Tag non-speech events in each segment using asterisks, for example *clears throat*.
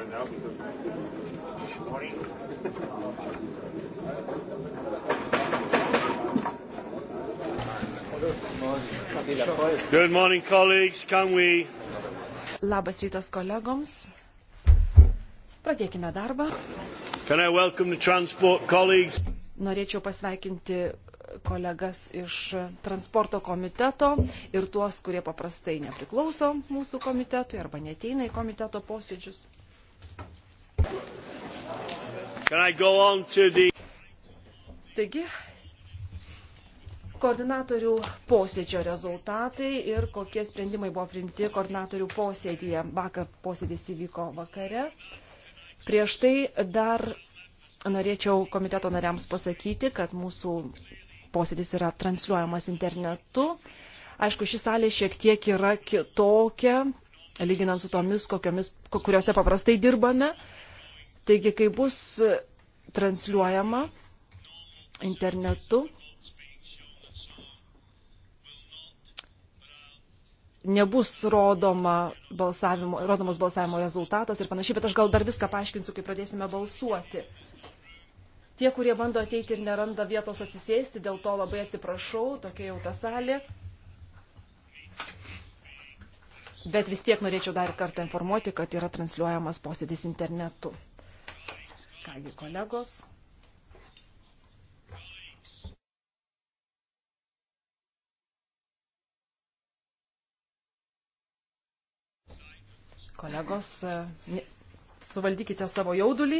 there now because good morning. Good morning, colleagues. Can we? Labas rytas kolegoms. Pradėkime darbą. Can I welcome the transport colleagues? Norėčiau pasveikinti kolegas iš transporto komiteto ir tuos, kurie paprastai nepriklauso mūsų komitetui arba neteina į komiteto posėdžius. The... Taigi, koordinatorių posėdžio rezultatai ir kokie sprendimai buvo priimti koordinatorių posėdėje. Vakar posėdis įvyko vakare. Prieš tai dar norėčiau komiteto nariams pasakyti, kad mūsų posėdis yra transliuojamas internetu. Aišku, ši salė šiek tiek yra kitokia, lyginant su tomis, kokiomis, kuriuose paprastai dirbame. Taigi, kai bus transliuojama internetu, nebus rodoma balsavimo, rodomas balsavimo rezultatas ir panašiai, bet aš gal dar viską paaiškinsiu, kai pradėsime balsuoti. Tie, kurie bando ateiti ir neranda vietos atsisėsti, dėl to labai atsiprašau, tokia jau ta salė. Bet vis tiek norėčiau dar kartą informuoti, kad yra transliuojamas posėdis internetu. Kągi kolegos. Kolegos, e, suvaldykite savo jaudulį.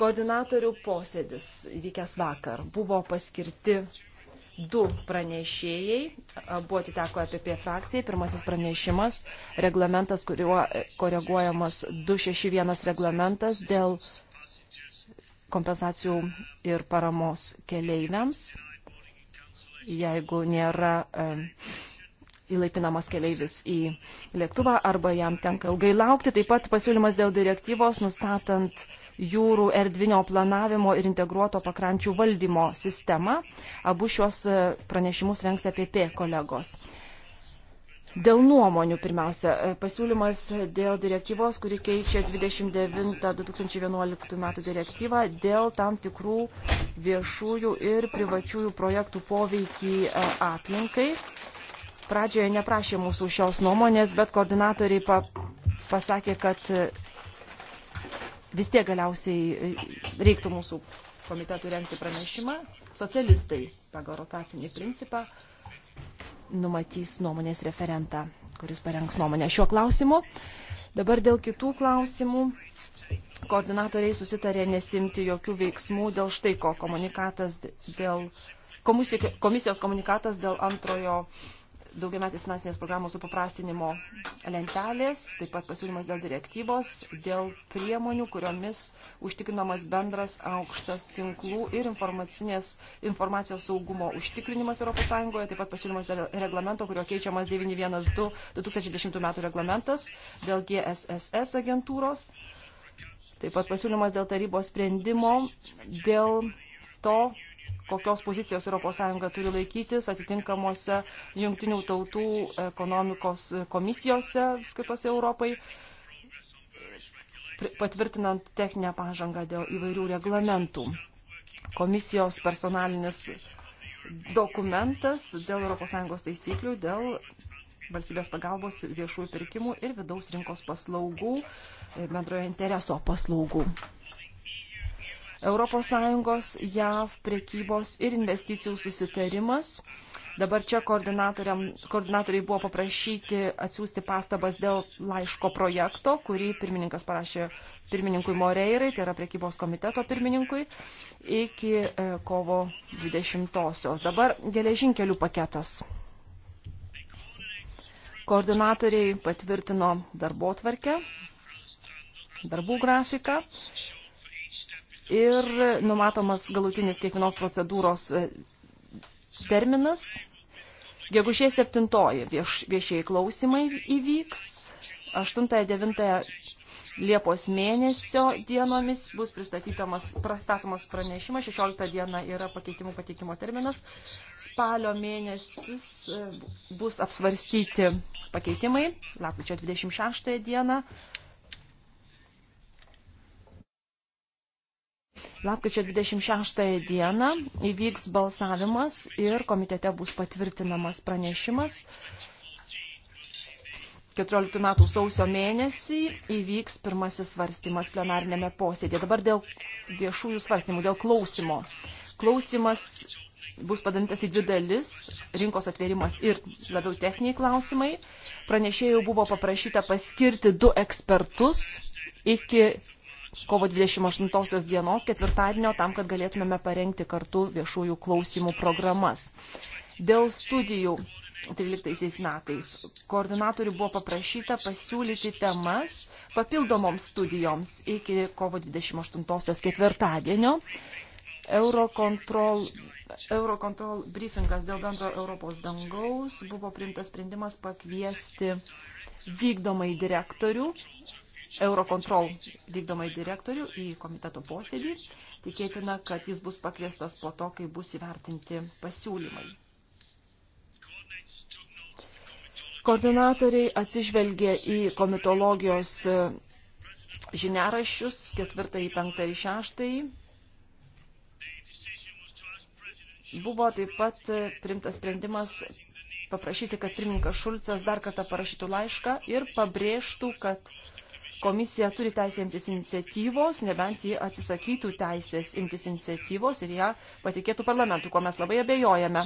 Koordinatorių posėdis įvykęs vakar buvo paskirti du pranešėjai, buvo atiteko EPP frakcijai. Pirmasis pranešimas - reglamentas, kuriuo e, koreguojamas 261 reglamentas dėl kompensacijų ir paramos keleiviams, jeigu nėra e, įlaipinamas keleivis į lėktuvą arba jam tenka ilgai laukti. Taip pat pasiūlymas dėl direktyvos nustatant uh, jūrų erdvinio planavimo ir integruoto pakrančių valdymo sistemą. Abu šios e, pranešimus rengs APP e kolegos. Dėl nuomonių pirmiausia, e, pasiūlymas dėl direktyvos, kuri keičia 29-2011 metų direktyvą dėl tam tikrų viešųjų ir privačiųjų projektų poveikį aplinkai. Pradžioje neprašė mūsų šios nuomonės, bet koordinatoriai pa pasakė, kad vis tiek galiausiai e, reiktų mūsų komitetų renkti pranešimą. Socialistai pagal rotacinį principą numatys nuomonės referentą, kuris parengs nuomonę šiuo klausimu. Dabar dėl kitų klausimų. Koordinatoriai susitarė nesimti jokių veiksmų dėl štai ko komunikatas dėl komisijos komunikatas dėl antrojo daugiametės finansinės programos supaprastinimo lentelės, taip pat pasiūlymas dėl direktyvos, dėl priemonių, kuriomis užtikrinamas bendras aukštas tinklų ir informacijos saugumo užtikrinimas ES, taip pat pasiūlymas dėl reglamento, kurio keičiamas 912-2010 m. reglamentas dėl GSSS agentūros, taip pat pasiūlymas dėl tarybos sprendimo dėl to, kokios pozicijos ES turi laikytis atitinkamuose jungtinių tautų ekonomikos komisijose skirtose Europai, patvirtinant techninę pažangą dėl įvairių reglamentų. Komisijos personalinis dokumentas dėl ES taisyklių, dėl valstybės pagalbos viešųjų pirkimų ir vidaus rinkos paslaugų, bendrojo intereso paslaugų. ES JAV priekybos ir investicijų susitarimas. Dabar čia koordinatoriai buvo paprašyti atsiųsti pastabas dėl laiško projekto, kurį pirmininkas parašė pirmininkui Moreirai, tai yra priekybos komiteto pirmininkui, iki e, kovo 20-osios. Dabar geležinkelių paketas. Koordinatoriai patvirtino darbo tvarkę, darbų grafiką ir numatomas galutinis kiekvienos procedūros e, terminas. Gegužė 7 vieš, viešieji klausimai įvyks. 8-9 Liepos mėnesio dienomis bus pristatomas prastatomas pranešimas. 16 diena yra pakeitimų pateikimo terminas. Spalio mėnesis e, bus apsvarstyti pakeitimai. Lapkričio 26 dieną Lapkričio 26 dieną įvyks balsavimas ir komitete bus patvirtinamas pranešimas. 14 metų sausio mėnesį įvyks pirmasis svarstymas plenarinėme posėdėje. Dabar dėl viešųjų svarstymų, dėl klausimo. Klausimas bus padalintas į dvi dalis - rinkos atvėrimas ir labiau techniniai klausimai. Pranešėjų buvo paprašyta paskirti du ekspertus iki kovo 28 dienos ketvirtadienio tam, kad galėtumėme parengti kartu viešųjų klausimų programas. Dėl studijų 13 metais koordinatorių buvo paprašyta pasiūlyti temas papildomoms studijoms iki kovo 28 ketvirtadienio. Eurocontrol, Eurocontrol briefingas dėl bendro Europos dangaus buvo priimtas sprendimas pakviesti vykdomai direktorių Eurocontrol vykdomai direktorių į komiteto posėdį. Tikėtina, kad jis bus pakviestas po to, kai bus įvertinti pasiūlymai. Koordinatoriai atsižvelgė į komitologijos e, žiniaraščius ketvirtąjį, penktąjį, šeštąjį. Buvo taip pat e, primtas sprendimas paprašyti, kad pirmininkas Šulcas dar kartą parašytų laišką ir pabrėžtų, kad Komisija turi teisę imtis iniciatyvos, nebent ji atsisakytų teisės imtis iniciatyvos ir ją patikėtų parlamentų, ko mes labai abejojame.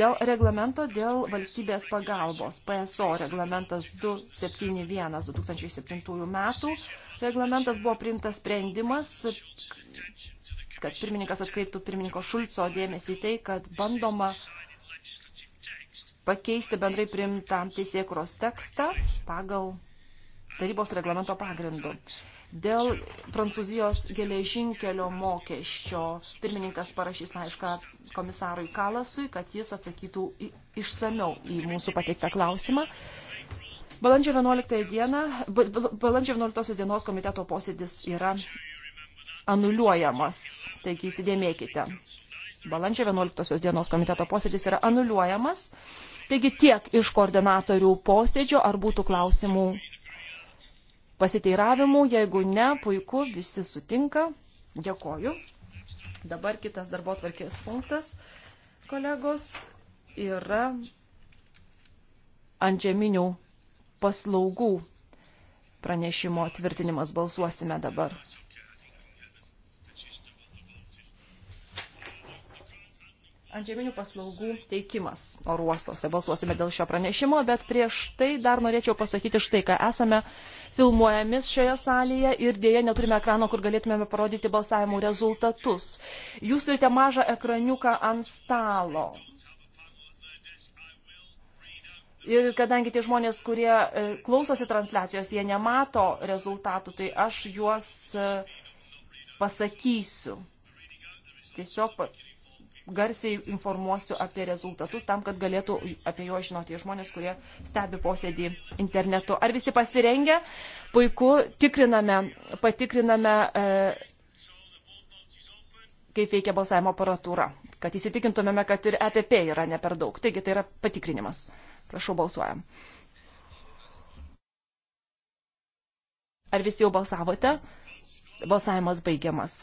Dėl reglamento, dėl valstybės pagalbos, PSO reglamentas 271 2007 metų, reglamentas buvo priimtas sprendimas kad pirmininkas atkreiptų pirmininko Šulco dėmesį į tai, kad bandoma pakeisti bendrai primtą teisėkuros tekstą pagal tarybos reglamento pagrindu. Dėl Prancūzijos geležinkelio mokesčio pirmininkas parašys laišką komisarui Kalasui, kad jis atsakytų išsameu į mūsų pateiktą klausimą. Balandžio 11 dieną, balandžio 11 dienos komiteto posėdis yra anuliuojamas, taigi įsidėmėkite. Balandžio 11 dienos komiteto posėdis yra anuliuojamas, taigi tiek iš koordinatorių posėdžio, ar būtų klausimų pasiteiravimų, jeigu ne, puiku, visi sutinka. Dėkoju. Dabar kitas darbo tvarkės punktas, kolegos, yra antžeminių paslaugų pranešimo tvirtinimas. Balsuosime dabar. antžeminių paslaugų teikimas oruostose. Balsuosime dėl šio pranešimo, bet prieš tai dar norėčiau pasakyti štai, ką esame filmuojamis šioje salėje ir dėje neturime ekrano, kur galėtumėme parodyti balsavimų rezultatus. Jūs turite mažą ekraniuką ant stalo. Ir kadangi tie žmonės, kurie e, klausosi transliacijos, jie nemato rezultatų, tai aš juos e, pasakysiu. Tiesiog garsiai informuosiu apie rezultatus tam, kad galėtų apie juos žinoti žmonės, kurie stebi posėdį internetu. Ar visi pasirengę? Puiku, tikriname, patikriname, e, kaip veikia balsavimo aparatūra, kad įsitikintumėme, kad ir EPP yra ne per daug. Taigi tai yra patikrinimas. Prašau, balsuojam. Ar visi jau balsavote? Balsavimas baigiamas.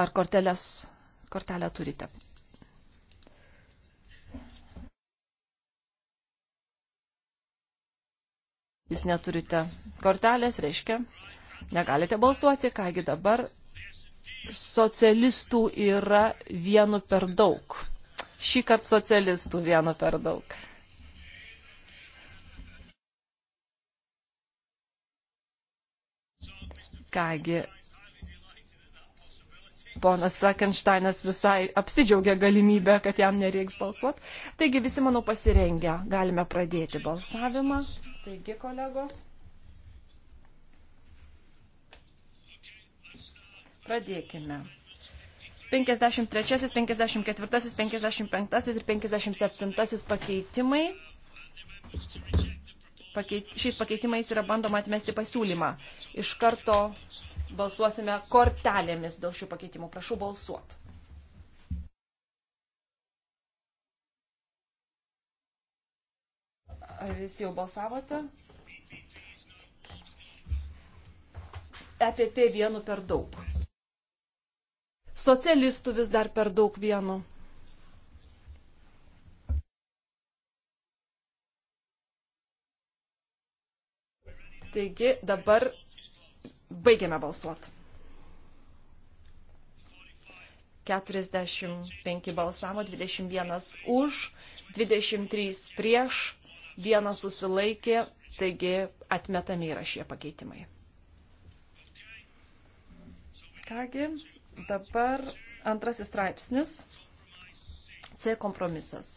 Ar kortelės, kortelę turite? Jūs neturite kortelės, reiškia, negalite balsuoti, kągi dabar socialistų yra vienu per daug. Šį kartą socialistų vienu per daug. Kągi, ponas Frankensteinas visai apsidžiaugia galimybę, kad jam nereiks balsuoti. Taigi visi, manau, pasirengę. Galime pradėti balsavimą. Taigi, kolegos. Pradėkime. 53, 54, 55 ir 57 pakeitimai. Pakeit, šiais pakeitimais yra bandoma atmesti pasiūlymą. Iš karto Balsuosime kortelėmis dėl šių pakeitimų. Prašau balsuoti. Ar visi jau balsavote? EPP vienu per daug. Socialistų vis dar per daug vienu. Taigi dabar Baigiame balsuoti. 45 balsavo, 21 už, 23 prieš, vienas susilaikė, taigi atmetami yra šie pakeitimai. Kągi, dabar antrasis straipsnis. C kompromisas.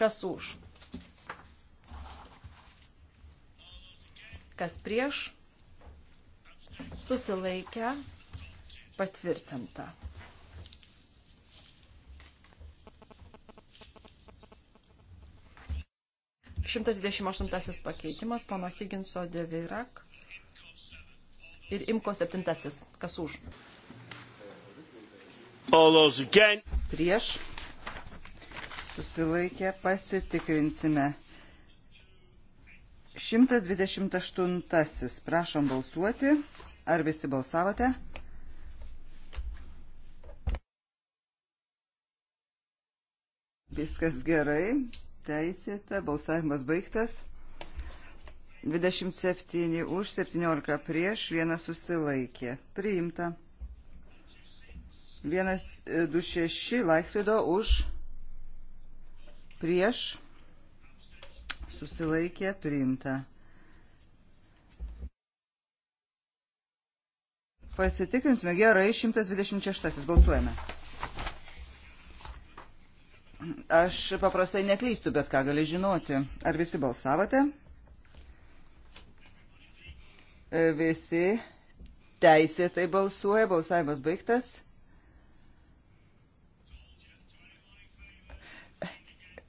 Kas už? Kas prieš? susilaikę, patvirtinta. Šimtas dvidešimt aštuntasis pakeitimas, pono Higginso Deveirak ir Imko septintasis. Kas už? Prieš susilaikę pasitikrinsime. 128. Prašom balsuoti. Ar visi balsavote? Viskas gerai, teisėta, balsavimas baigtas. 27 už, 17 prieš, vienas susilaikė. Priimta. 126 e, Laikfrido už, prieš, susilaikė, priimta. Pasitikrinsime. Gerai, 126. Balsuojame. Aš paprastai neklystu, bet ką gali žinoti. Ar visi balsavote? Visi teisė tai balsuoja, balsavimas baigtas.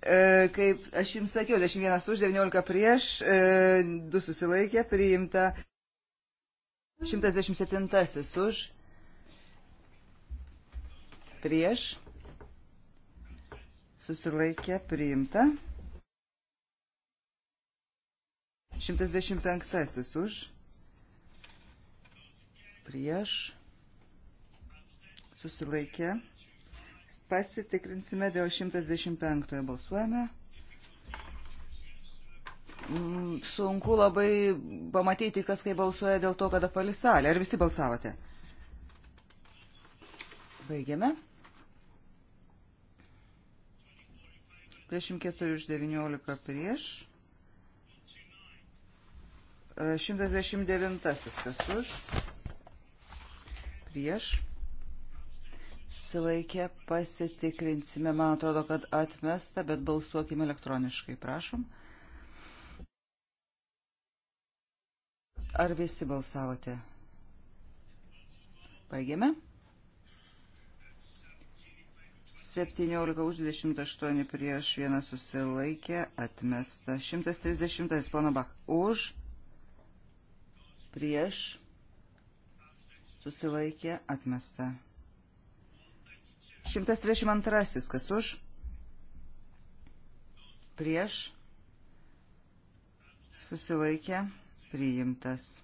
E, kaip aš jums sakiau, 21 už 19 prieš, 2 e, susilaikė, priimta. 127 už, prieš, susilaikė priimta. 125 už, prieš, susilaikė. Pasitikrinsime dėl 125 balsuojame. Mm, sunku labai pamatyti, kas kaip balsuoja dėl to, kada palisalė. Ar visi balsavote? Baigiame. 24 už 19 prieš. 129 e, kas už. Prieš. Susilaikė, pasitikrinsime. Man atrodo, kad atmesta, bet balsuokime elektroniškai. Prašom. 129. Ar visi balsavote? Baigėme. 17 už 28 prieš vieną susilaikė, atmesta. 130, pono Bach, už, prieš, susilaikė, atmesta. 132, kas už, prieš, susilaikė, atmesta priimtas.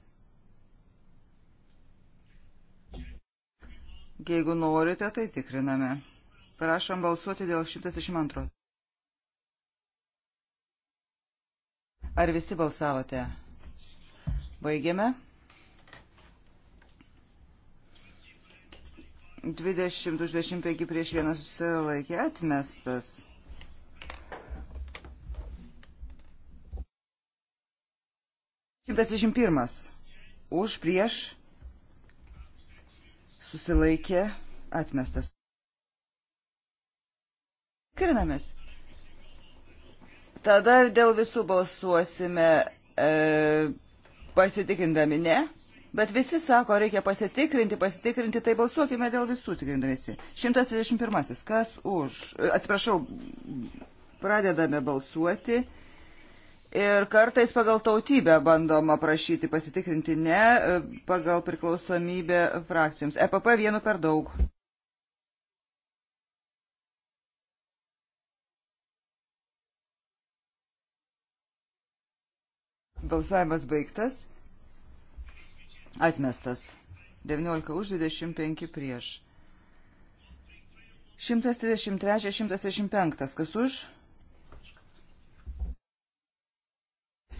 Jeigu norite, tai tikriname. Prašom balsuoti dėl 162. Ar visi balsavote? Baigiame. 20 už 25 prieš vieną susilaikė atmestas. 121. Už prieš susilaikė atmestas. Kirinamės. Tada dėl visų balsuosime e, pasitikindami, ne? Bet visi sako, reikia pasitikrinti, pasitikrinti, tai balsuokime dėl visų tikrindamėsi. 131. Kas už? Atsiprašau, pradedame balsuoti. 131. Ir kartais pagal tautybę bandoma prašyti pasitikrinti ne e, pagal priklausomybę frakcijoms. EPP vienu per daug. Balsavimas baigtas. Atmestas. 19 už 25 prieš. 133, 135. Kas už?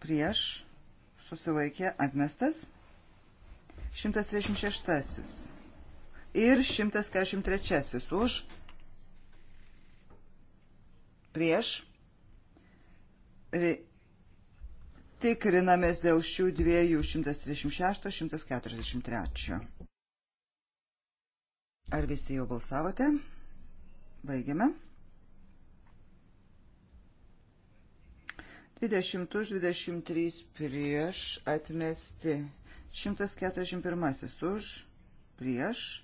prieš susilaikė atmestas. 136 ir 143 už prieš tikrinamės dėl šių dviejų 136-143. Ar visi jau balsavote? Baigiame. 20 už 23 prieš atmesti. 141 už prieš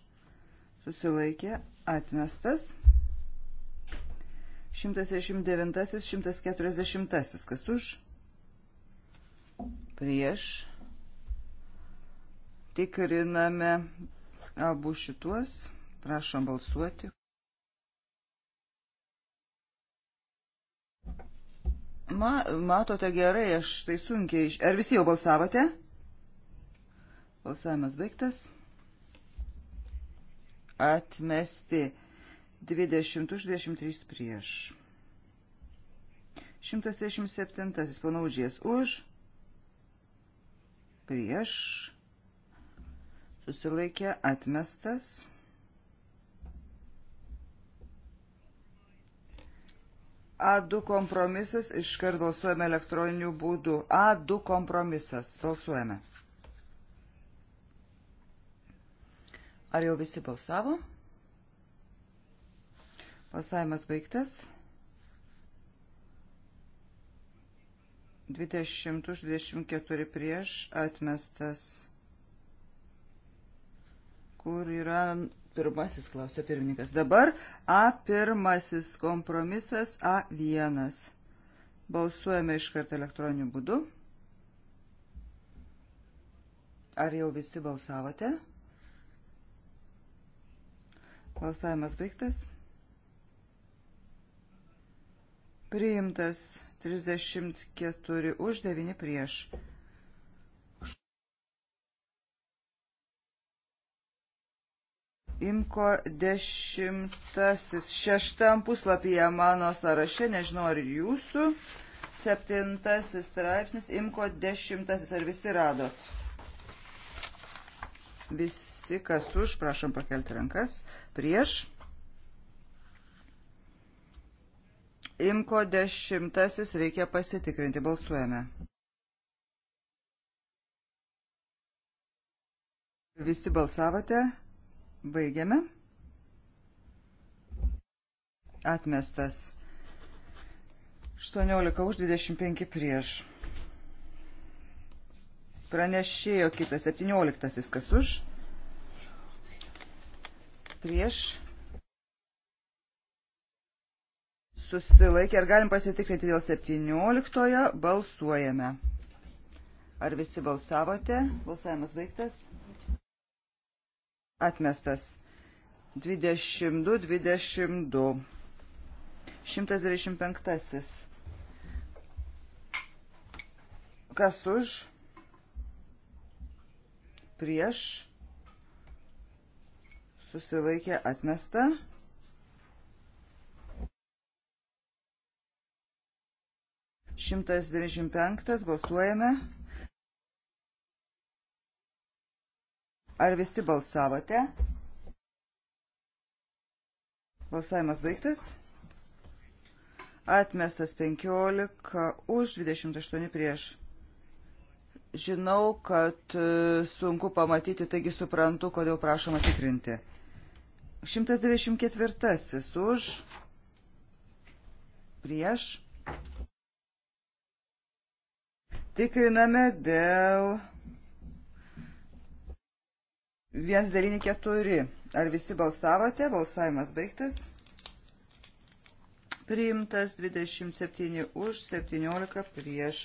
susilaikė atmestas. 169, 140, kas už? Prieš. Tikriname abu šituos. Prašom balsuoti. Ma, matote gerai, aš tai sunkiai iš... Ar visi jau balsavote? Balsavimas baigtas. Atmesti 20 už 23 prieš. 137. Panaužės už. Prieš. Susilaikė atmestas. A2 kompromisas, iškart balsuojame elektroniniu būdu. A2 kompromisas, balsuojame. Ar jau visi balsavo? Balsavimas baigtas. 20 už 24 prieš atmestas, kur yra Pirmasis klausė pirmininkas. Dabar A1 kompromisas A1. Balsuojame iš karto elektroniniu būdu. Ar jau visi balsavote? Balsavimas baigtas. Priimtas 34 už 9 prieš. Imko dešimtasis, šeštam puslapyje mano sąraše, nežinau ar jūsų, septintasis straipsnis, Imko dešimtasis, ar visi radot? Visi, kas už, prašom pakelti rankas, prieš. Imko dešimtasis reikia pasitikrinti, balsuojame. Visi balsavote? Baigiame. Atmestas. 18 už 25 prieš. Pranešėjo kitas 17. Kas už? Prieš. Susilaikė. Ar galim pasitikrinti dėl 17. Balsuojame. Ar visi balsavote? Balsavimas baigtas atmestas. 22, 22. 125. Kas už? Prieš. Susilaikė atmesta. Šimtas devyniasdešimt penktas balsuojame. Ar visi balsavote? Balsavimas baigtas. Atmestas 15 už 28 prieš. Žinau, kad e, sunku pamatyti, taigi suprantu, kodėl prašoma tikrinti. 194 už prieš. Tikriname dėl 194. Ar visi balsavote? Balsavimas baigtas. Priimtas 27 už, 17 prieš,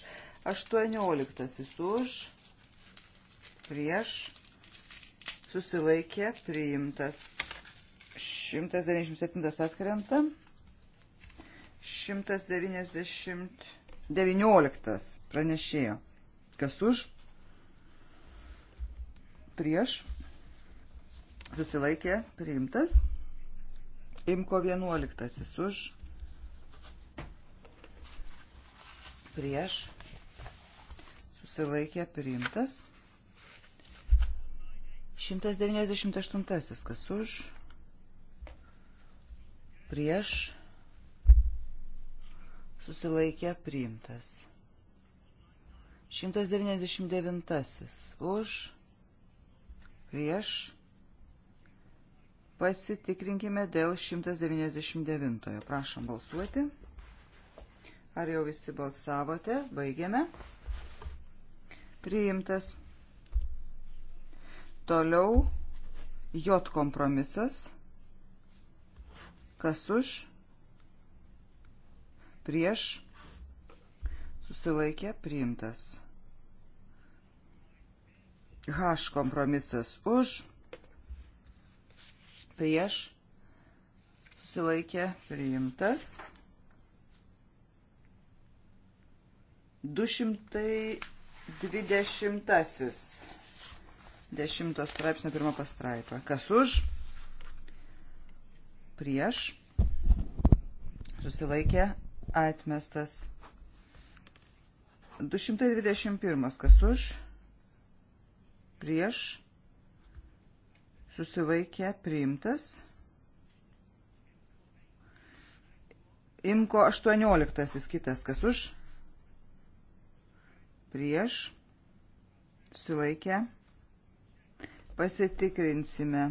18 už, prieš, susilaikė, priimtas. 197 atkrenta. 119 pranešėjo. Kas už? Prieš susilaikė priimtas. Imko 11 už prieš susilaikė priimtas. 198 kas už prieš susilaikė priimtas. 199 už prieš Pasitikrinkime dėl 199. Prašom balsuoti. Ar jau visi balsavote? Baigiame. Priimtas. Toliau J kompromisas. Kas už? Prieš. Susilaikė. Priimtas. H kompromisas už prieš, susilaikė priimtas. 220. Dešimtos straipsnio pirmą pastraipą. Kas už? Prieš. Susilaikė atmestas. 221. Kas už? Prieš susilaikė priimtas. Imko 18 kitas, kas už, prieš, susilaikė, pasitikrinsime.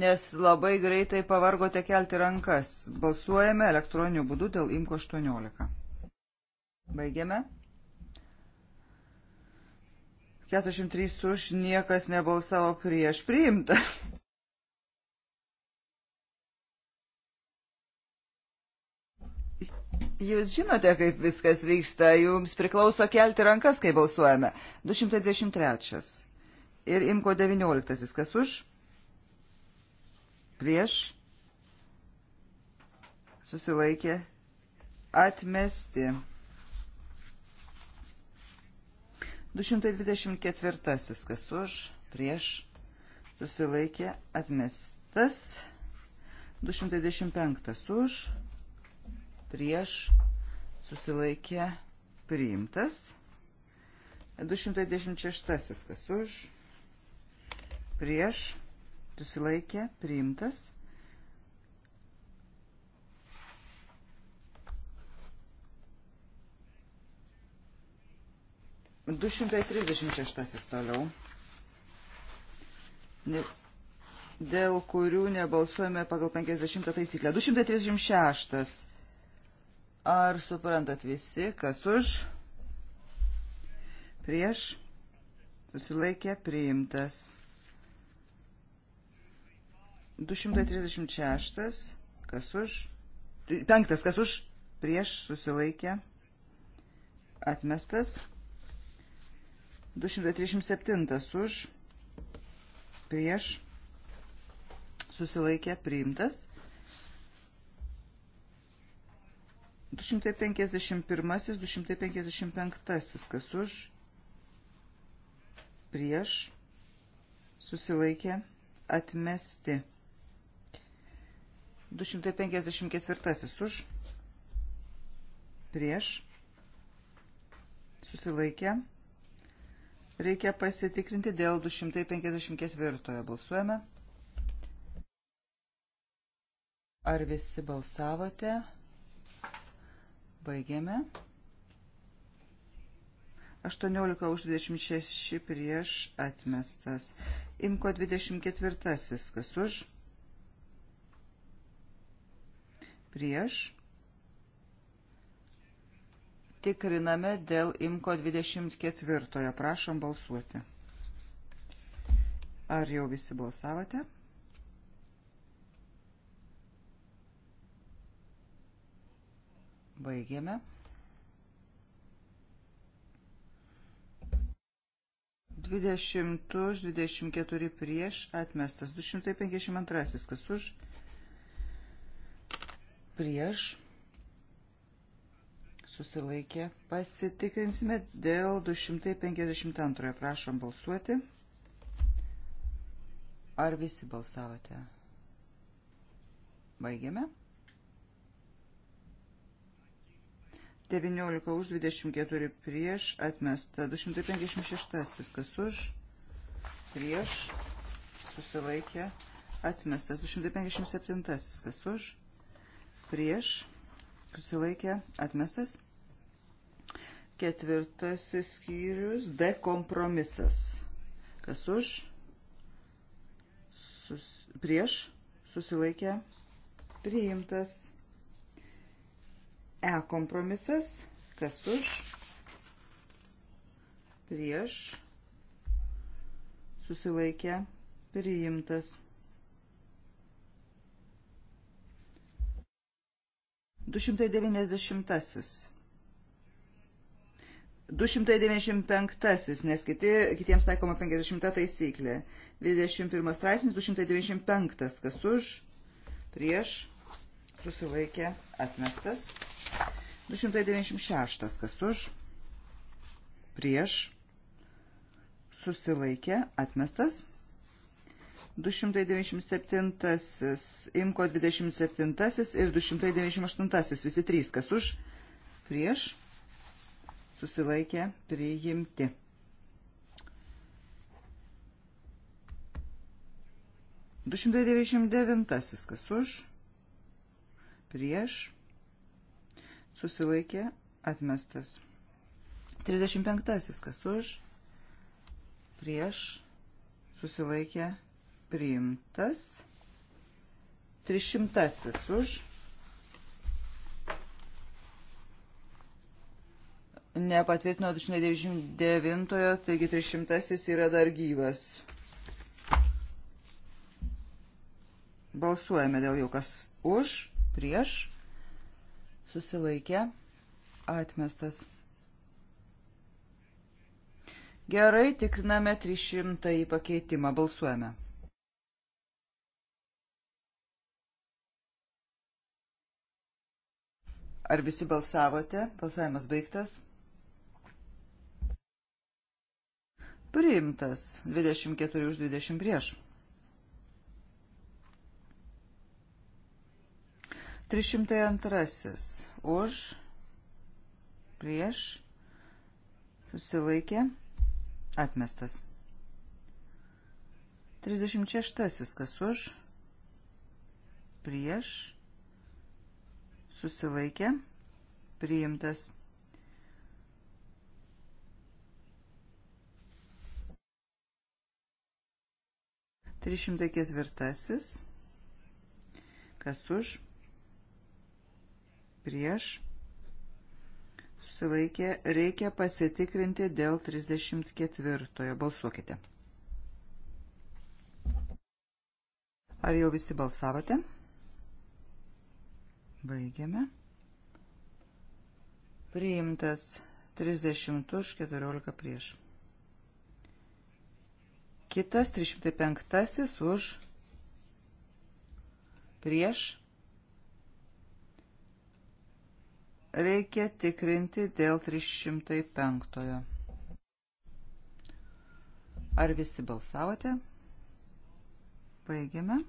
Nes labai greitai pavargote kelti rankas. Balsuojame elektroniniu būdu dėl Imko 18. Baigiame. 43 už niekas nebalsavo prieš priimtą. Jūs žinote, kaip viskas vyksta, jums priklauso kelti rankas, kai balsuojame. 223. Ir imko 19. Kas už? Prieš? Susilaikė? Atmesti. 224. Kas už, prieš, susilaikė, atmestas. 225. Už, prieš, susilaikė, priimtas. 226. Kas už, prieš, susilaikė, priimtas. 236 toliau, nes dėl kurių nebalsuojame pagal 50 taisyklę. 236. Ar suprantat visi, kas už? Prieš susilaikė priimtas. 236. Kas už? Penktas, kas už? Prieš susilaikė atmestas. 237 už, prieš, susilaikė, priimtas. 251, 255, kas už, prieš, susilaikė, atmesti. 254 už, prieš, susilaikė, atmesti Reikia pasitikrinti dėl 254 balsuojame. Ar visi balsavote? Baigėme. 18 už 26 prieš atmestas. Imko 24. Kas už? Prieš tikriname dėl IMKO 24. Prašom balsuoti. Ar jau visi balsavote? Baigėme. Dvidešimt už, dvidešimt keturi prieš, atmestas. Du šimtai penkiasdešimt antrasis, kas už, prieš, susilaikė. Pasitikrinsime dėl 252. Prašom balsuoti. Ar visi balsavote? Baigiame. 19 už 24 prieš atmesta. 256. Kas už? Prieš susilaikė. Atmestas. 257. Kas už? Prieš susilaikė atmestas. Ketvirtasis skyrius D kompromisas. Kas už? Sus, prieš susilaikė priimtas. E kompromisas. Kas už? Prieš susilaikė priimtas. 290. 295, nes kiti, kitiems taikoma 50 taisyklė. 21 straipsnis, 295, kas už, prieš, susilaikė, atmestas. 296, kas už, prieš, susilaikė, atmestas. 297, imko 27 ir 298, visi trys, kas už, prieš, susilaikė, priimti. Du šimtai devyniasdešimt devintasis, kas už, prieš, susilaikė, atmestas. Trisdešimt penktasis, kas už, prieš, susilaikė, priimtas. 300 už. Nepatvirtino 299, taigi 300 yra dar gyvas. Balsuojame dėl jau kas už, prieš, susilaikė, atmestas. Gerai, tikriname 300 į pakeitimą, balsuojame. Ar visi balsavote? Balsavimas baigtas. Priimtas 24 už 20 prieš. 302 už prieš susilaikė atmestas. 36 kas už prieš susilaikė, priimtas. Trišimtai ketvirtasis, kas už, prieš, susilaikė, reikia pasitikrinti dėl 34. Balsuokite. Ar jau visi balsavote? Baigiame. Priimtas 30 už 14 prieš. Kitas 305 už prieš. Reikia tikrinti dėl 305. Ar visi balsavote? Baigiame.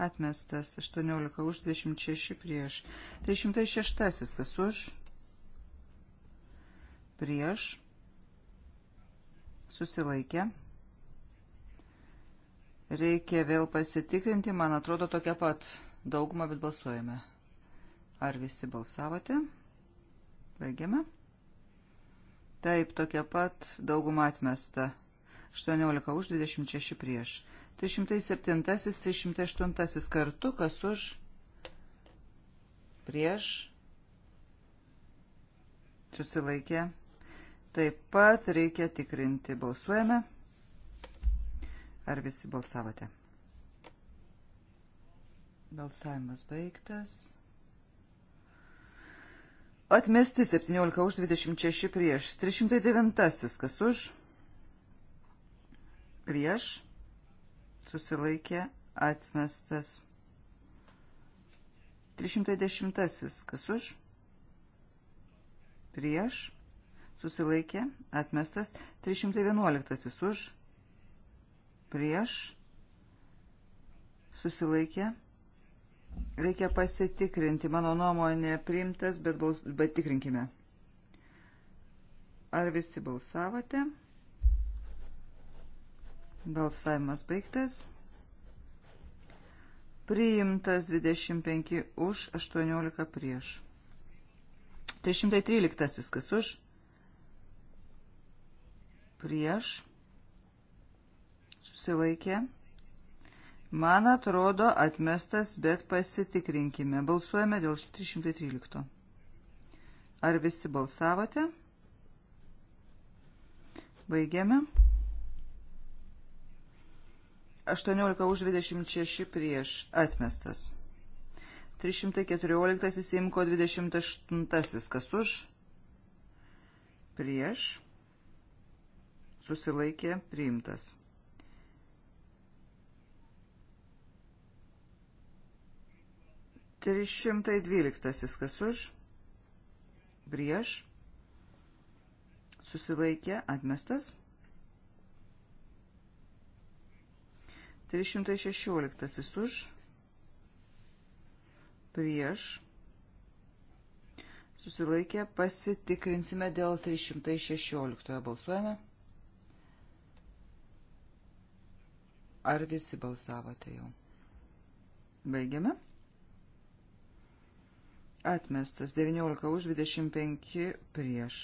Atmestas 18 už 26 prieš. 306 kas už? Prieš. Susilaikė. Reikia vėl pasitikrinti, man atrodo tokia pat daugumą, bet balsuojame. Ar visi balsavote? Baigiame. Taip, tokia pat dauguma atmesta. 18 už 26 prieš. 307-308 kartu, kas už prieš susilaikė. Taip pat reikia tikrinti. Balsuojame. Ar visi balsavote? Balsavimas baigtas. Atmesti 17 už 26 prieš. 309 kas už? Prieš susilaikė atmestas. 310. Kas už? Prieš susilaikė atmestas. 311. Už? Prieš susilaikė Reikia pasitikrinti. Mano nuomonė priimtas, bet, bals... bet tikrinkime. Ar visi balsavote? Balsavimas baigtas. Priimtas 25 už, 18 prieš. 313 kas už. Prieš. Susilaikė. Man atrodo atmestas, bet pasitikrinkime. Balsuojame dėl 313. Ar visi balsavote? Baigiame. 18 už 26 prieš atmestas. 314 įsimko 28 kas už prieš susilaikė priimtas. Trišimtai dvyliktasis kas už, prieš, susilaikė, atmestas. 316 už, prieš, susilaikę, pasitikrinsime dėl 316. Balsuojame. Ar visi balsavote jau? Baigiame. Atmestas 19 už 25 prieš.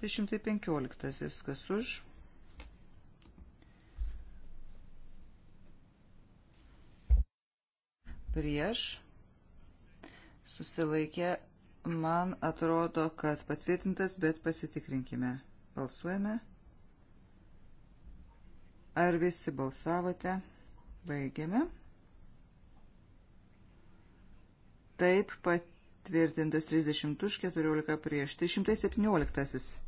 315 viskas už prieš, susilaikė, man atrodo, kad patvirtintas, bet pasitikrinkime. Balsuojame. Ar visi balsavote? Baigiame. Taip patvirtintas 30 už 14 prieš 317.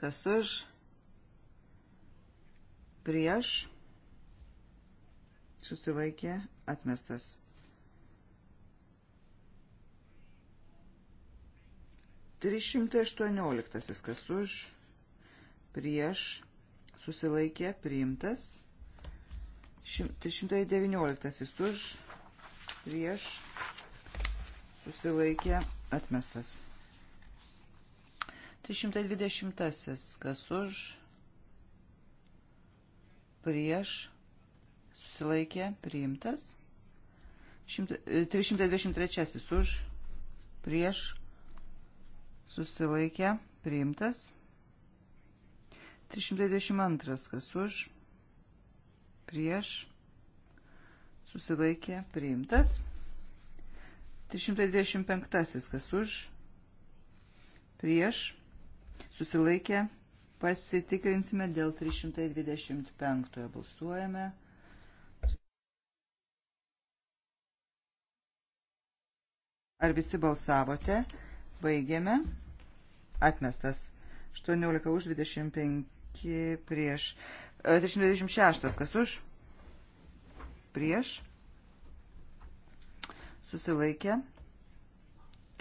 Kas už? prieš susilaikė atmestas. Trys šimtai aštuonioliktasis kas už prieš susilaikė priimtas. 319 už prieš susilaikė atmestas. 320 kas už prieš susilaikė priimtas. 323 e, už prieš susilaikė priimtas. 322 kas už prieš susilaikė priimtas. 325 kas už prieš susilaikė priimtas Pasitikrinsime dėl 325 balsuojame. Ar visi balsavote? Baigėme. Atmestas. 18 už 25 prieš. 326 e, kas už? Prieš. Susilaikė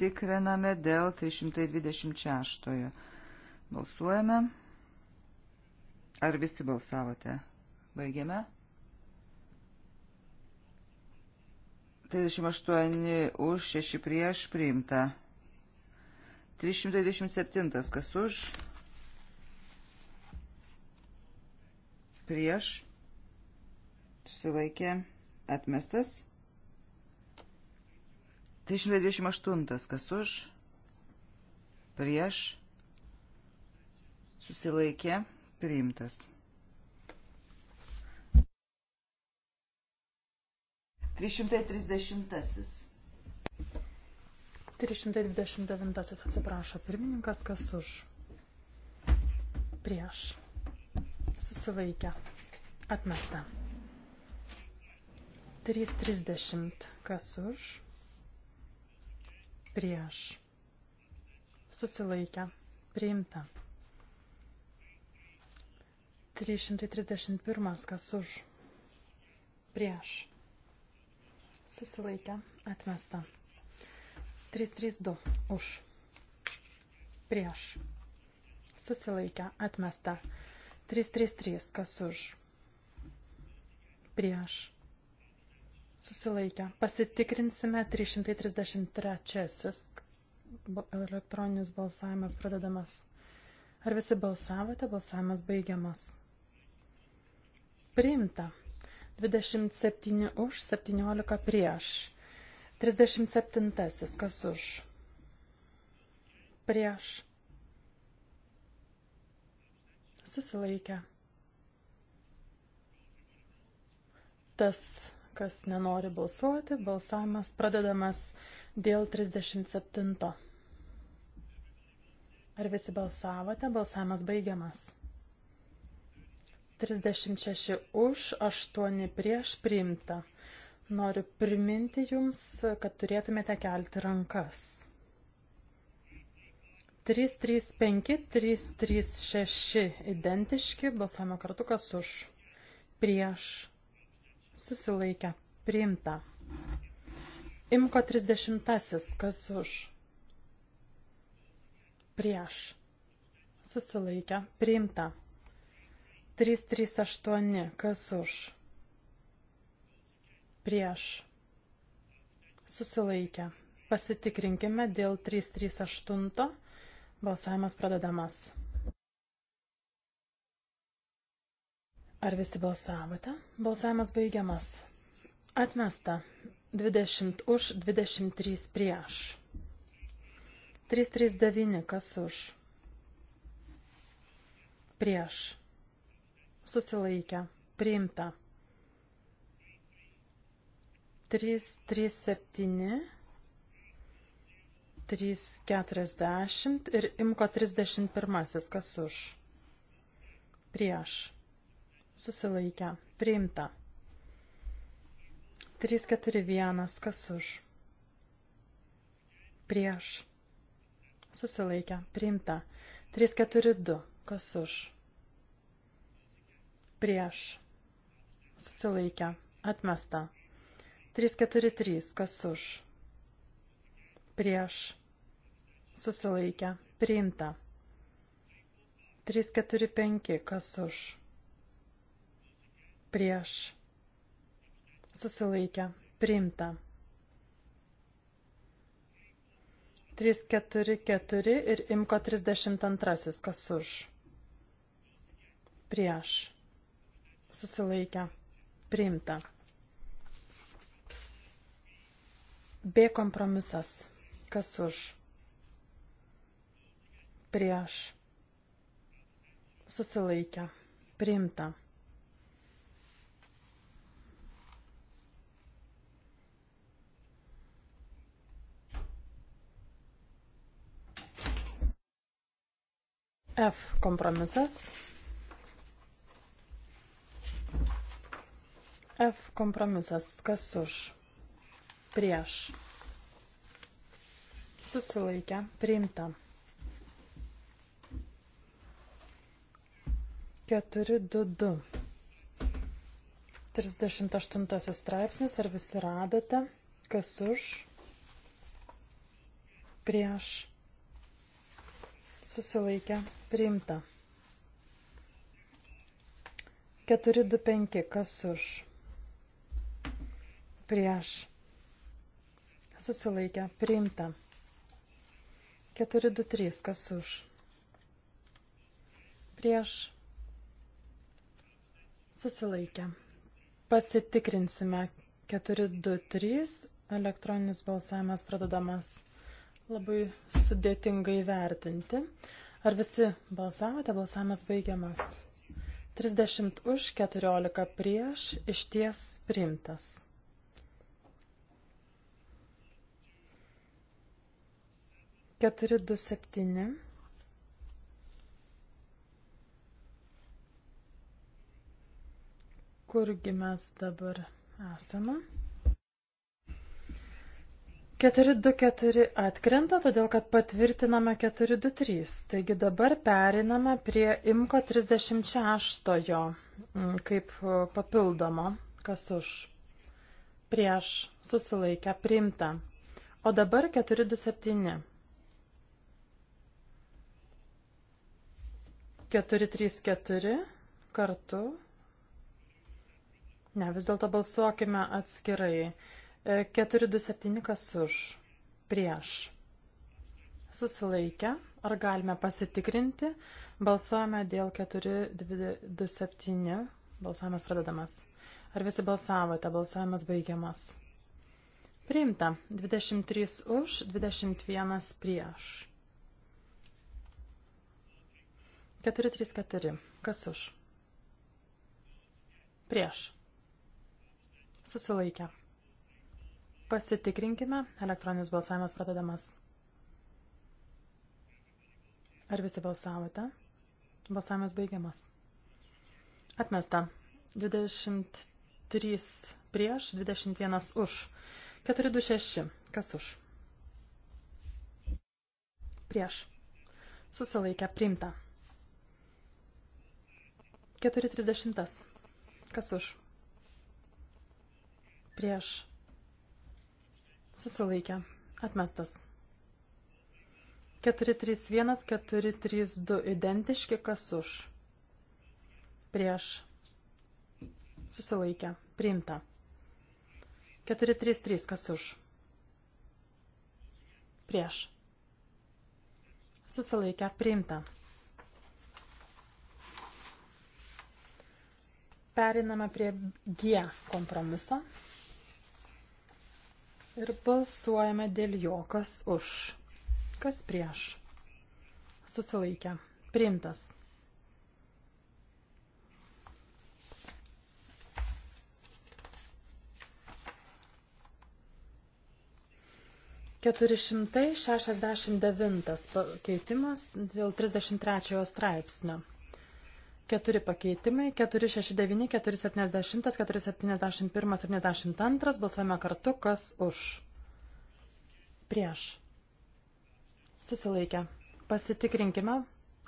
tikriname dėl 326. Balsuojame. Ar visi balsavote? Baigiame. 38 už, 6 prieš, priimta. 327, kas už? Prieš. Susilaikė. Atmestas. 328, kas už? Prieš. Susilaikė. Atmestas priimtas. Trišimtai trisdešimtasis. 329 atsiprašo pirmininkas, kas už. Prieš. Susivaikę. Atmesta. 330 kas už. Prieš. Susilaikę. Priimta. 331 kas už prieš susilaikę atmesta 332 už prieš susilaikę atmesta 333 kas už prieš susilaikę pasitikrinsime 333 elektroninis balsavimas pradedamas Ar visi balsavote? Balsavimas baigiamas. Priimta. 27 už, 17 prieš. 37. Kas už? Prieš. Susilaikę. Tas, kas nenori balsuoti, balsavimas pradedamas dėl 37. Ar visi balsavote? Balsavimas baigiamas. 36 už, 8 prieš priimta. Noriu priminti Jums, kad turėtumėte kelti rankas. 335, 336 identiški, balsuojame kartu kas už, prieš, susilaikę, priimta. Imko 30, kas už, prieš, susilaikę, priimta. 338. Kas už? Prieš. Susilaikę. Pasitikrinkime dėl 338. Balsavimas pradedamas. Ar visi balsavote? Balsavimas baigiamas. Atmesta. 20 už, 23 prieš. 339 kas už. Prieš susilaikę, priimta. 337, 340 ir imko 31, kas už, prieš, susilaikę, priimta. 341, kas už, prieš, susilaikę, priimta. 342, kas už prieš susilaikę atmesta. 343 kas už prieš susilaikę priimta. 345 kas už prieš susilaikę priimta. 344 ir imko 32 kas už prieš susilaikę priimta. B kompromisas. Kas už? Prieš. Susilaikę. Priimta. F kompromisas. F kompromisas. Kas už? Prieš. Susilaikę. Priimta. 422. 38 straipsnis, ar visi radote, kas už, prieš, susilaikę, priimta. 425, kas už, prieš susilaikę priimta. 423 kas už prieš susilaikę. Pasitikrinsime 423 elektroninis balsavimas pradedamas labai sudėtingai vertinti. Ar visi balsavote? Balsavimas baigiamas. 30 už, 14 prieš, išties primtas. 427. Kurgi mes dabar esame? 424 atkrenta, todėl kad patvirtiname 423. Taigi dabar periname prie imko 36 mm, kaip papildomo, kas už prieš susilaikę priimta. O dabar 427. 434 kartu. Ne, vis dėlto balsuokime atskirai. 427 e, kas už, prieš. Susilaikę, ar galime pasitikrinti? Balsuojame dėl 427. Balsavimas pradedamas. Ar visi balsavote? Balsavimas baigiamas. Priimta. 23 už, 21 prieš. 434. Kas už? Prieš. Susilaikę. Pasitikrinkime. Elektroninis balsavimas pradedamas. Ar visi balsavote? Balsavimas baigiamas. Atmesta. 23 prieš, 21 už. 426. Kas už? Prieš. Susilaikę. Primta. 4.30. Kas už? Prieš. Susilaikė. Atmestas. 431, 432 identiški, kas už. Prieš. Susilaikė. Priimta. 433, kas už. Prieš. Susilaikė. Priimta. Periname prie G kompromiso ir balsuojame dėl jo, kas už, kas prieš. Susilaikę. Priimtas. Keturi šimtai šešiasdešimt devintas pakeitimas dėl trisdešimt trečiojo straipsnio keturi pakeitimai - 469, 470, 471, 72. Balsuojame kartu, kas už. Prieš. Susilaikę. Pasitikrinkime.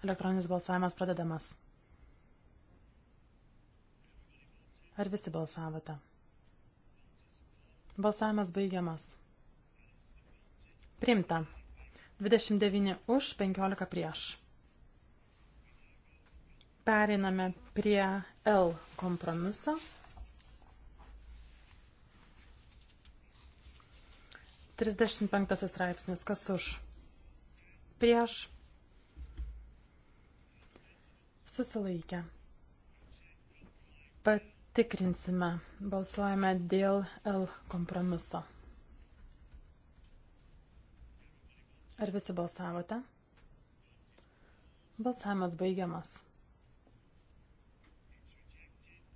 Elektroninis balsavimas pradedamas. Ar visi balsavote? Balsavimas baigiamas. Primta. 29 už, 15 prieš. Periname prie L kompromiso. Trisdešimt penktasis straipsnis. Kas už? Prieš. Susilaikę. Patikrinsime. Balsuojame dėl L kompromiso. Ar visi balsavote? Balsavimas baigiamas.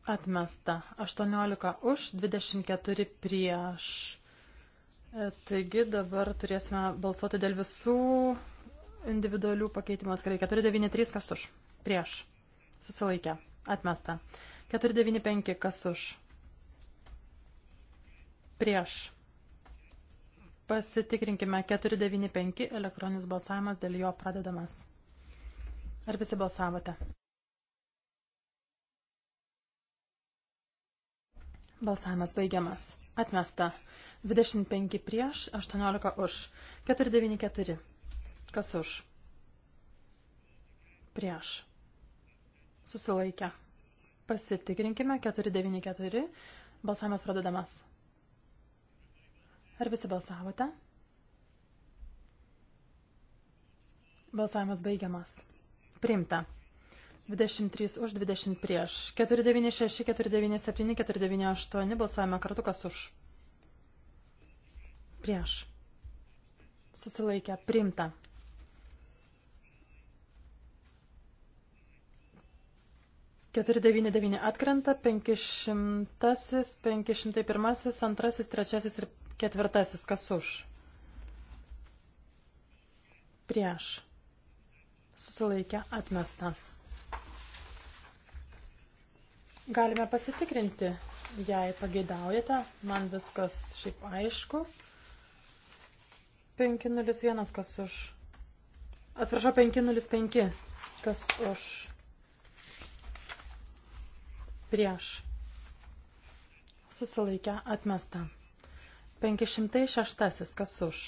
Atmesta. 18 už, 24 prieš. E, taigi dabar turėsime balsuoti dėl visų individualių pakeitimų atskirai. 493 kas už? Prieš. Susilaikė. Atmesta. 495 kas už? Prieš. Pasitikrinkime 495 elektroninis balsavimas dėl jo pradedamas. Ar visi balsavote? Balsavimas baigiamas. Atmesta. 25 prieš, 18 už. 494. Kas už? Prieš. Susilaikę. Pasitikrinkime 494. Balsavimas pradedamas. Ar visi balsavote? Balsavimas baigiamas. Priimta. 23 už 20 prieš. 496, 497, 498 balsuojame kartu, kas už. Prieš. Susilaikę. Primta. Keturi devyni devyni atkrenta, penkišimtasis, penkišimtai pirmasis, antrasis, trečiasis ir ketvirtasis, kas už. Prieš. Susilaikę atmesta. Galime pasitikrinti, jei pageidaujate, man viskas šiaip aišku. 501 kas už. Atsiprašau, 505 kas už. Prieš. Susilaikę atmesta. 506 kas už.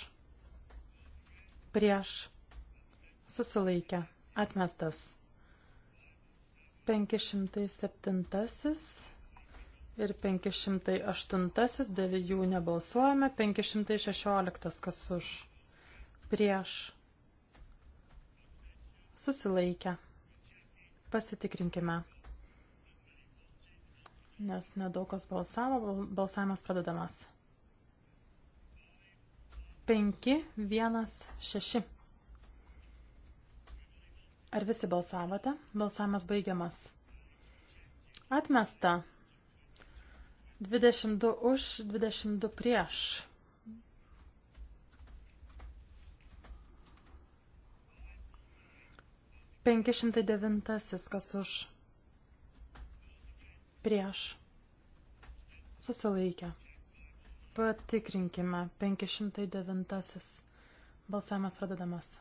Prieš. Susilaikę atmestas. 507 ir 508, dėl jų nebalsuojame. 516, kas už, prieš, susilaikę. Pasitikrinkime, nes nedaug kas balsavo, balsavimas pradedamas. 5, 1, 6. Ar visi balsavote? Balsavimas baigiamas. Atmesta. 22 už, 22 prieš. Penki šimtai devintasis, kas už prieš susilaikę. Patikrinkime, 509 balsavimas pradedamas.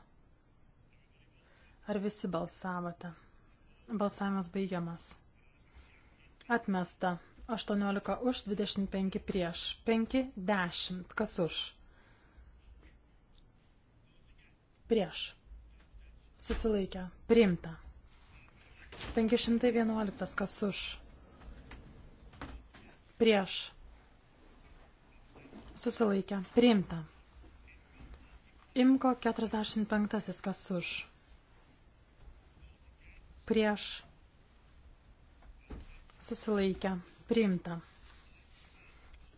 Ar visi balsavote? Balsavimas baigiamas. Atmesta. 18 už, 25 prieš. 5, 10. Kas už? Prieš. Susilaikę. Priimta. 511. Kas už? Prieš. Susilaikę. Priimta. Imko 45. Kas už? prieš susilaikę priimta.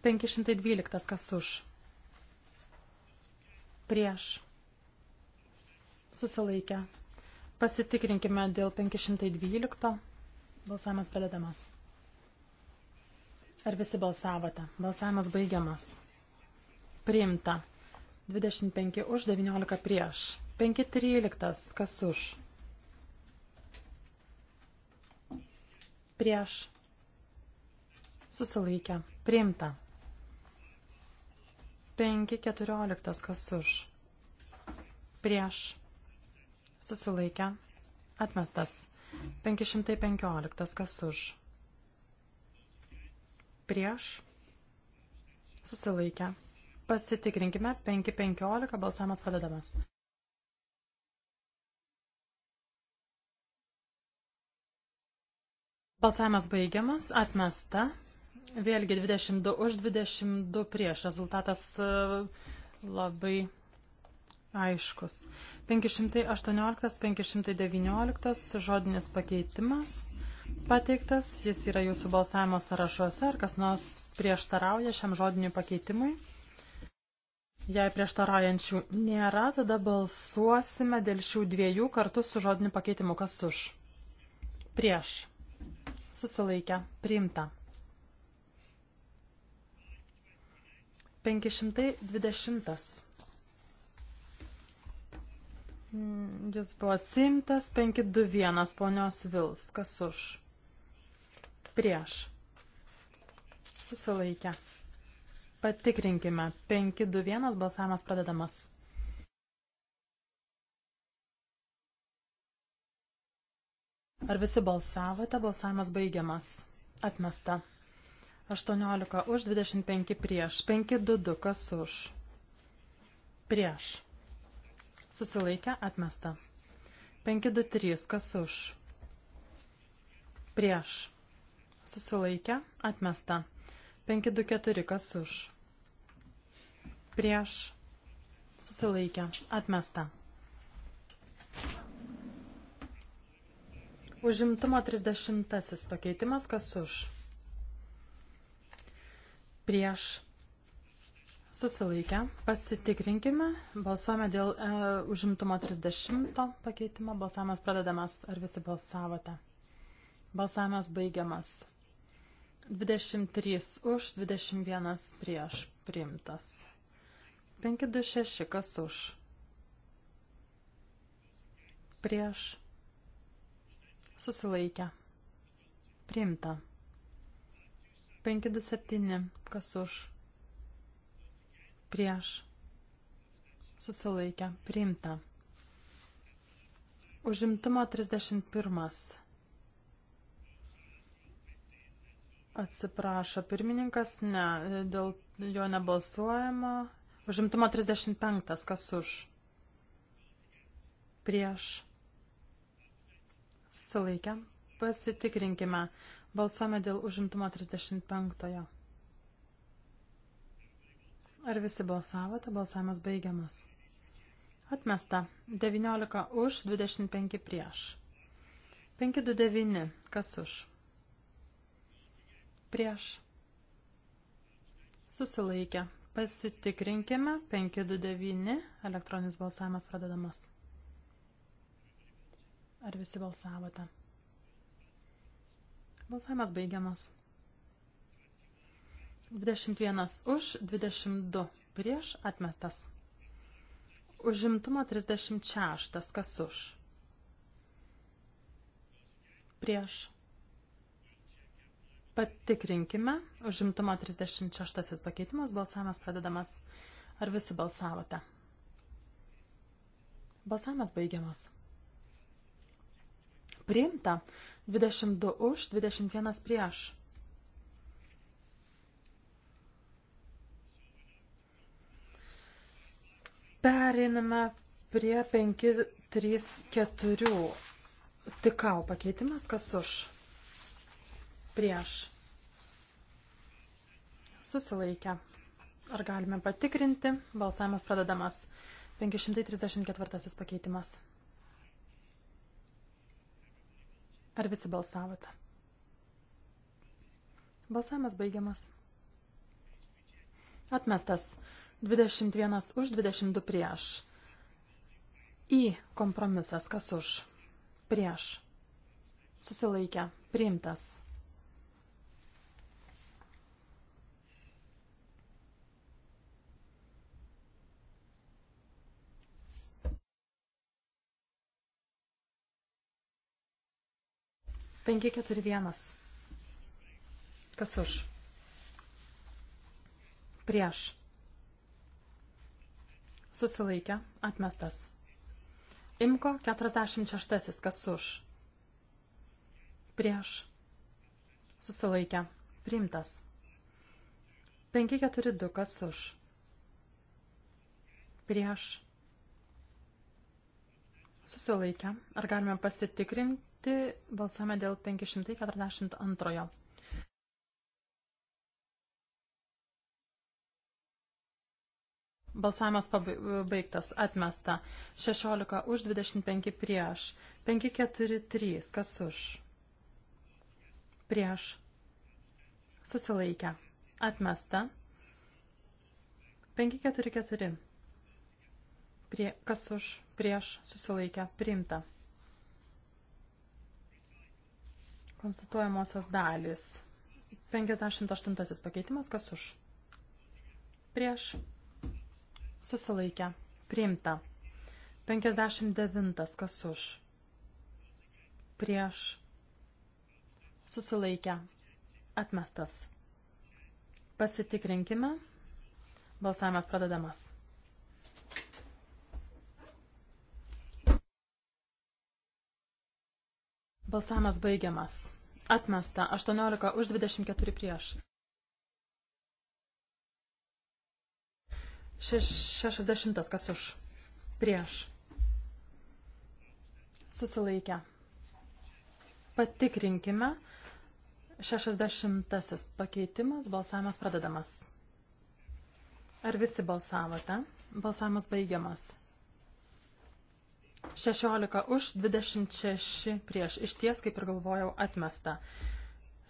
512 kas už prieš susilaikę. Pasitikrinkime dėl 512. Balsavimas pradedamas. Ar visi balsavote? Balsavimas baigiamas. Priimta. 25 už, 19 prieš. 513 kas už prieš susilaikę priimta. 5.14. Kas už? Prieš susilaikę atmestas. 515. Kas už? Prieš susilaikę. Pasitikrinkime 5.15 balsavimas pradedamas. Balsavimas baigiamas, atmesta. Vėlgi 22 už 22 prieš. Rezultatas e, labai aiškus. 518, 519 žodinis pakeitimas pateiktas. Jis yra jūsų balsavimo sąrašuose. Ar kas nors prieštarauja šiam žodiniu pakeitimui? Jei prieštaraujančių nėra, tada balsuosime dėl šių dviejų kartu su žodiniu pakeitimu. Kas už? Prieš susilaikę, priimta. 520. Mm, jis buvo atsimtas 521 ponios Vils. Kas už? Prieš. Susilaikę. Patikrinkime. 521 balsavimas pradedamas. Ar visi balsavote? Balsavimas baigiamas. Atmesta. 18 už, 25 prieš. 5, 2, 2, kas už? Prieš. Susilaikę, atmesta. 5, 2, 3, kas už? Prieš. Susilaikę, atmesta. 5, 2, 4, kas už? Prieš. Susilaikę, atmesta. Užimtumo 30 pakeitimas, kas už? Prieš. Susilaikę. Pasitikrinkime. Balsuojame dėl e, užimtumo 30 pakeitimo. Balsavimas pradedamas. Ar visi balsavote? Balsavimas baigiamas. 23 už, 21 prieš. Priimtas. 526 kas už? Prieš Susilaikę. Priimta. 527. Kas už? Prieš. Susilaikę. Priimta. Užimtumo 31. Atsiprašo pirmininkas, ne, dėl jo nebalsuojama. Užimtumo 35. Kas už? Prieš susilaikė, pasitikrinkime. Balsuome dėl užimtumo 35-ojo. Ar visi balsavote? Balsavimas baigiamas. Atmesta. 19 už, 25 prieš. 529. Kas už? Prieš. Susilaikė. Pasitikrinkime. 529. Elektroninis balsavimas pradedamas. Ar visi balsavote? Balsavimas baigiamas. 21 už, 22 prieš atmestas. Užimtumo 36. Kas už? Prieš. Patikrinkime. Užimtumo 36 pakeitimas. Balsavimas pradedamas. Ar visi balsavote? Balsavimas baigiamas. Priimta 22 už, 21 prieš. Periname prie 5, 3, 4. Tikau pakeitimas, kas už? Prieš. Susilaikę. Ar galime patikrinti? Balsavimas pradedamas. 534 pakeitimas. Ar visi balsavote? Balsavimas baigiamas. Atmestas 21 už 22 prieš. Į kompromisas kas už? Prieš. Susilaikę. Priimtas. 541. Kas už? Prieš. Susilaikė. Atmestas. Imko 46. Kas už? Prieš. Susilaikė. Priimtas. 542. Kas už? Prieš. Susilaikę. Ar galime pasitikrinti? atmesti. Balsuojame dėl 542. Balsavimas baigtas, atmesta. 16 už, 25 prieš. 5, 4, 3. Kas už? Prieš. Susilaikę. Atmesta. 5, 4, 4. Prie, kas už? Prieš. Susilaikę. Primta. Konstatuojamosios dalys. 58 pakeitimas, kas už? Prieš. Susilaikę. Priimta. 59, kas už? Prieš. Susilaikę. Atmestas. Pasitikrinkime. Balsavimas pradedamas. Balsavimas baigiamas. Atmesta 18 už 24 prieš. 60 kas už. Prieš. Susilaikę. Patikrinkime. 60 pakeitimas. Balsavimas pradedamas. Ar visi balsavote? Balsavimas baigiamas. 16 už, 26 prieš. Iš ties, kaip ir galvojau, atmesta.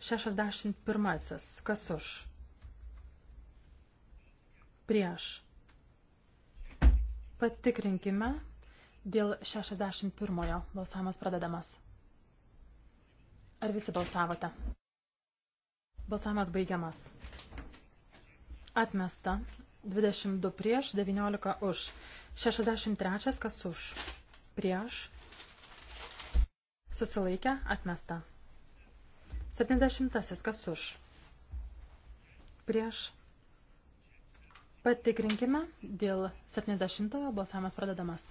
61. Kas už? Prieš. Patikrinkime dėl 61. Balsavimas pradedamas. Ar visi balsavote? Balsavimas baigiamas. Atmesta. 22 prieš, 19 už. 63. Kas už? prieš, susilaikę, atmesta. 70. Kas už? Prieš. Patikrinkime dėl 70. Balsavimas pradedamas.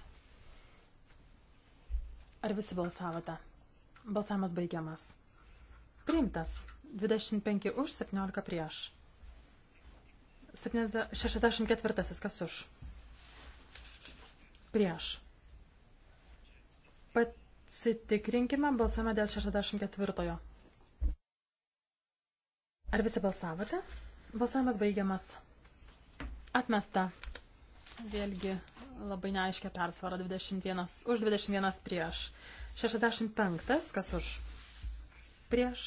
Ar visi balsavote? Balsavimas baigiamas. Priimtas. 25 už, 17 prieš. 64. Kas už? Prieš. Pasitikrinkime, balsuojame dėl 64. Ar visi balsavote? Balsavimas baigiamas. Atmesta. Vėlgi labai neaiškia persvara 21, už 21 prieš. 65, kas už? Prieš.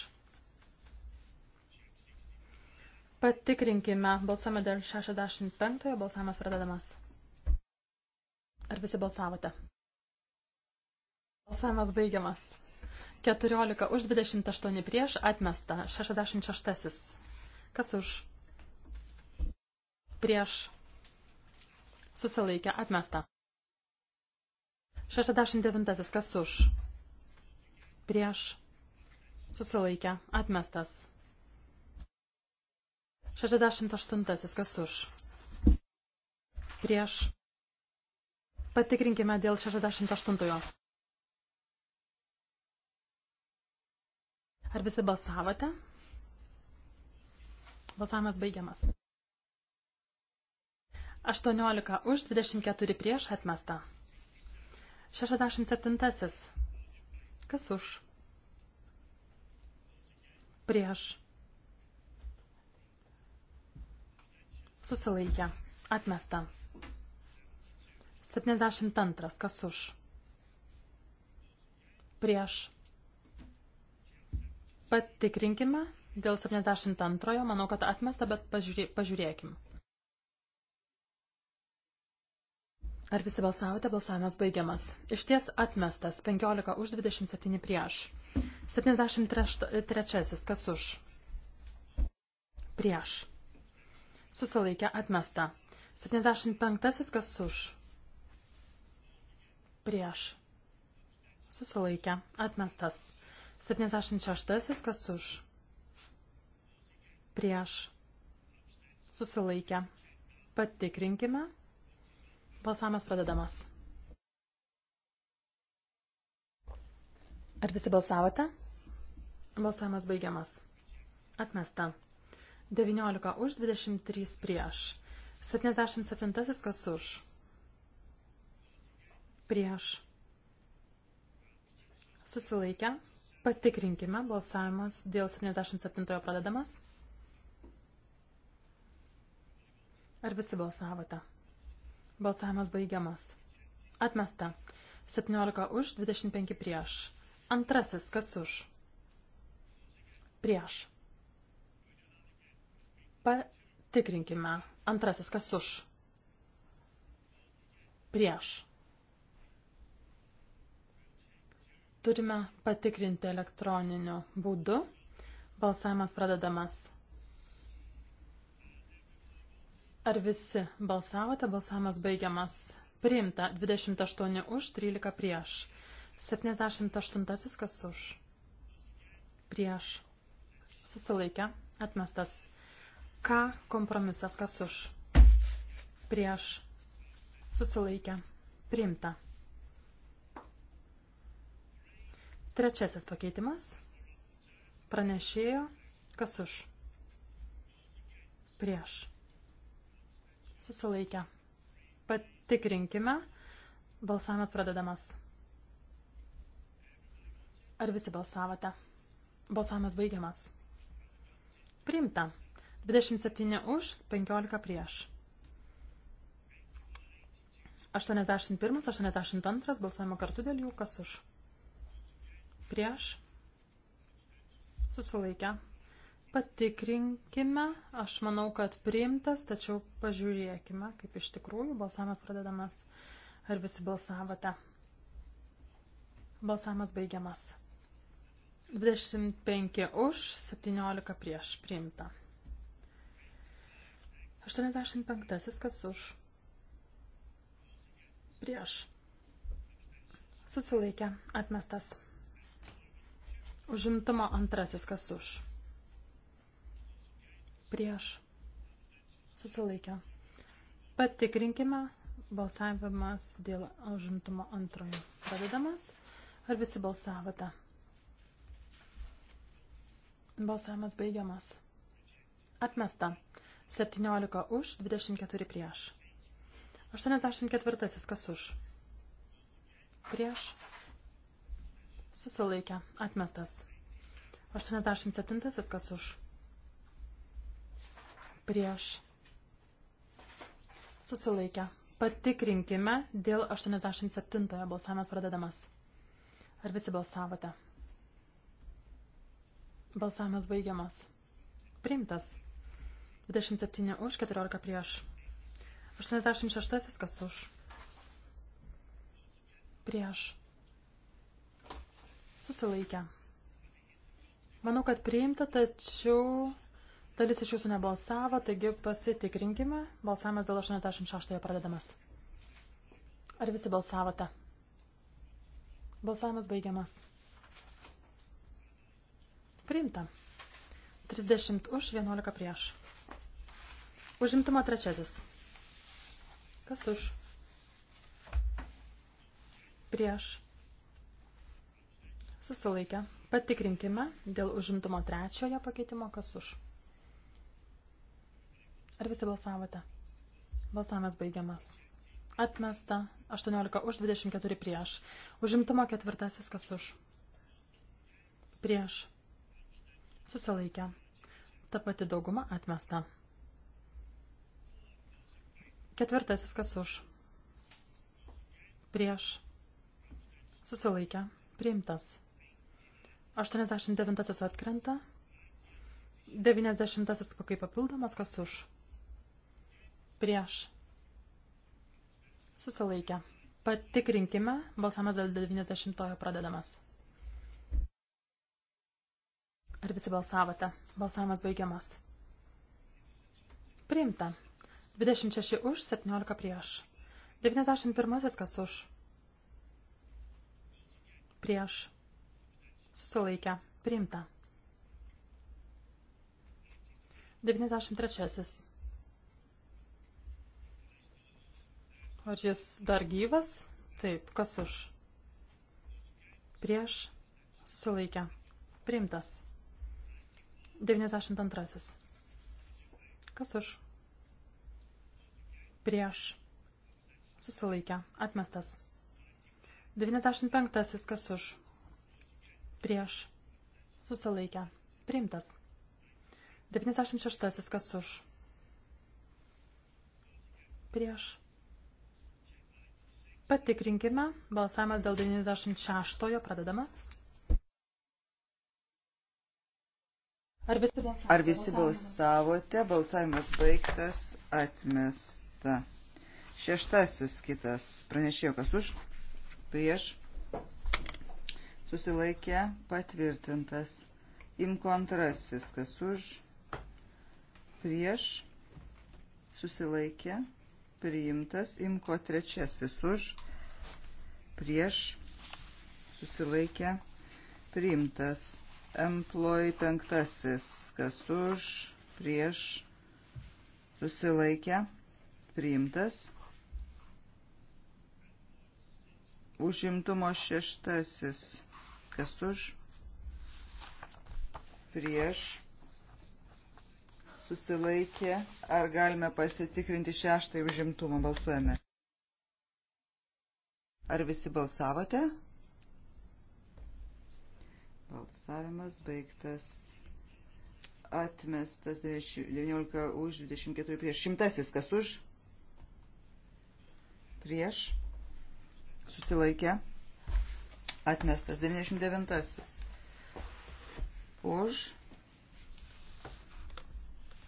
Patikrinkime, balsuojame dėl 65, balsavimas pradedamas. Ar visi balsavote? Balsavimas baigiamas. 14 už 28 prieš atmesta 66. Kas už? Prieš. Susilaikė atmesta. 69. Kas už? Prieš. Susilaikė atmestas. 68. Kas už? Prieš. Patikrinkime dėl 68. Ar visi balsavote? Balsavimas baigiamas. 18 už, 24 prieš atmesta. 67. Kas už? Prieš. Susilaikė. Atmesta. 72. Kas už? Prieš Patikrinkime dėl 72. Manau, kad atmesta, bet pažiūrė, pažiūrėkim. Ar visi balsavote? Balsavimas baigiamas. Iš ties atmestas 15 už 27 prieš. 73. Kas už? Prieš. Susilaikė atmesta. 75. Kas už? Prieš. Susilaikė atmestas. 76. Kas už? Prieš. Susilaikę. Patikrinkime. Balsavimas pradedamas. Ar visi balsavote? Balsavimas baigiamas. Atmesta. 19 už, 23 prieš. 77 kas už. Prieš. Susilaikę. Patikrinkime balsavimas dėl 77 pradedamas. Ar visi balsavote? Balsavimas baigiamas. Atmesta. 17 už, 25 prieš. Antrasis, kas už? Prieš. Patikrinkime. Antrasis, kas už? Prieš. Turime patikrinti elektroniniu būdu. Balsavimas pradedamas. Ar visi balsavote? Balsavimas baigiamas. Priimta 28 už, 13 prieš. 78 kas už. Prieš. Susilaikę. Atmestas. K kompromisas kas už. Prieš. Susilaikę. Priimta. Trečiasis pakeitimas. Pranešėjo, kas už. Prieš. Susilaikę. Patikrinkime. Balsavimas pradedamas. Ar visi balsavote? Balsavimas baigiamas. Priimta. 27 už, 15 prieš. 81, 82 balsavimo kartu dėl jų, kas už prieš, susilaikę. Patikrinkime, aš manau, kad priimtas, tačiau pažiūrėkime, kaip iš tikrųjų balsavimas pradedamas, ar visi balsavote. Balsavimas baigiamas. 25 už, 17 prieš priimta. 85 kas už. Prieš. Susilaikė, atmestas. Užimtumo antrasis kas už. Prieš. Susilaikę. Patikrinkime balsavimas dėl užimtumo antrojo. Pradedamas. Ar visi balsavote? Balsavimas baigiamas. Atmesta. 17 už, 24 prieš. 84 kas už. Prieš Susilaikė. Atmestas. 87. Kas už? Prieš. Susilaikė. Patikrinkime dėl 87. Balsavimas pradedamas. Ar visi balsavote? Balsavimas baigiamas. Priimtas. 27 už, 14 prieš. 86 kas už. Prieš. Susilaikę. Manau, kad priimta, tačiau dalis iš jūsų nebalsavo, taigi pasitikrinkime. Balsavimas dėl 86 pradedamas. Ar visi balsavote? Balsavimas baigiamas. Priimta. 30 už, 11 prieš. Užimtumo trečiasis. Kas už? Prieš. Susilaikė. Patikrinkime dėl užimtumo trečiojo pakeitimo, kas už. Ar visi balsavote? Balsavimas baigiamas. Atmesta. 18 už, 24 prieš. Užimtumo ketvirtasis, kas už. Prieš. Susilaikė. Ta pati dauguma atmesta. Ketvirtasis, kas už. Prieš. Susilaikė. Priimtas. 89 atkrenta. 90 kokai papildomas, kas už. Prieš. Susilaikę. Patikrinkime, balsamas dėl 90 pradedamas. Ar visi balsavote? Balsavimas baigiamas. Priimta. 26 už, 17 prieš. 91 kas už. Prieš Susilaikę. Priimta. 93. Ar jis dar gyvas? Taip, kas už? Prieš. Susilaikę. Priimtas. 92. Kas už? Prieš. Susilaikę. Atmestas. 95. Kas už? prieš susilaikę priimtas. 96 kas už prieš. Patikrinkime, balsavimas dėl 96 pradedamas. Ar visi, balsavo? Ar visi balsavote? Balsavimas baigtas, atmesta. Šeštasis kitas pranešėjo, kas už, prieš, susilaikė patvirtintas. Imko antrasis, kas už, prieš, susilaikė, priimtas. Imko trečiasis už, prieš, susilaikė, priimtas. Emploj penktasis, kas už, prieš, susilaikė, priimtas. Užimtumo šeštasis Kas už? Prieš. Susilaikė. Ar galime pasitikrinti šeštąjį užimtumą? Balsuojame. Ar visi balsavote? Balsavimas baigtas. Atmestas 19 už 24 prieš. Šimtasis kas už? Prieš. Susilaikė. Atmestas 99. Už.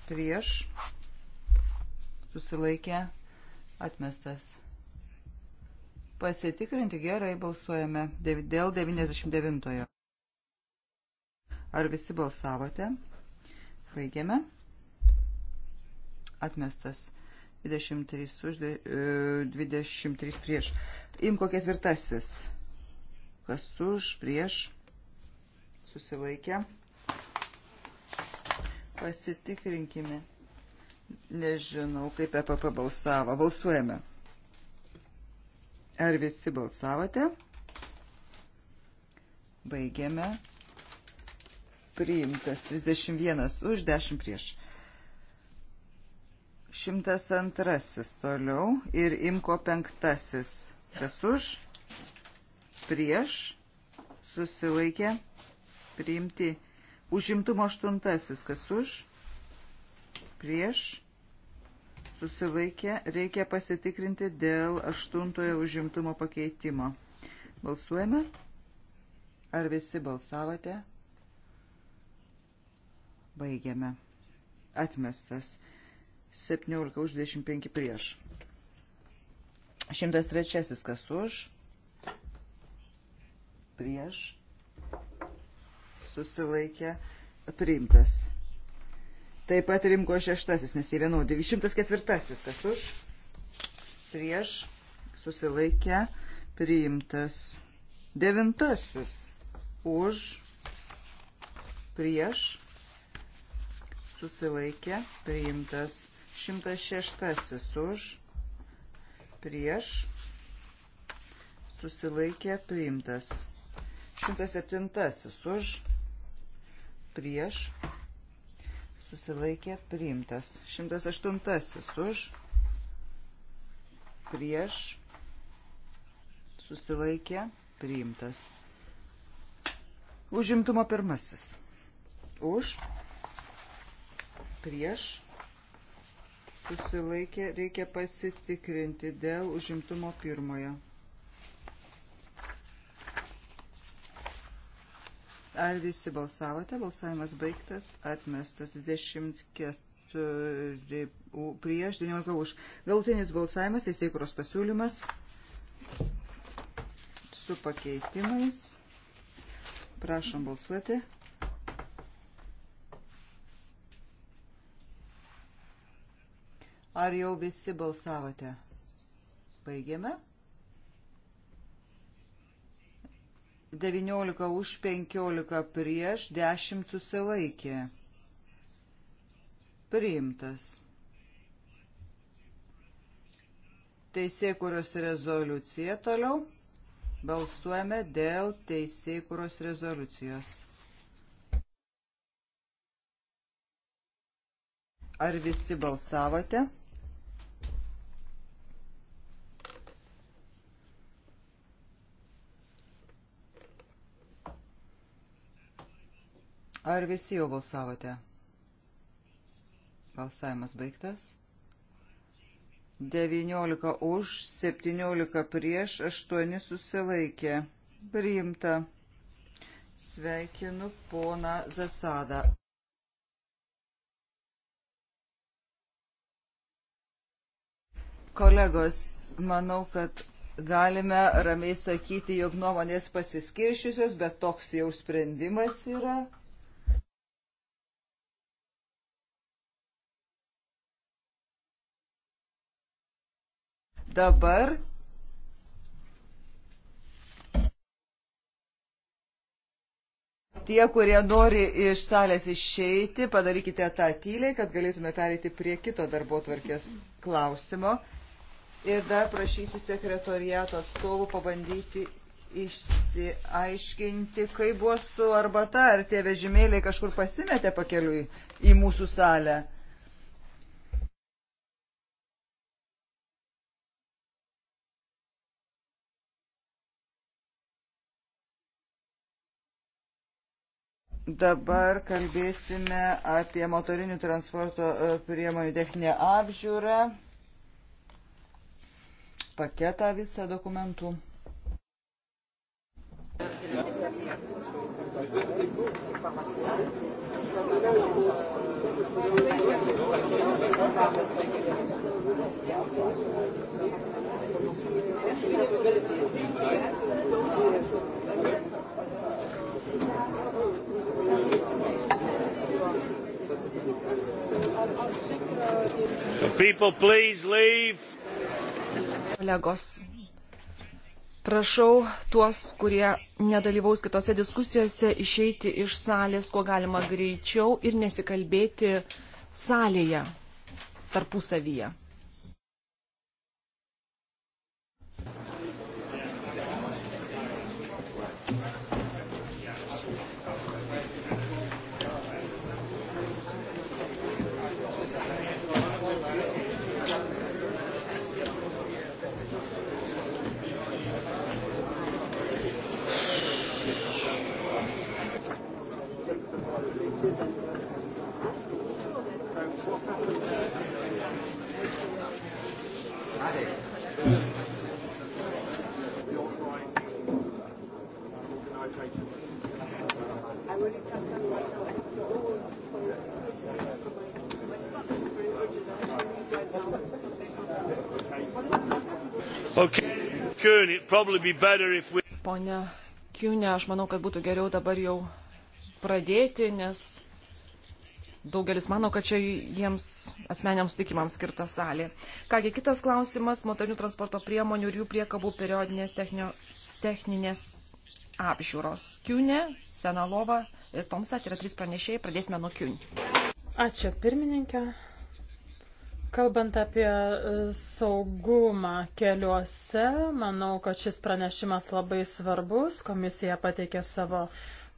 Prieš. Susilaikė. Atmestas. Pasitikrinti gerai balsuojame dėl 99. Ar visi balsavote? Baigiame. Atmestas. 23 už 23 e, prieš. Imko ketvirtasis kas už, prieš, susilaikę. Pasitikrinkime. Nežinau, kaip EPP balsavo. Balsuojame. Ar visi balsavote? Baigiame. Priimtas 31 už 10 prieš. 102 toliau ir imko penktasis. Kas už? prieš, susilaikė, priimti. Užimtumo aštuntasis, kas už, prieš, susilaikė, reikia pasitikrinti dėl aštuntojo užimtumo pakeitimo. Balsuojame. Ar visi balsavote? Baigiame. Atmestas. 17 už 25 prieš. 103 kas už prieš susilaikė priimtas. Taip pat rimko šeštasis, nes jie vienodai. 104. Kas už? Prieš susilaikė priimtas. Devintasis. Už. Prieš susilaikė priimtas. 106. Už. Prieš susilaikė priimtas. 107 už, prieš, susilaikė, priimtas. 108 už, prieš, susilaikė, priimtas. Užimtumo pirmasis. Už, prieš, susilaikė, reikia pasitikrinti dėl užimtumo pirmojo. Ar visi balsavote? Balsavimas baigtas, atmestas 24 prieš, 19 už. Galutinis balsavimas, teisėkuros pasiūlymas su pakeitimais. Prašom balsuoti. Ar jau visi balsavote? Baigiame. 19 už 15 prieš 10 susilaikė. Priimtas. Teisėkuros rezoliucija toliau. Balsuojame dėl teisėkuros rezoliucijos. Ar visi balsavote? Ar visi jau balsavote? Balsavimas baigtas. 19 už, 17 prieš, 8 susilaikė. Priimta. Sveikinu poną Zasadą. Kolegos, manau, kad galime ramiai sakyti, jog nuomonės pasiskiršiusios, bet toks jau sprendimas yra. Dabar tie, kurie nori iš salės išeiti, padarykite tą tyliai, kad galėtume pereiti prie kito darbo tvarkės klausimo. Ir dar prašysiu sekretoriato atstovų pabandyti išsiaiškinti, kaip buvo su arbata, ar tie vežimėliai kažkur pasimetė pakeliui į mūsų salę. Dabar kalbėsime apie motorinių transporto e, priemonių techninę apžiūrą, paketą visą dokumentų. Thank you. Kolegos, prašau tuos, kurie nedalyvaus kitose diskusijose, išeiti iš salės, kuo galima greičiau ir nesikalbėti salėje tarpusavyje. we... Pone Kiūne, aš manau, kad būtų geriau dabar jau pradėti, nes daugelis mano, kad čia jiems asmeniams sutikimams skirta salė. Kągi, kitas klausimas - motorinių transporto priemonių ir jų priekabų periodinės techninio, techninės apžiūros. Kiūne, Senalova ir Tomsat yra trys pranešėjai. Pradėsime nuo Kiūne. Ačiū pirmininkė. Kalbant apie e, saugumą keliuose, manau, kad šis pranešimas labai svarbus. Komisija pateikė savo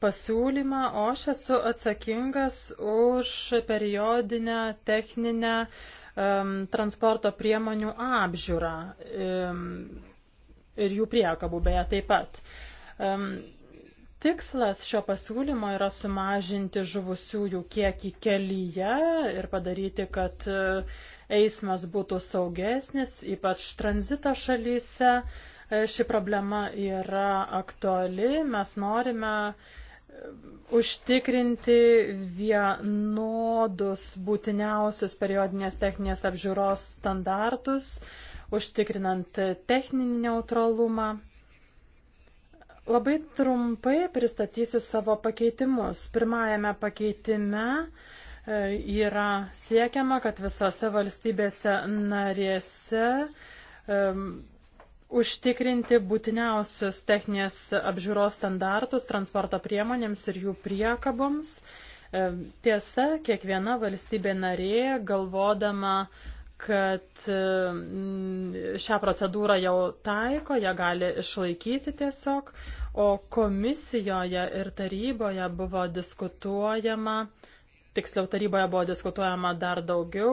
pasiūlymą, o aš esu atsakingas už periodinę techninę um, transporto priemonių apžiūrą um, ir jų priekabų beje taip pat. Um, Tikslas šio pasiūlymo yra sumažinti žuvusiųjų kiekį kelyje ir padaryti, kad uh, eismas būtų saugesnis, ypač tranzito šalyse. E, ši problema yra aktuali. Mes norime e, užtikrinti vienodus būtiniausius periodinės techninės apžiūros standartus, užtikrinant techninį neutralumą. Labai trumpai pristatysiu savo pakeitimus. Pirmajame pakeitime E, yra siekiama, kad visose valstybėse narėse um, užtikrinti būtiniausius techninės apžiūros standartus transporto priemonėms ir jų priekaboms. E, tiesa, kiekviena valstybė narė, galvodama, kad šią procedūrą jau taiko, ją gali išlaikyti tiesiog, o komisijoje ir taryboje buvo diskutuojama, uh, tiksliau taryboje buvo diskutuojama dar daugiau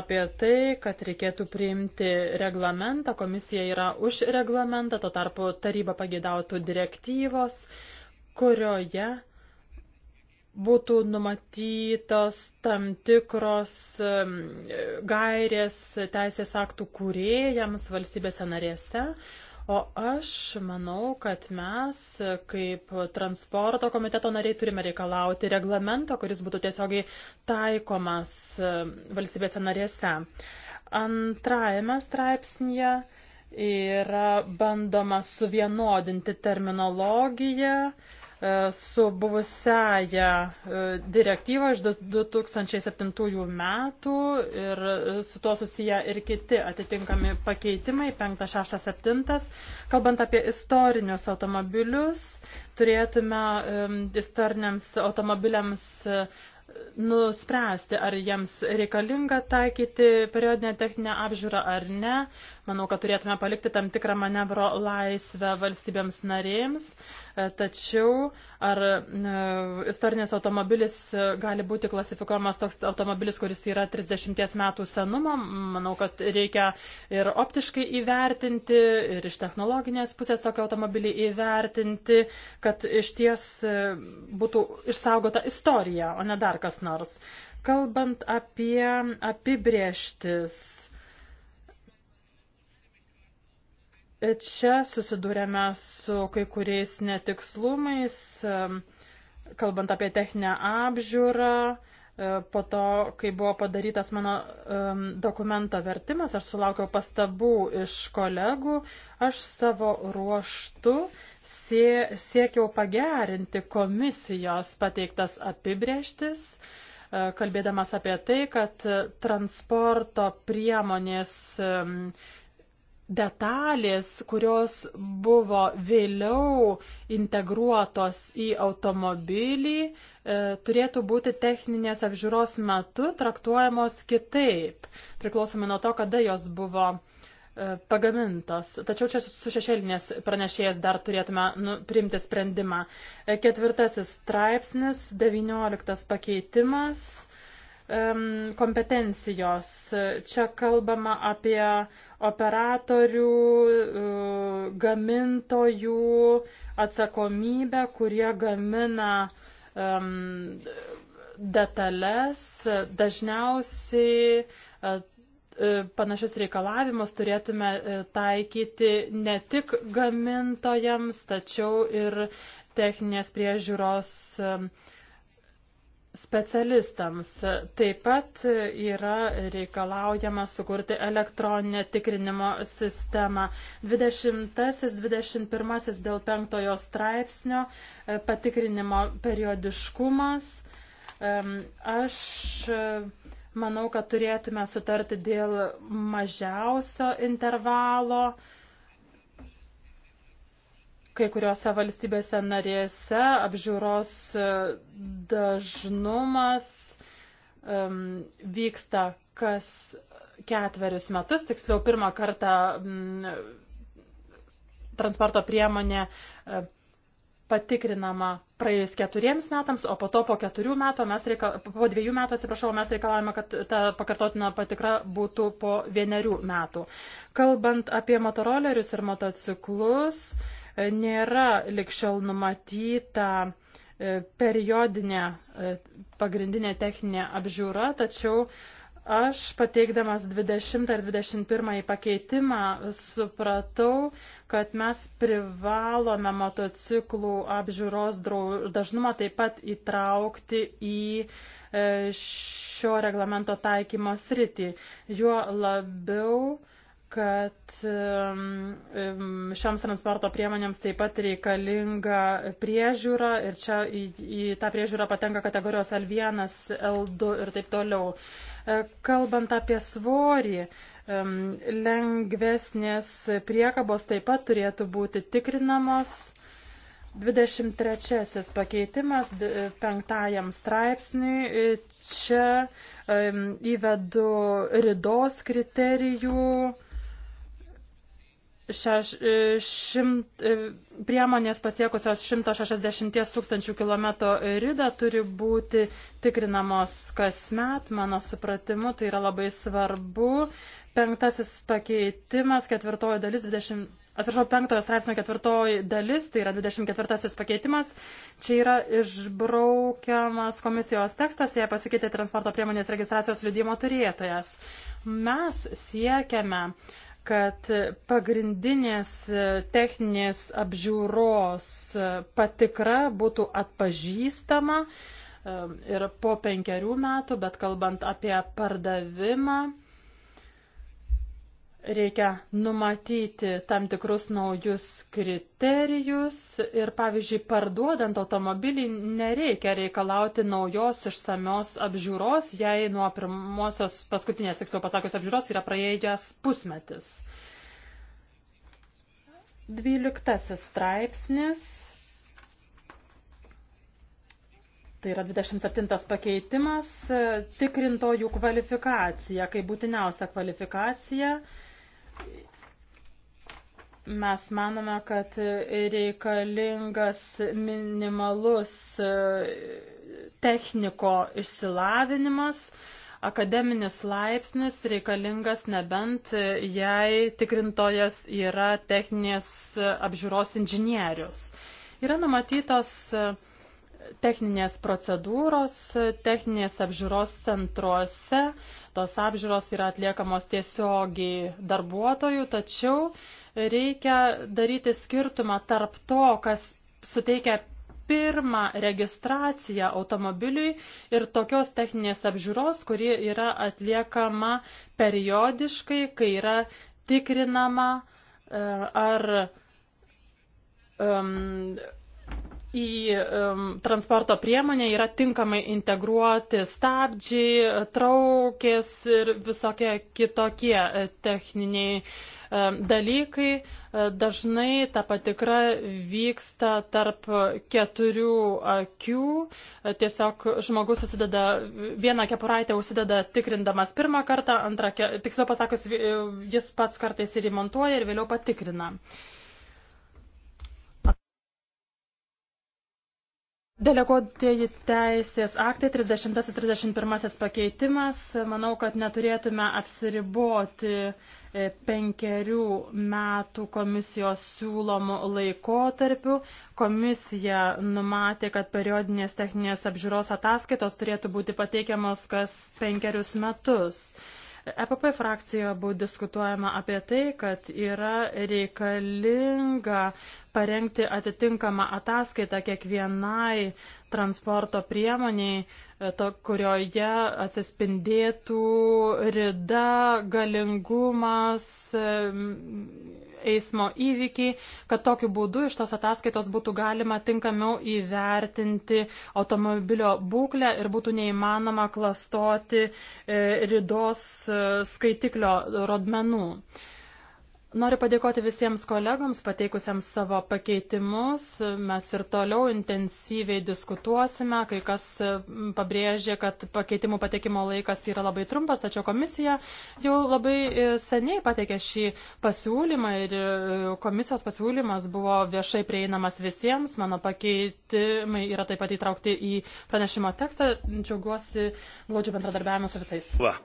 apie tai, kad reikėtų priimti reglamentą, komisija yra už reglamentą, to tarpu taryba pagėdautų direktyvos, kurioje būtų numatytos tam tikros gairės teisės aktų kūrėjams valstybėse narėse, O aš manau, kad mes kaip transporto komiteto nariai turime reikalauti reglamento, kuris būtų tiesiogiai taikomas e, valstybėse narėse. Antrajame straipsnėje yra bandoma suvienodinti terminologiją E, su buvusiaja e, direktyva iš 2007 metų ir e, su tuo susiję ir kiti atitinkami pakeitimai 5, 6, 7. Kalbant apie istorinius automobilius, turėtume istoriniams automobiliams nuspręsti, ar jiems reikalinga taikyti periodinę techninę apžiūrą ar ne. Manau, kad turėtume palikti tam tikrą manevro laisvę valstybėms narėms, e, tačiau ar e, istorinis automobilis e, gali būti klasifikuojamas toks automobilis, kuris yra 30 metų senumo, manau, kad reikia ir optiškai įvertinti, ir iš technologinės pusės tokį automobilį įvertinti, kad iš ties būtų išsaugota istorija, o ne dar kas nors. Kalbant apie apibrieštis, Čia susidūrėme su kai kuriais netikslumais, kalbant apie techninę apžiūrą. E, po to, kai buvo padarytas mano um, dokumento vertimas, aš sulaukiau pastabų iš kolegų, aš savo ruoštu sie, siekiau pagerinti komisijos pateiktas apibrieštis, e, kalbėdamas apie tai, kad transporto priemonės um, detalės, kurios buvo vėliau integruotos į automobilį, e, turėtų būti techninės apžiūros metu traktuojamos kitaip, priklausomai nuo to, kada jos buvo e, pagamintos. Tačiau čia su šešėlinės pranešėjas dar turėtume nu, priimti sprendimą. E, ketvirtasis straipsnis, devinioliktas pakeitimas kompetencijos. Čia kalbama apie operatorių, e, gamintojų atsakomybę, kurie gamina detalės. Dažniausiai e, e, panašius reikalavimus turėtume taikyti ne tik gamintojams, tačiau ir techninės priežiūros uh, specialistams. Taip pat yra reikalaujama sukurti elektroninę tikrinimo sistemą. 20-21 dėl penktojo straipsnio e, patikrinimo periodiškumas. Aš e, manau, kad turėtume sutarti dėl mažiausio intervalo kai kuriuose valstybėse narėse apžiūros e, dažnumas um, vyksta kas ketverius metus, tiksliau pirmą kartą m, mm, transporto priemonė e, patikrinama praėjus keturiems metams, o po to po keturių metų, mes reikal, po dviejų metų, atsiprašau, mes reikalavome, kad ta pakartotina patikra būtų po vienerių metų. Kalbant apie motorolerius ir motociklus, nėra likščiau numatyta e, periodinė e, pagrindinė techninė apžiūra, tačiau aš pateikdamas 20 ar 21 pakeitimą supratau, kad mes privalome motociklų apžiūros dažnumą taip pat įtraukti į e, šio reglamento taikymo sritį. Juo labiau, kad šioms transporto priemonėms taip pat reikalinga priežiūra ir čia į, į tą priežiūrą patenka kategorijos L1, L2 ir taip toliau. E, kalbant apie svorį, lengvesnės priekabos taip pat turėtų būti tikrinamos. 23 pakeitimas penktajam straipsniui. E, čia įvedu ridos kriterijų šeš, e, šimt, e, priemonės pasiekusios 160 tūkstančių kilometro ridą turi būti tikrinamos kasmet. Mano supratimu, tai yra labai svarbu. Penktasis pakeitimas, ketvirtoji dalis, 20, atsiprašau, penktojo straipsnio ketvirtoji dalis, tai yra 24 pakeitimas. Čia yra išbraukiamas komisijos tekstas, jei pasikeitė transporto priemonės registracijos liudymo turėtojas. Mes siekiame uh, kad pagrindinės e, techninės apžiūros e, patikra būtų atpažįstama e, ir po penkerių metų, bet kalbant apie pardavimą, reikia numatyti tam tikrus naujus kriterijus ir, pavyzdžiui, parduodant automobilį nereikia reikalauti naujos išsamios apžiūros, jei nuo pirmosios paskutinės, tiksliau pasakius, apžiūros yra praėjęs pusmetis. Dvyliktasis straipsnis. Tai yra 27 pakeitimas, tikrintojų kvalifikacija, kaip būtiniausia kvalifikacija. kvalifikacija Mes manome, kad reikalingas minimalus e, techniko išsilavinimas, akademinis laipsnis reikalingas nebent, e, jei tikrintojas yra techninės e, apžiūros inžinierius. Yra numatytos techninės procedūros, techninės apžiūros centruose Tos apžiūros yra atliekamos tiesiogiai darbuotojų, tačiau reikia daryti skirtumą tarp to, kas suteikia pirmą registraciją automobiliui ir tokios techninės apžiūros, kuri yra atliekama periodiškai, kai yra tikrinama, e, ar um, į um, transporto priemonę yra tinkamai integruoti stabdžiai, traukės ir visokie kitokie e, techniniai um, dalykai. E, dažnai ta patikra vyksta tarp keturių akių. Tiesiog žmogus susideda, vieną kepuraitę užsideda tikrindamas pirmą kartą, antrą, tiksliau pasakius, jis pats kartais ir įmontuoja ir vėliau patikrina. Uh, Deleguotieji teisės aktai 30-31 pakeitimas. Manau, kad neturėtume apsiriboti e, penkerių metų komisijos siūlomų laikotarpių. Komisija numatė, kad periodinės techninės apžiūros ataskaitos turėtų būti pateikiamos kas penkerius metus. EPP frakcijoje buvo diskutuojama apie tai, kad yra reikalinga parengti atitinkamą ataskaitą kiekvienai transporto priemoniai, E, to, kurioje atsispindėtų rida, galingumas, e, eismo įvykiai, kad tokiu būdu iš tos ataskaitos būtų galima tinkamiau įvertinti automobilio būklę ir būtų neįmanoma klastoti e, ridos skaitiklio rodmenų. Noriu padėkoti visiems kolegoms, pateikusiems savo pakeitimus. Mes ir toliau intensyviai diskutuosime. Kai kas mm, pabrėžė, kad pakeitimų pateikimo laikas yra labai trumpas, tačiau komisija jau labai e, seniai pateikė šį pasiūlymą ir e, komisijos pasiūlymas buvo viešai prieinamas visiems. Mano pakeitimai yra taip pat įtraukti į pranešimo tekstą. Džiaugiuosi glaudžiu bendradarbiavimu su visais. Va.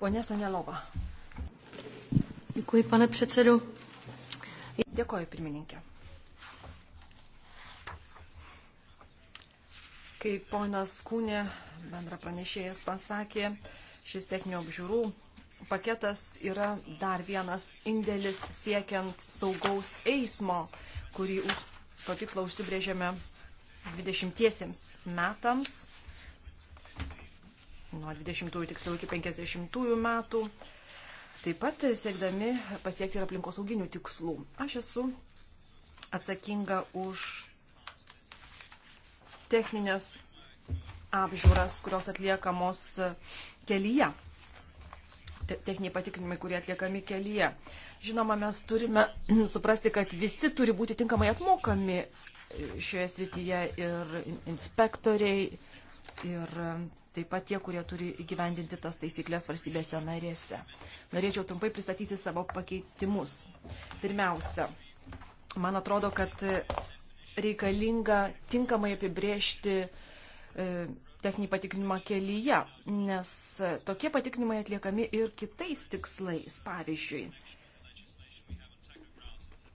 Ponė Sanelova. Dėkui, pane predsedu. Dėkoju, pirmininkė. Kaip ponas Kūnė, bendra pranešėjas, pasakė, šis techninių apžiūrų paketas yra dar vienas indėlis siekiant saugaus eismo, kurį už to tikslo užsibrėžėme 20-iesiems metams, nuo 20-ųjų tiksliau iki 50-ųjų metų taip pat siekdami pasiekti ir aplinkosauginių tikslų. Aš esu atsakinga už techninės apžiūras, kurios atliekamos kelyje, Te techniniai patikrinimai, kurie atliekami kelyje. Žinoma, mes turime *clears throat* suprasti, kad visi turi būti tinkamai apmokami šioje srityje ir inspektoriai, ir taip pat tie, kurie turi įgyvendinti tas taisyklės valstybėse narėse. Norėčiau trumpai pristatyti savo pakeitimus. Pirmiausia, man atrodo, kad reikalinga tinkamai apibriežti e, techninį patikrinimą kelyje, nes tokie patikrinimai atliekami ir kitais tikslais, pavyzdžiui,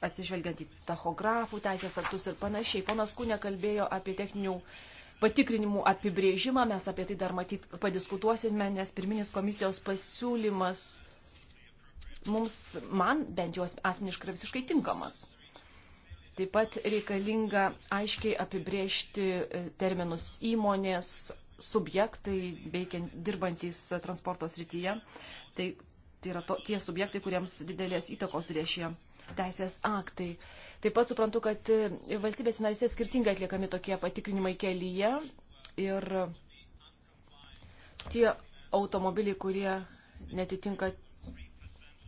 atsižvelgiant į tachografų teisės aktus ir panašiai. Ponas Kūnė kalbėjo apie techninių uh, patikrinimų apibrėžimą, mes apie tai dar matyt padiskutuosime, nes pirminis komisijos pasiūlymas mums, man bent jau asmeniškai yra visiškai tinkamas. Taip pat reikalinga aiškiai apibrėžti e, terminus įmonės, subjektai, veikiant dirbantys transporto srityje. Tai, tai yra to, tie subjektai, kuriems didelės įtakos turės šie teisės aktai. Taip pat suprantu, kad e, valstybės narysės skirtingai atliekami tokie patikrinimai kelyje ir tie automobiliai, kurie netitinka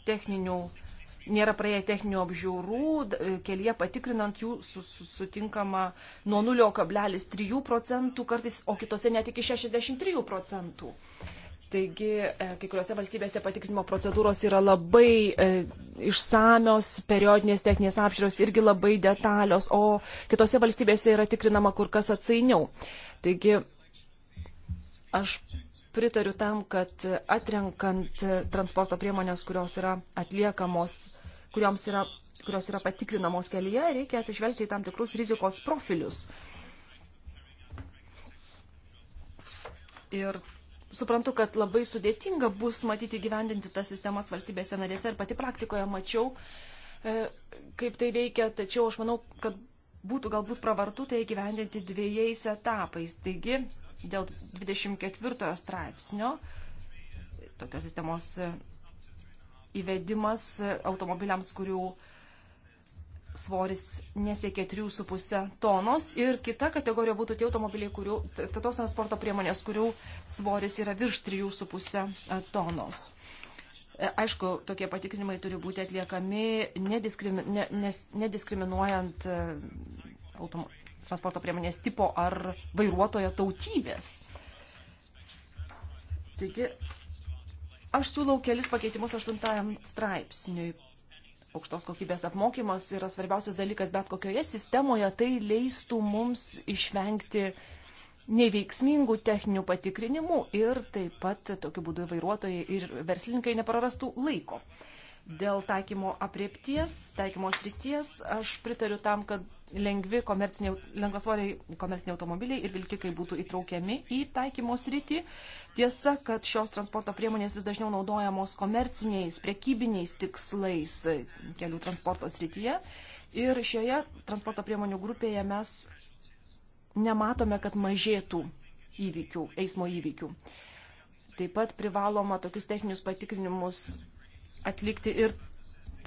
techninių, nėra praėję techninių apžiūrų, e, kelyje patikrinant jų sutinkama nuo 0,3 procentų kartais, o kitose net iki 63 procentų. Taigi, e, kai kuriuose valstybėse patikrinimo procedūros yra labai e, išsamios, periodinės techninės apžiūros irgi labai detalios, o kitose valstybėse yra tikrinama kur kas atsainiau. Taigi, aš pritariu tam, kad atrenkant transporto priemonės, kurios yra atliekamos, kurioms yra, kurios yra patikrinamos kelyje, reikia atsižvelgti į tam tikrus rizikos profilius. Ir suprantu, kad labai sudėtinga bus matyti gyvendinti tas sistemas valstybėse narėse ir pati praktikoje mačiau, e, kaip tai veikia, tačiau aš manau, kad būtų galbūt pravartu tai gyvendinti dviejais etapais. Taigi, dėl 24 straipsnio tokios sistemos e, įvedimas automobiliams, kurių uh, svoris nesiekia 3,5 tonos ir kita kategorija būtų tie automobiliai, kurių, tos transporto priemonės, kurių svoris yra virš 3,5 e, tonos. E, aišku, tokie patikrinimai turi būti atliekami nediskrimi, ne, nes, nediskriminuojant e, automo, transporto priemonės tipo ar vairuotojo tautybės. Taigi, aš siūlau kelis pakeitimus aštuntajam straipsniui aukštos kokybės apmokymas yra svarbiausias dalykas bet kokioje sistemoje, tai leistų mums išvengti neveiksmingų techninių patikrinimų ir taip pat tokiu būdu vairuotojai ir verslininkai neprarastų laiko. Dėl taikymo apriepties, taikymo srities, aš pritariu tam, kad lengvi komerciniai, lengvasvoriai komerciniai automobiliai ir vilkikai būtų įtraukiami į taikymo sritį. Tiesa, kad šios transporto priemonės vis dažniau naudojamos komerciniais, prekybiniais tikslais kelių transporto srityje. Ir šioje transporto priemonių grupėje mes nematome, kad mažėtų įvykių, eismo įvykių. Taip pat privaloma tokius techninius patikrinimus atlikti ir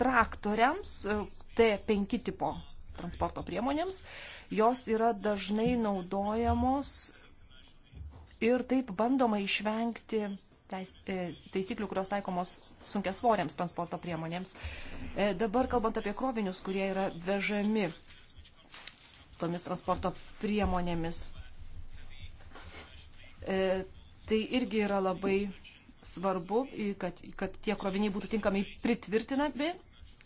traktoriams T5 tipo transporto priemonėms, jos yra dažnai naudojamos ir taip bandoma išvengti teis, e, taisyklių, kurios taikomos sunkia svoriams transporto priemonėms. E, dabar kalbant apie krovinius, kurie yra vežami tomis transporto priemonėmis, e, tai irgi yra labai svarbu, kad, kad tie kroviniai būtų tinkamai pritvirtinami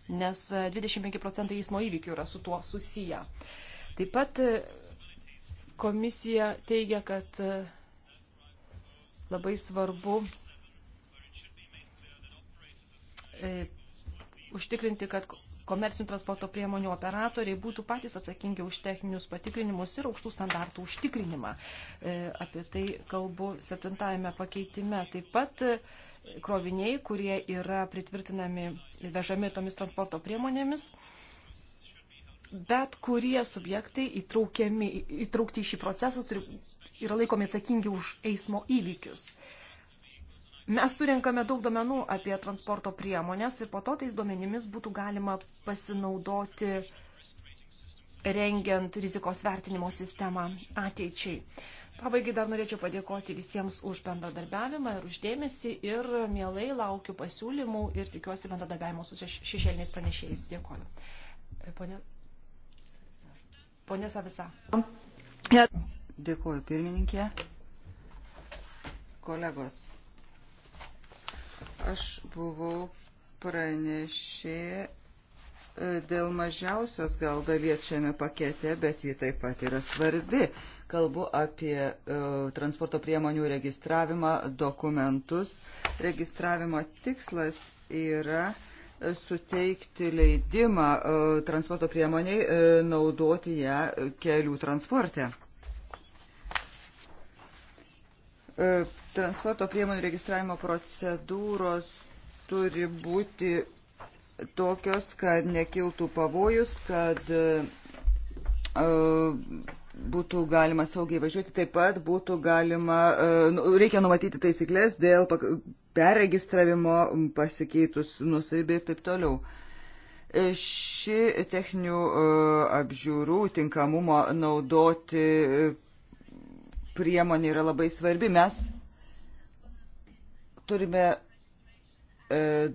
nes 25 e, procentai eismo įvykių yra su tuo susiję. Taip pat e, komisija teigia, kad e, labai svarbu užtikrinti, kad komercinių transporto priemonių operatoriai būtų patys atsakingi už techninius patikrinimus ir aukštų standartų užtikrinimą. Apie tai kalbu septintajame pakeitime. Taip pat kroviniai, kurie yra pritvirtinami ir vežami tomis transporto priemonėmis, bet kurie subjektai įtraukti į šį procesą turi, yra laikomi atsakingi už eismo įvykius. Mes surinkame daug duomenų apie transporto priemonės ir po to tais duomenimis būtų galima pasinaudoti rengiant rizikos vertinimo sistemą ateičiai. Pabaigai dar norėčiau padėkoti visiems už bendradarbiavimą ir uždėmesį ir mielai laukiu pasiūlymų ir tikiuosi bendradarbiavimo su šešėliniais pranešėjais. Dėkoju. Pone, Pone Savisa. Dėkoju pirmininkė. Kolegos, aš buvau pranešė e, dėl mažiausios gal dalies šiame pakete, bet ji taip pat yra svarbi. Kalbu apie e, transporto priemonių registravimą, dokumentus. Registravimo tikslas yra e, suteikti leidimą e, transporto priemoniai e, naudoti ją kelių transporte. E, transporto priemonių registravimo procedūros turi būti tokios, kad nekiltų pavojus, kad e, būtų galima saugiai važiuoti, taip pat būtų galima, e, nu, reikia numatyti taisyklės dėl perregistravimo pasikeitus nusavybė ir taip toliau. E, ši techninių e, apžiūrų tinkamumo naudoti priemonė yra labai svarbi. Mes turime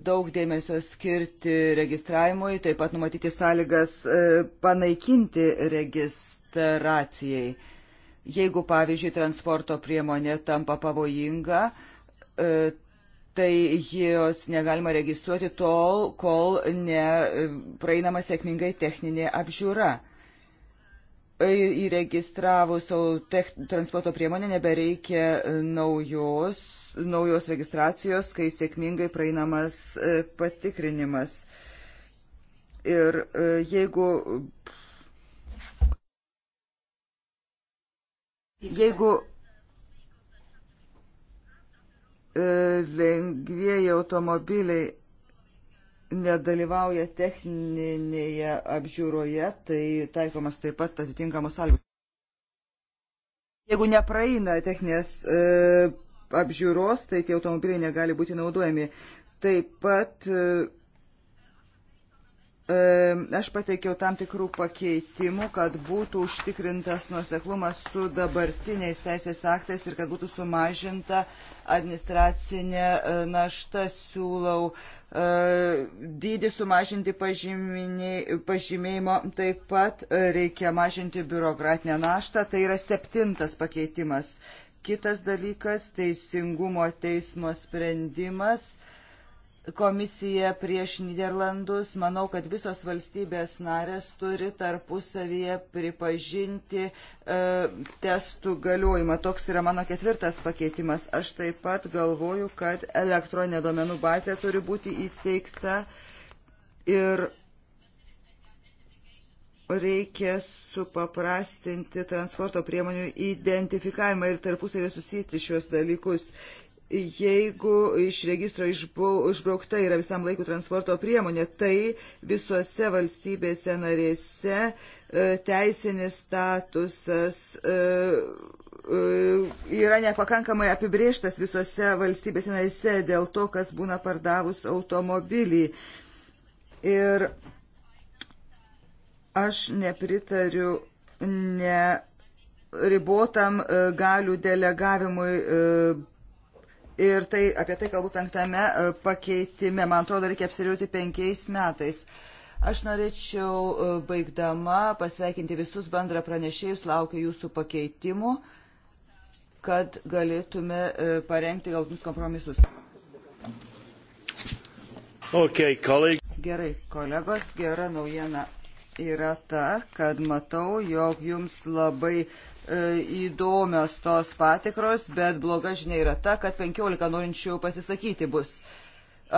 daug dėmesio skirti registravimui, taip pat numatyti sąlygas panaikinti registrą administracijai. Jeigu, pavyzdžiui, transporto priemonė tampa pavojinga, e, tai jos negalima registruoti tol, kol nepraeinama e, sėkmingai techninė apžiūra e, įregistravus transporto priemonę nebereikia naujos, naujos registracijos, kai sėkmingai praeinamas patikrinimas. Ir jeigu Jeigu e, lengvieji automobiliai nedalyvauja techninėje apžiūroje, tai taikomas taip pat atitinkamos sąlygos. Jeigu nepraeina techninės e, apžiūros, tai tie automobiliai negali būti naudojami. Taip pat e, E, aš pateikiau tam tikrų pakeitimų, kad būtų užtikrintas nuoseklumas su dabartiniais teisės aktais ir kad būtų sumažinta administracinė e, našta. Siūlau e, dydį sumažinti pažymėjimo, taip pat reikia mažinti biurokratinę naštą. Tai yra septintas pakeitimas. Kitas dalykas - teisingumo teismo sprendimas. Uh, komisija prieš Niderlandus. Manau, kad visos valstybės narės turi tarpusavyje pripažinti e, testų galiojimą. Toks yra mano ketvirtas pakeitimas. Aš taip pat galvoju, kad elektroninė duomenų bazė turi būti įsteigta ir reikia supaprastinti transporto priemonių identifikavimą ir tarpusavį susijęti šios dalykus jeigu iš registro išbraukta yra visam laikų transporto priemonė, tai visose valstybėse narėse e, teisinis statusas e, e, yra nepakankamai apibrieštas visose valstybėse narėse dėl to, kas būna pardavus automobilį. Ir aš nepritariu ne ribotam galių delegavimui Ir tai, apie tai kalbu penktame e, pakeitime. Man atrodo, reikia apsiriauti penkiais metais. Aš norėčiau e, baigdama pasveikinti visus bendra pranešėjus, laukiu jūsų pakeitimų, kad galėtume e, parengti galtinius kompromisus. Okay, colleague. Gerai, kolegos, gera naujiena yra ta, kad matau, jog jums labai E, įdomios tos patikros, bet bloga žinia yra ta, kad 15 norinčių pasisakyti bus.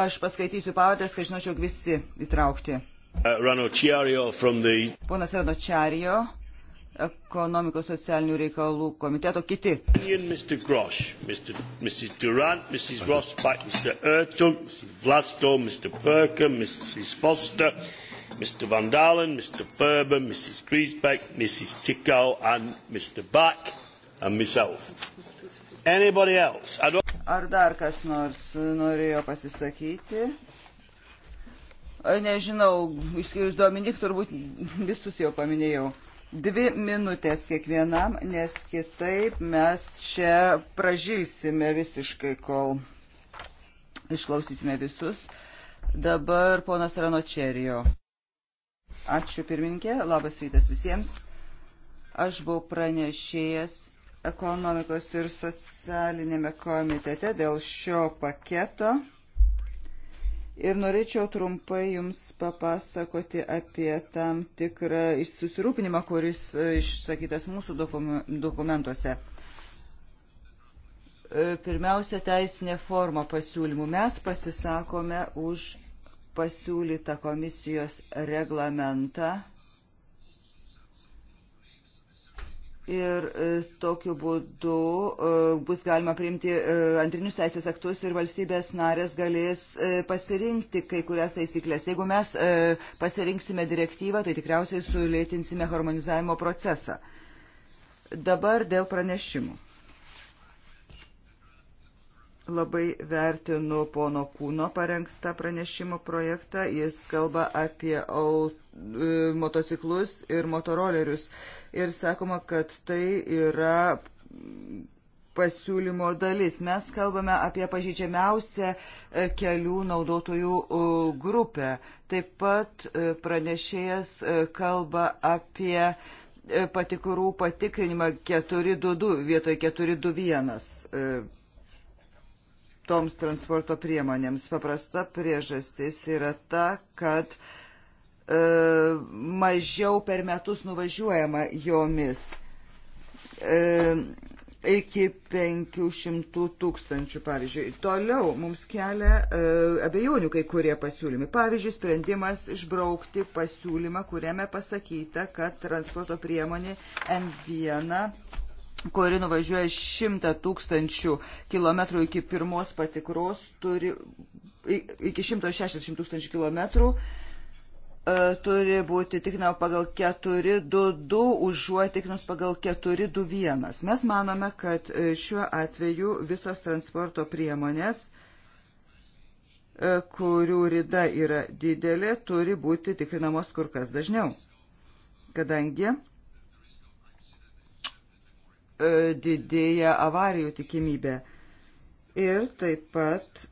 Aš paskaitysiu pavadės, kad žinočiau visi įtraukti. Uh, the... Ponas Rano Čarijo, ekonomikos socialinių reikalų komiteto kiti. Mr. Grosh, Mr. Mrs. Durant, Mrs. Rossback, Mr. Ertug, Mrs. Vlasto, Mr. Perker, Mrs. Foster, Mr Van Dalen, Mr Ferber, Mrs Griesbeck, Mrs Tickow and Mr Back and myself. Anybody else? I don't... Ar dar kas nors norėjo pasisakyti? Nežinau, išskyrus Dominik, turbūt visus jau paminėjau. Dvi minutės kiekvienam, nes kitaip mes čia pražilsime visiškai, kol išklausysime visus. Dabar ponas Ranočerijo. Ačiū pirmininkė, labas rytas visiems. Aš buvau pranešėjęs ekonomikos ir socialinėme komitete dėl šio paketo. Ir norėčiau trumpai Jums papasakoti apie tam tikrą susirūpinimą, kuris e, išsakytas mūsų dokumentuose. E, pirmiausia, teisinė forma pasiūlymų. Mes pasisakome už pasiūlytą komisijos reglamentą ir e, tokiu būdu e, bus galima priimti e, antrinius teisės aktus ir valstybės narės galės pasirinkti kai kurias taisyklės. Jeigu mes pasirinksime direktyvą, tai tikriausiai sulėtinsime harmonizavimo procesą. Dabar dėl pranešimų. Labai vertinu pono Kūno parengtą pranešimo projektą. Jis kalba apie aut, e, motociklus ir motorolerius. Ir sakoma, kad tai yra pasiūlymo dalis. Mes kalbame apie pažydžiamiausią e, kelių naudotojų e, grupę. Taip pat pranešėjas kalba apie patikrų patikrinimą 422 vietoj 421 toms transporto priemonėms. Paprasta priežastis yra ta, kad e, mažiau per metus nuvažiuojama jomis. E, iki 500 tūkstančių, pavyzdžiui. Toliau mums kelia e, abejonių kai kurie pasiūlymai. Pavyzdžiui, sprendimas išbraukti pasiūlymą, kuriame pasakyta, kad transporto priemonė M1 kuri nuvažiuoja šimtą tūkstančių kilometrų iki pirmos patikros, turi iki 160 tūkstančių kilometrų, e, turi būti tikrinama pagal 422, užuot tikrinus pagal 421. Mes manome, kad e, šiuo atveju visos transporto priemonės e, kurių rida yra didelė, turi būti tikrinamos kur kas dažniau. Kadangi E, didėja avarijų tikimybė. Ir taip pat e,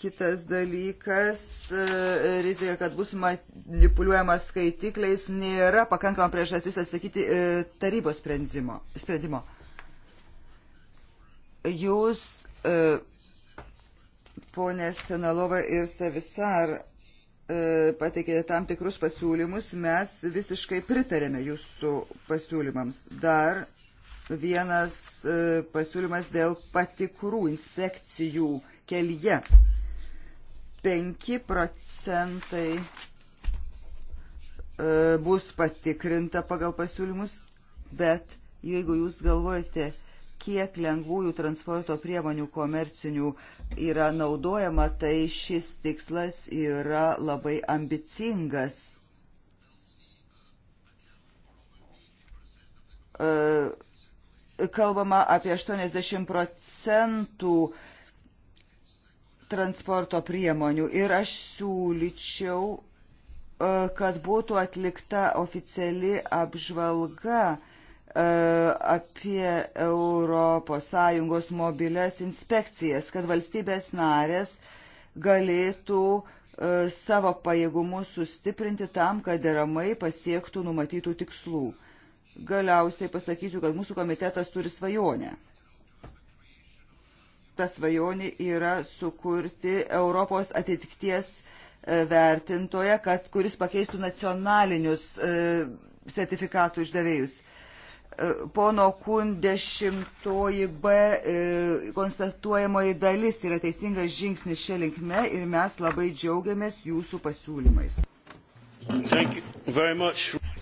kitas dalykas, e, rizika, kad bus manipuliuojamas skaitikliais, nėra pakankama priežastis atsakyti tarybos sprendimo. sprendimo. Jūs, ponė Senalova ir Savisar, E, pateikėte tam tikrus pasiūlymus, mes visiškai pritarėme jūsų pasiūlymams. Dar vienas e, pasiūlymas dėl patikrų inspekcijų kelyje. 5 procentai e, bus patikrinta pagal pasiūlymus, bet jeigu jūs galvojate, kiek lengvųjų transporto priemonių komercinių yra naudojama, tai šis tikslas yra labai ambicingas. E, kalbama apie 80 procentų transporto priemonių ir aš siūlyčiau, e, kad būtų atlikta oficiali apžvalga E, apie ES mobilias inspekcijas, kad valstybės narės galėtų e, savo pajėgumus sustiprinti tam, kad deramai pasiektų numatytų tikslų. Galiausiai pasakysiu, kad mūsų komitetas turi svajonę. Ta svajonė yra sukurti Europos atitikties e, vertintoje, kad, kuris pakeistų nacionalinius e, sertifikatų išdavėjus E, pono Kun 10b e, konstatuojamoji dalis yra teisingas žingsnis šia linkme ir mes labai džiaugiamės jūsų pasiūlymais.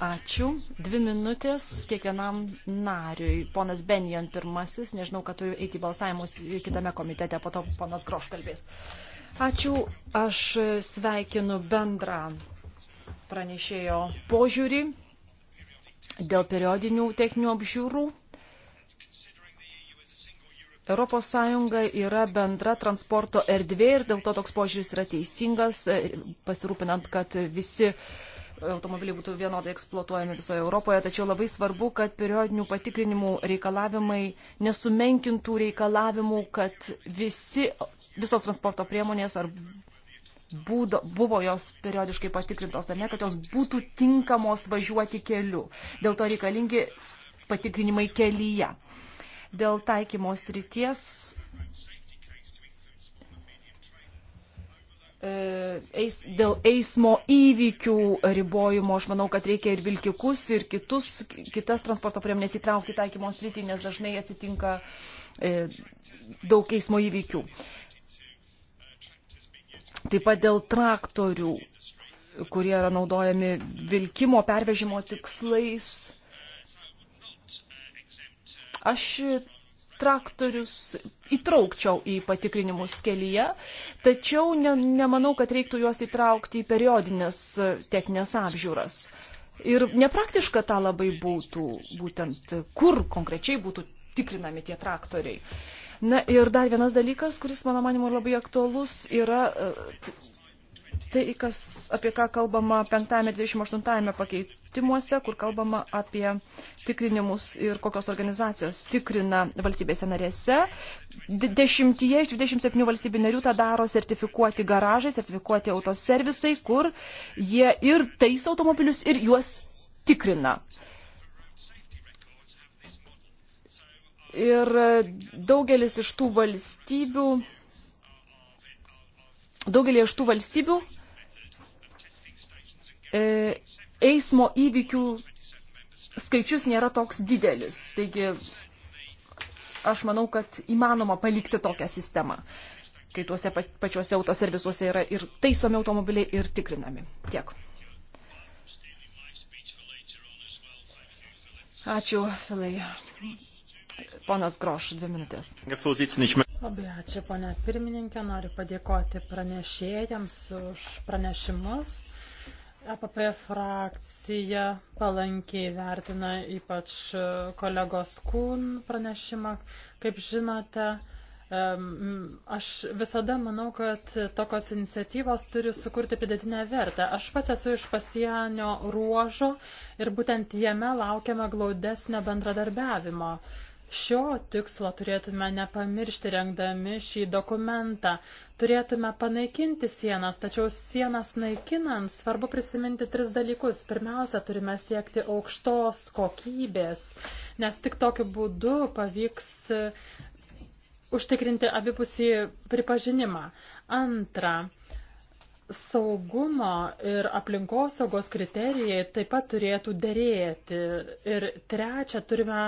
Ačiū. Dvi minutės kiekvienam nariui. Ponas Benjon pirmasis, nežinau, kad turiu eiti į balsavimus kitame komitete, po to ponas Groš kalbės. Ačiū. Aš sveikinu bendrą pranešėjo požiūrį dėl periodinių techninių apžiūrų. ES yra bendra transporto erdvė ir dėl to toks požiūris yra teisingas, e, pasirūpinant, kad visi automobiliai būtų vienodai eksploatuojami visoje Europoje, tačiau labai svarbu, kad periodinių patikrinimų reikalavimai nesumenkintų reikalavimų, kad visi, visos transporto priemonės ar būdo, buvo jos periodiškai patikrintos ar ne, kad jos būtų tinkamos važiuoti keliu. Dėl to reikalingi patikrinimai kelyje. Dėl taikymos ryties e, eis, dėl eismo įvykių ribojimo, aš manau, kad reikia ir vilkikus, ir kitus, kitas transporto priemonės įtraukti taikymos rytį, nes dažnai atsitinka e, daug eismo įvykių. E, Taip pat dėl traktorių, kurie yra naudojami vilkimo pervežimo tikslais. Aš traktorius įtraukčiau į patikrinimus kelyje, tačiau ne, nemanau, kad reiktų juos įtraukti į periodinės techninės apžiūras. Ir nepraktiška tą labai būtų, būtent kur konkrečiai būtų tikrinami tie traktoriai. Na ir dar vienas dalykas, kuris mano manimo labai aktuolus, yra e, tai, kas, apie ką kalbama 5-28 pakeitimuose, kur kalbama apie tikrinimus ir kokios organizacijos tikrina valstybėse narėse. Dešimtyje iš 27 valstybių narių tą daro sertifikuoti garažai, sertifikuoti autoservisai, kur jie ir taiso automobilius, ir juos tikrina. Ir daugelis iš tų valstybių, daugelį iš tų valstybių e, eismo įvykių skaičius nėra toks didelis. Taigi aš manau, kad įmanoma palikti tokią sistemą, kai tuose pačiuose autoservisuose yra ir taisomi automobiliai ir tikrinami. Tiek. Ačiū, Filai. Ponas Groš, dvi minutės. Labai ačiū, ponė pirmininkė. Noriu padėkoti pranešėjams už pranešimus. APP e frakcija palankiai vertina ypač kolegos Kūn pranešimą. Kaip žinote, aš visada manau, kad tokios iniciatyvos turi sukurti pridėtinę vertę. Aš pats esu iš pasienio ruožo ir būtent jame laukiame glaudesnio bendradarbiavimo. Šio tikslo turėtume nepamiršti rengdami šį dokumentą. Turėtume panaikinti sienas, tačiau sienas naikinant svarbu prisiminti tris dalykus. Pirmiausia, turime siekti aukštos kokybės, nes tik tokiu būdu pavyks e, užtikrinti abipusį pripažinimą. Antra, saugumo ir aplinkosaugos kriterijai taip pat turėtų dėrėti. Ir trečia, turime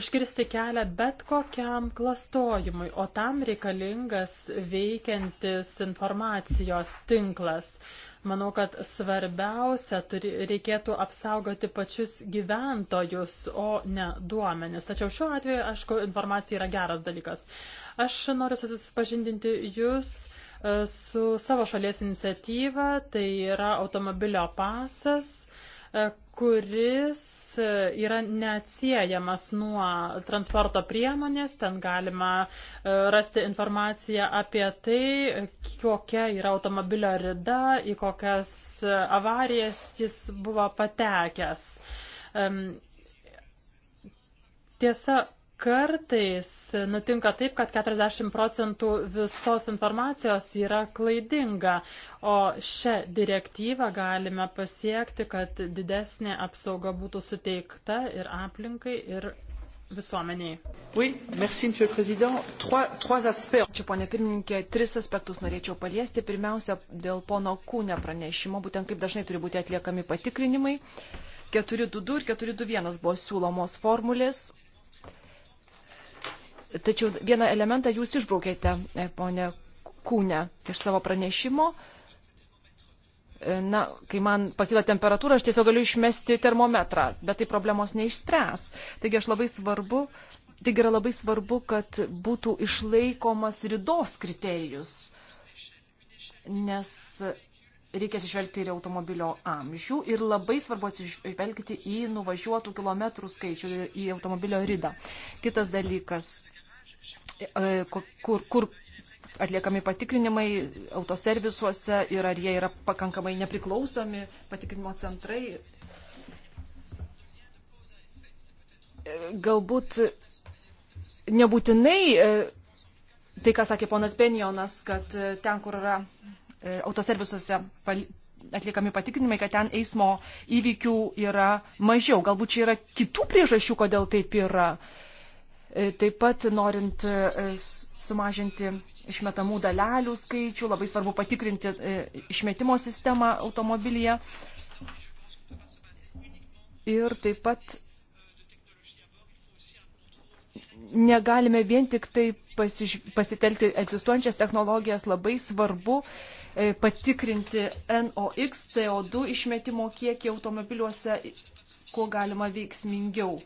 užkirsti kelią bet kokiam klastojimui, o tam reikalingas veikiantis informacijos tinklas. Manau, kad svarbiausia turi, reikėtų apsaugoti pačius gyventojus, o ne duomenis. Tačiau šiuo atveju, aišku, informacija yra geras dalykas. Aš noriu susipažindinti jūs. Uh, su savo šalies iniciatyva, tai yra automobilio pasas, e, kuris e, yra neatsiejamas nuo transporto priemonės, ten galima e, rasti informaciją apie tai, kokia yra automobilio rida, į kokias avarijas jis buvo patekęs. Tiesa, Kartais nutinka taip, kad 40 procentų visos informacijos yra klaidinga, o šią direktyvą galime pasiekti, kad didesnė apsauga būtų suteikta ir aplinkai, ir visuomeniai. Oui, merci, monsieur le président. Trois, trois aspects. Čia, ponė pirmininkė, tris aspektus norėčiau paliesti. Pirmiausia, dėl pono kūnė pranešimo, būtent kaip dažnai turi būti atliekami patikrinimai. 422 ir 421 buvo siūlomos formulės, Tačiau vieną elementą jūs išbraukėte, e, ponė Kūne, iš savo pranešimo. E, na, kai man pakilo temperatūra, aš tiesiog galiu išmesti termometrą, bet tai problemos neišspręs. Taigi aš labai svarbu, taigi yra labai svarbu, kad būtų išlaikomas ridos kriterijus, nes reikės išvelgti ir automobilio amžių ir labai svarbu atsižvelgti į nuvažiuotų kilometrų skaičių ir į automobilio ridą. Kitas dalykas E, kur, kur atliekami patikrinimai autoservisuose ir ar jie yra pakankamai nepriklausomi patikrinimo centrai. E, galbūt nebūtinai e, tai, ką sakė ponas Benjonas, kad ten, kur yra autoservisuose atliekami patikrinimai, kad ten eismo įvykių yra mažiau. Galbūt čia yra kitų priežasčių, kodėl taip yra. Uh, E, taip pat norint e, sumažinti išmetamų dalelių skaičių, labai svarbu patikrinti e, išmetimo sistemą automobilyje. Ir taip pat negalime vien tik tai pasiž... pasitelti egzistuojančias technologijas, labai svarbu patikrinti NOx, CO2 išmetimo kiekį automobiliuose, kuo galima veiksmingiau.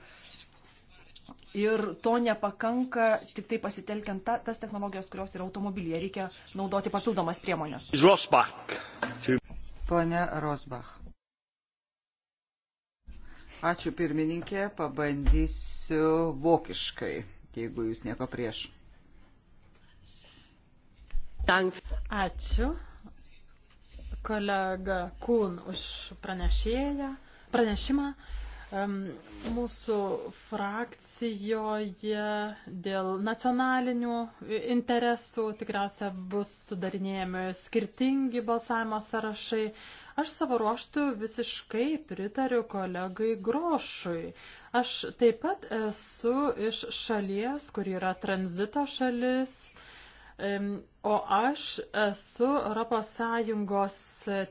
Ir to nepakanka tik tai pasitelkiant ta, tas technologijos, kurios yra automobilyje. Reikia naudoti papildomas priemonės. Rosbach. Pone Rosbach. Ačiū pirmininkė, pabandysiu vokiškai, jeigu jūs nieko prieš. Ačiū kolega Kūn už pranešėją, pranešimą mūsų frakcijoje dėl nacionalinių interesų tikriausia bus sudarinėjami skirtingi balsavimo sąrašai. Aš savo ruoštų visiškai pritariu kolegai Grošui. Aš taip pat esu iš šalies, kur yra tranzito šalis. O aš esu ES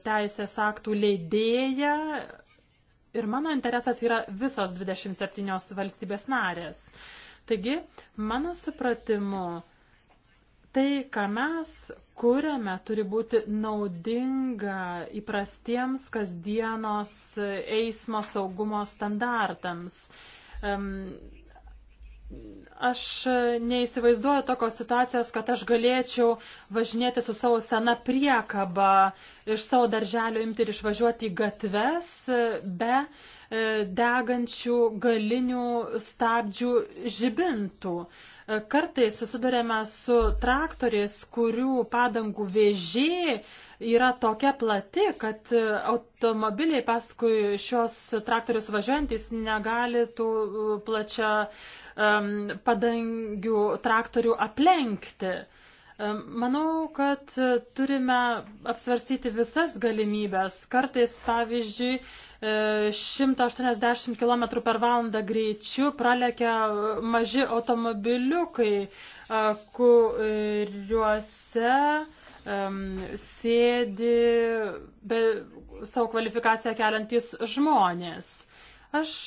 teisės aktų leidėja ir mano interesas yra visos 27 valstybės narės. Taigi, mano supratimu, tai, ką mes kuriame, turi būti naudinga įprastiems kasdienos eismo saugumo standartams. Um, aš e, neįsivaizduoju tokios situacijos, kad aš galėčiau važinėti su savo sena priekaba iš savo darželio imti ir išvažiuoti į gatves e, be e, degančių galinių stabdžių žibintų. Kartais susidurėme su traktoriais, kurių padangų vėžiai yra tokia plati, kad automobiliai paskui šios traktorius važiuojantis negali tų plačia Um, padangių traktorių aplenkti. Um, manau, kad uh, turime apsvarstyti visas galimybės. Kartais, pavyzdžiui, 180 uh, km per valandą greičiu pralekia uh, maži automobiliukai, kuriuose um, sėdi be savo kvalifikaciją keliantys žmonės. Aš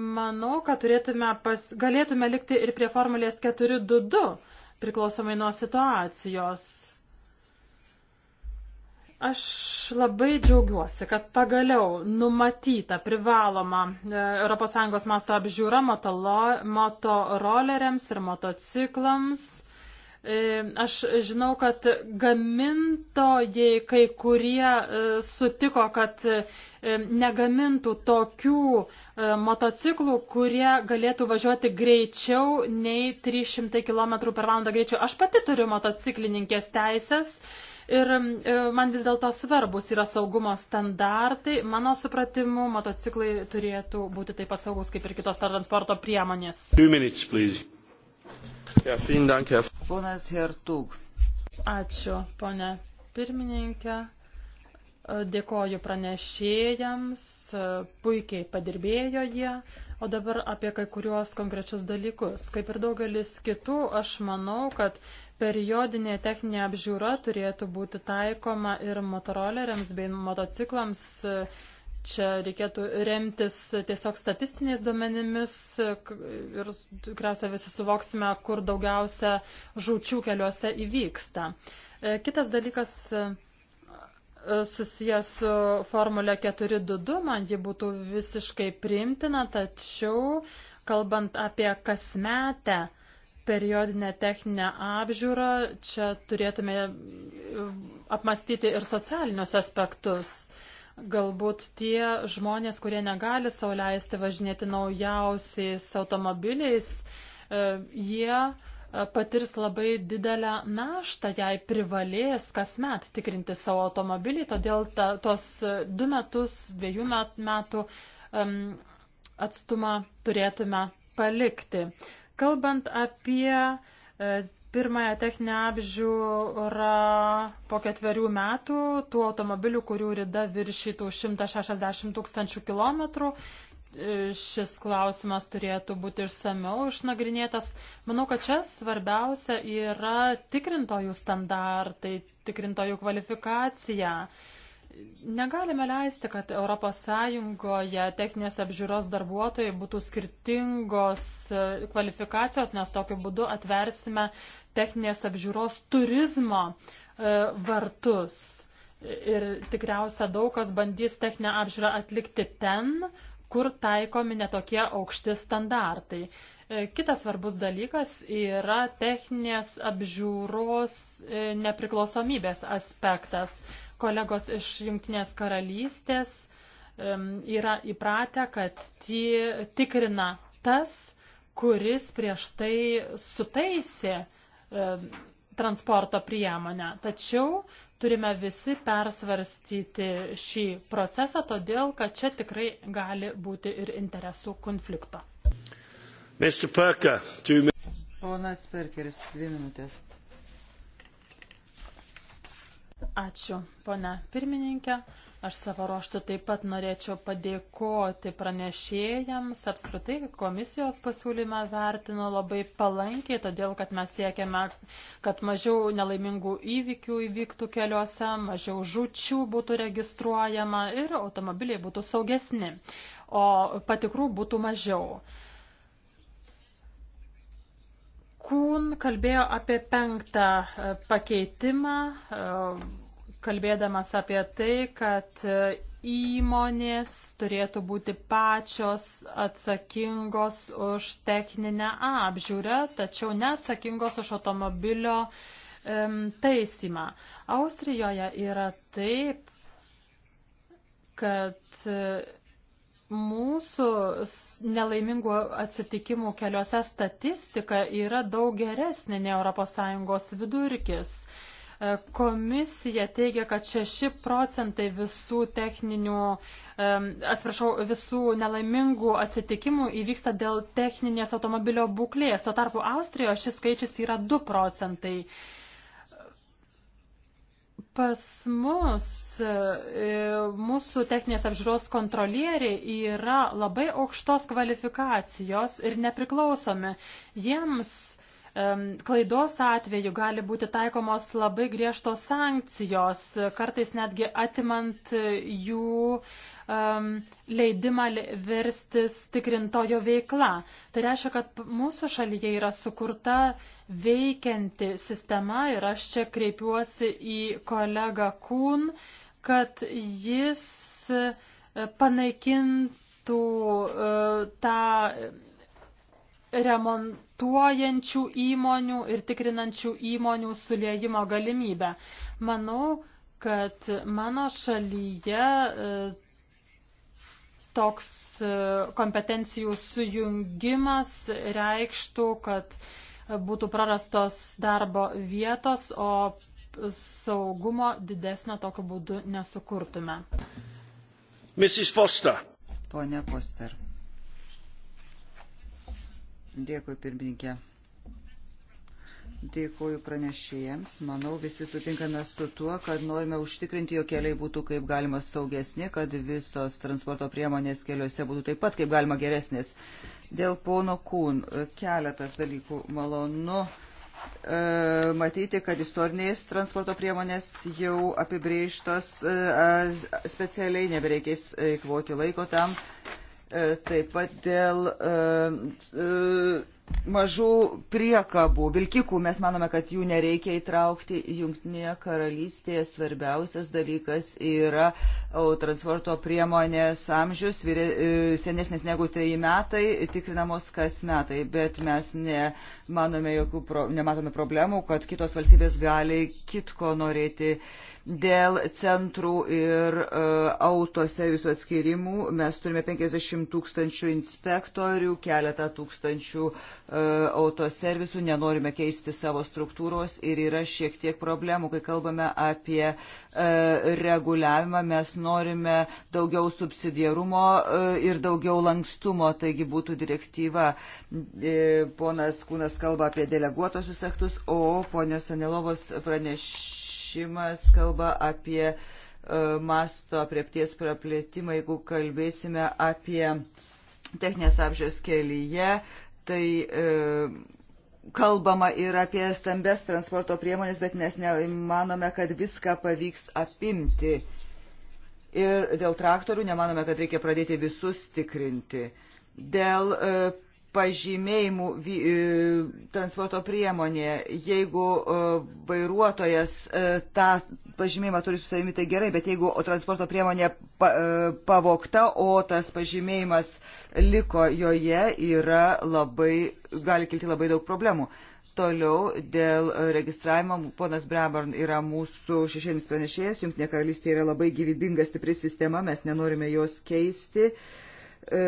Manau, kad turėtume pas, galėtume likti ir prie formulės 422, priklausomai nuo situacijos. Aš labai džiaugiuosi, kad pagaliau numatyta privaloma ES masto apžiūra motoroleriams ir motociklams. E, aš žinau, kad gamintojai kai kurie e, sutiko, kad e, negamintų tokių motociklų, kurie galėtų važiuoti greičiau nei 300 km per valandą greičiau. Aš pati turiu motociklininkės teisės. Ir man vis dėlto svarbus yra saugumo standartai. Mano supratimu, motociklai turėtų būti taip pat saugus kaip ir kitos transporto priemonės. Two minutes, please. Ja, dank, Herr. Ponas Hertug. Ačiū, ponė pirmininkė. Dėkoju pranešėjams, puikiai padirbėjo jie. O dabar apie kai kuriuos konkrečius dalykus. Kaip ir daugelis kitų, aš manau, kad periodinė techninė apžiūra turėtų būti taikoma ir motoroleriams bei motociklams Čia reikėtų remtis tiesiog statistiniais duomenimis ir tikriausiai visi suvoksime, kur daugiausia žūčių keliuose įvyksta. E, kitas dalykas e, e, susijęs su Formulė 422, man ji būtų visiškai priimtina, tačiau kalbant apie kasmetę periodinę techninę apžiūrą, čia turėtume apmastyti ir socialinius aspektus. Galbūt tie žmonės, kurie negali sauliaisti važinėti naujausiais automobiliais, e, jie e, patirs labai didelę naštą, jei privalės kasmet tikrinti savo automobilį, todėl ta, tos e, du metus, dviejų met, metų um, atstumą turėtume palikti. Kalbant apie uh, Pirmąją techninę apžiūrą po ketverių metų tų automobilių, kurių rida viršytų 160 tūkstančių kilometrų, šis klausimas turėtų būti išsameu išnagrinėtas. Manau, kad čia svarbiausia yra tikrintojų standartai, tikrintojų kvalifikacija. Negalime leisti, kad ES techninės apžiūros darbuotojai būtų skirtingos kvalifikacijos, nes tokiu būdu atversime techninės apžiūros turizmo e, vartus. Ir tikriausia daug kas bandys techninę apžiūrą atlikti ten, kur taikomi netokie aukšti standartai. E, kitas svarbus dalykas yra techninės apžiūros e, nepriklausomybės aspektas. Kolegos iš Junktinės karalystės yra įpratę, kad tie tikrina tas, kuris prieš tai sutaisė uh, E, transporto priemonę. Tačiau turime visi persvarstyti šį procesą, todėl kad čia tikrai gali būti ir interesų konflikto. Perker, Ponas Perkeris, dvi minutės. Ačiū, ponia pirmininkė. Aš savo ruoštų taip pat norėčiau padėkoti pranešėjams. Apskritai komisijos pasiūlymą vertinu labai palankiai, todėl kad mes siekiame, kad mažiau nelaimingų įvykių įvyktų keliuose, mažiau žučių būtų registruojama ir automobiliai būtų saugesni, o patikrų būtų mažiau. Kūn kalbėjo apie penktą pakeitimą kalbėdamas apie tai, kad įmonės turėtų būti pačios atsakingos už techninę apžiūrą, tačiau neatsakingos už automobilio um, taisymą. Austrijoje yra taip, kad e, mūsų nelaimingų atsitikimų keliuose statistika yra daug geresnė nei ES vidurkis. Uh, E, komisija teigia, kad 6 procentai visų techninių, e, atsiprašau, visų nelaimingų atsitikimų įvyksta dėl techninės automobilio būklės. Tuo tarpu Austrijoje šis skaičius yra 2 procentai. Pas mus e, mūsų techninės apžiūros kontrolieriai yra labai aukštos kvalifikacijos ir nepriklausomi. Jiems klaidos atveju gali būti taikomos labai griežtos sankcijos, kartais netgi atimant jų um, leidimą verstis tikrintojo veikla. Tai reiškia, kad mūsų šalyje yra sukurta veikianti sistema ir aš čia kreipiuosi į kolegą Kūn, kad jis e, panaikintų uh, tą remontą eksportuojančių įmonių ir tikrinančių įmonių suliejimo galimybę. Manau, kad mano šalyje e, toks e, kompetencijų sujungimas reikštų, kad būtų prarastos darbo vietos, o saugumo didesnio tokiu būdu nesukurtume. Mrs. Foster. Pone Foster. Dėkui, pirmininkė. Dėkuoju pranešėjams. Manau, visi sutinkame su tuo, kad norime užtikrinti, jog keliai būtų kaip galima saugesni, kad visos transporto priemonės keliuose būtų taip pat kaip galima geresnės. Dėl pono Kūn keletas dalykų malonu e, matyti, kad istorinės transporto priemonės jau apibrėžtos e, specialiai, nebereikės eikvoti laiko tam. E, taip pat dėl e, e, mažų priekabų, vilkikų, mes manome, kad jų nereikia įtraukti. Junktinėje karalystėje svarbiausias dalykas yra transporto priemonės amžius vyrė, e, senesnės negu treji metai tikrinamos kas metai, bet mes ne, pro, nematome problemų, kad kitos valstybės gali kitko norėti. Dėl centrų ir uh, autoservisų atskirimų mes turime 50 tūkstančių inspektorių, keletą tūkstančių uh, autoservisų, nenorime keisti savo struktūros ir yra šiek tiek problemų, kai kalbame apie uh, reguliavimą, mes norime daugiau subsidiarumo e, ir daugiau lankstumo, taigi būtų direktyva. E, ponas Kūnas kalba apie deleguotosius aktus, o ponios Anelovos pranešimas kalba apie e, masto apriepties praplėtimą, jeigu kalbėsime apie techninės apžiūros kelyje, tai kalbama ir apie stambes transporto priemonės, bet mes nemanome, kad viską pavyks apimti. Ir dėl traktorių nemanome, kad reikia pradėti visus tikrinti. Dėl e, pažymėjimų vy, e, transporto priemonėje, jeigu e, vairuotojas e, tą pažymėjimą turi su savimi, tai gerai, bet jeigu transporto priemonė pa, e, pavokta, o tas pažymėjimas liko joje, yra labai, gali kilti labai daug problemų. E, Toliau dėl registravimo, ponas Brabarn yra mūsų šešėlis pranešėjas, Junktinė karalystė yra labai gyvybinga, stipri sistema, mes nenorime jos keisti. E,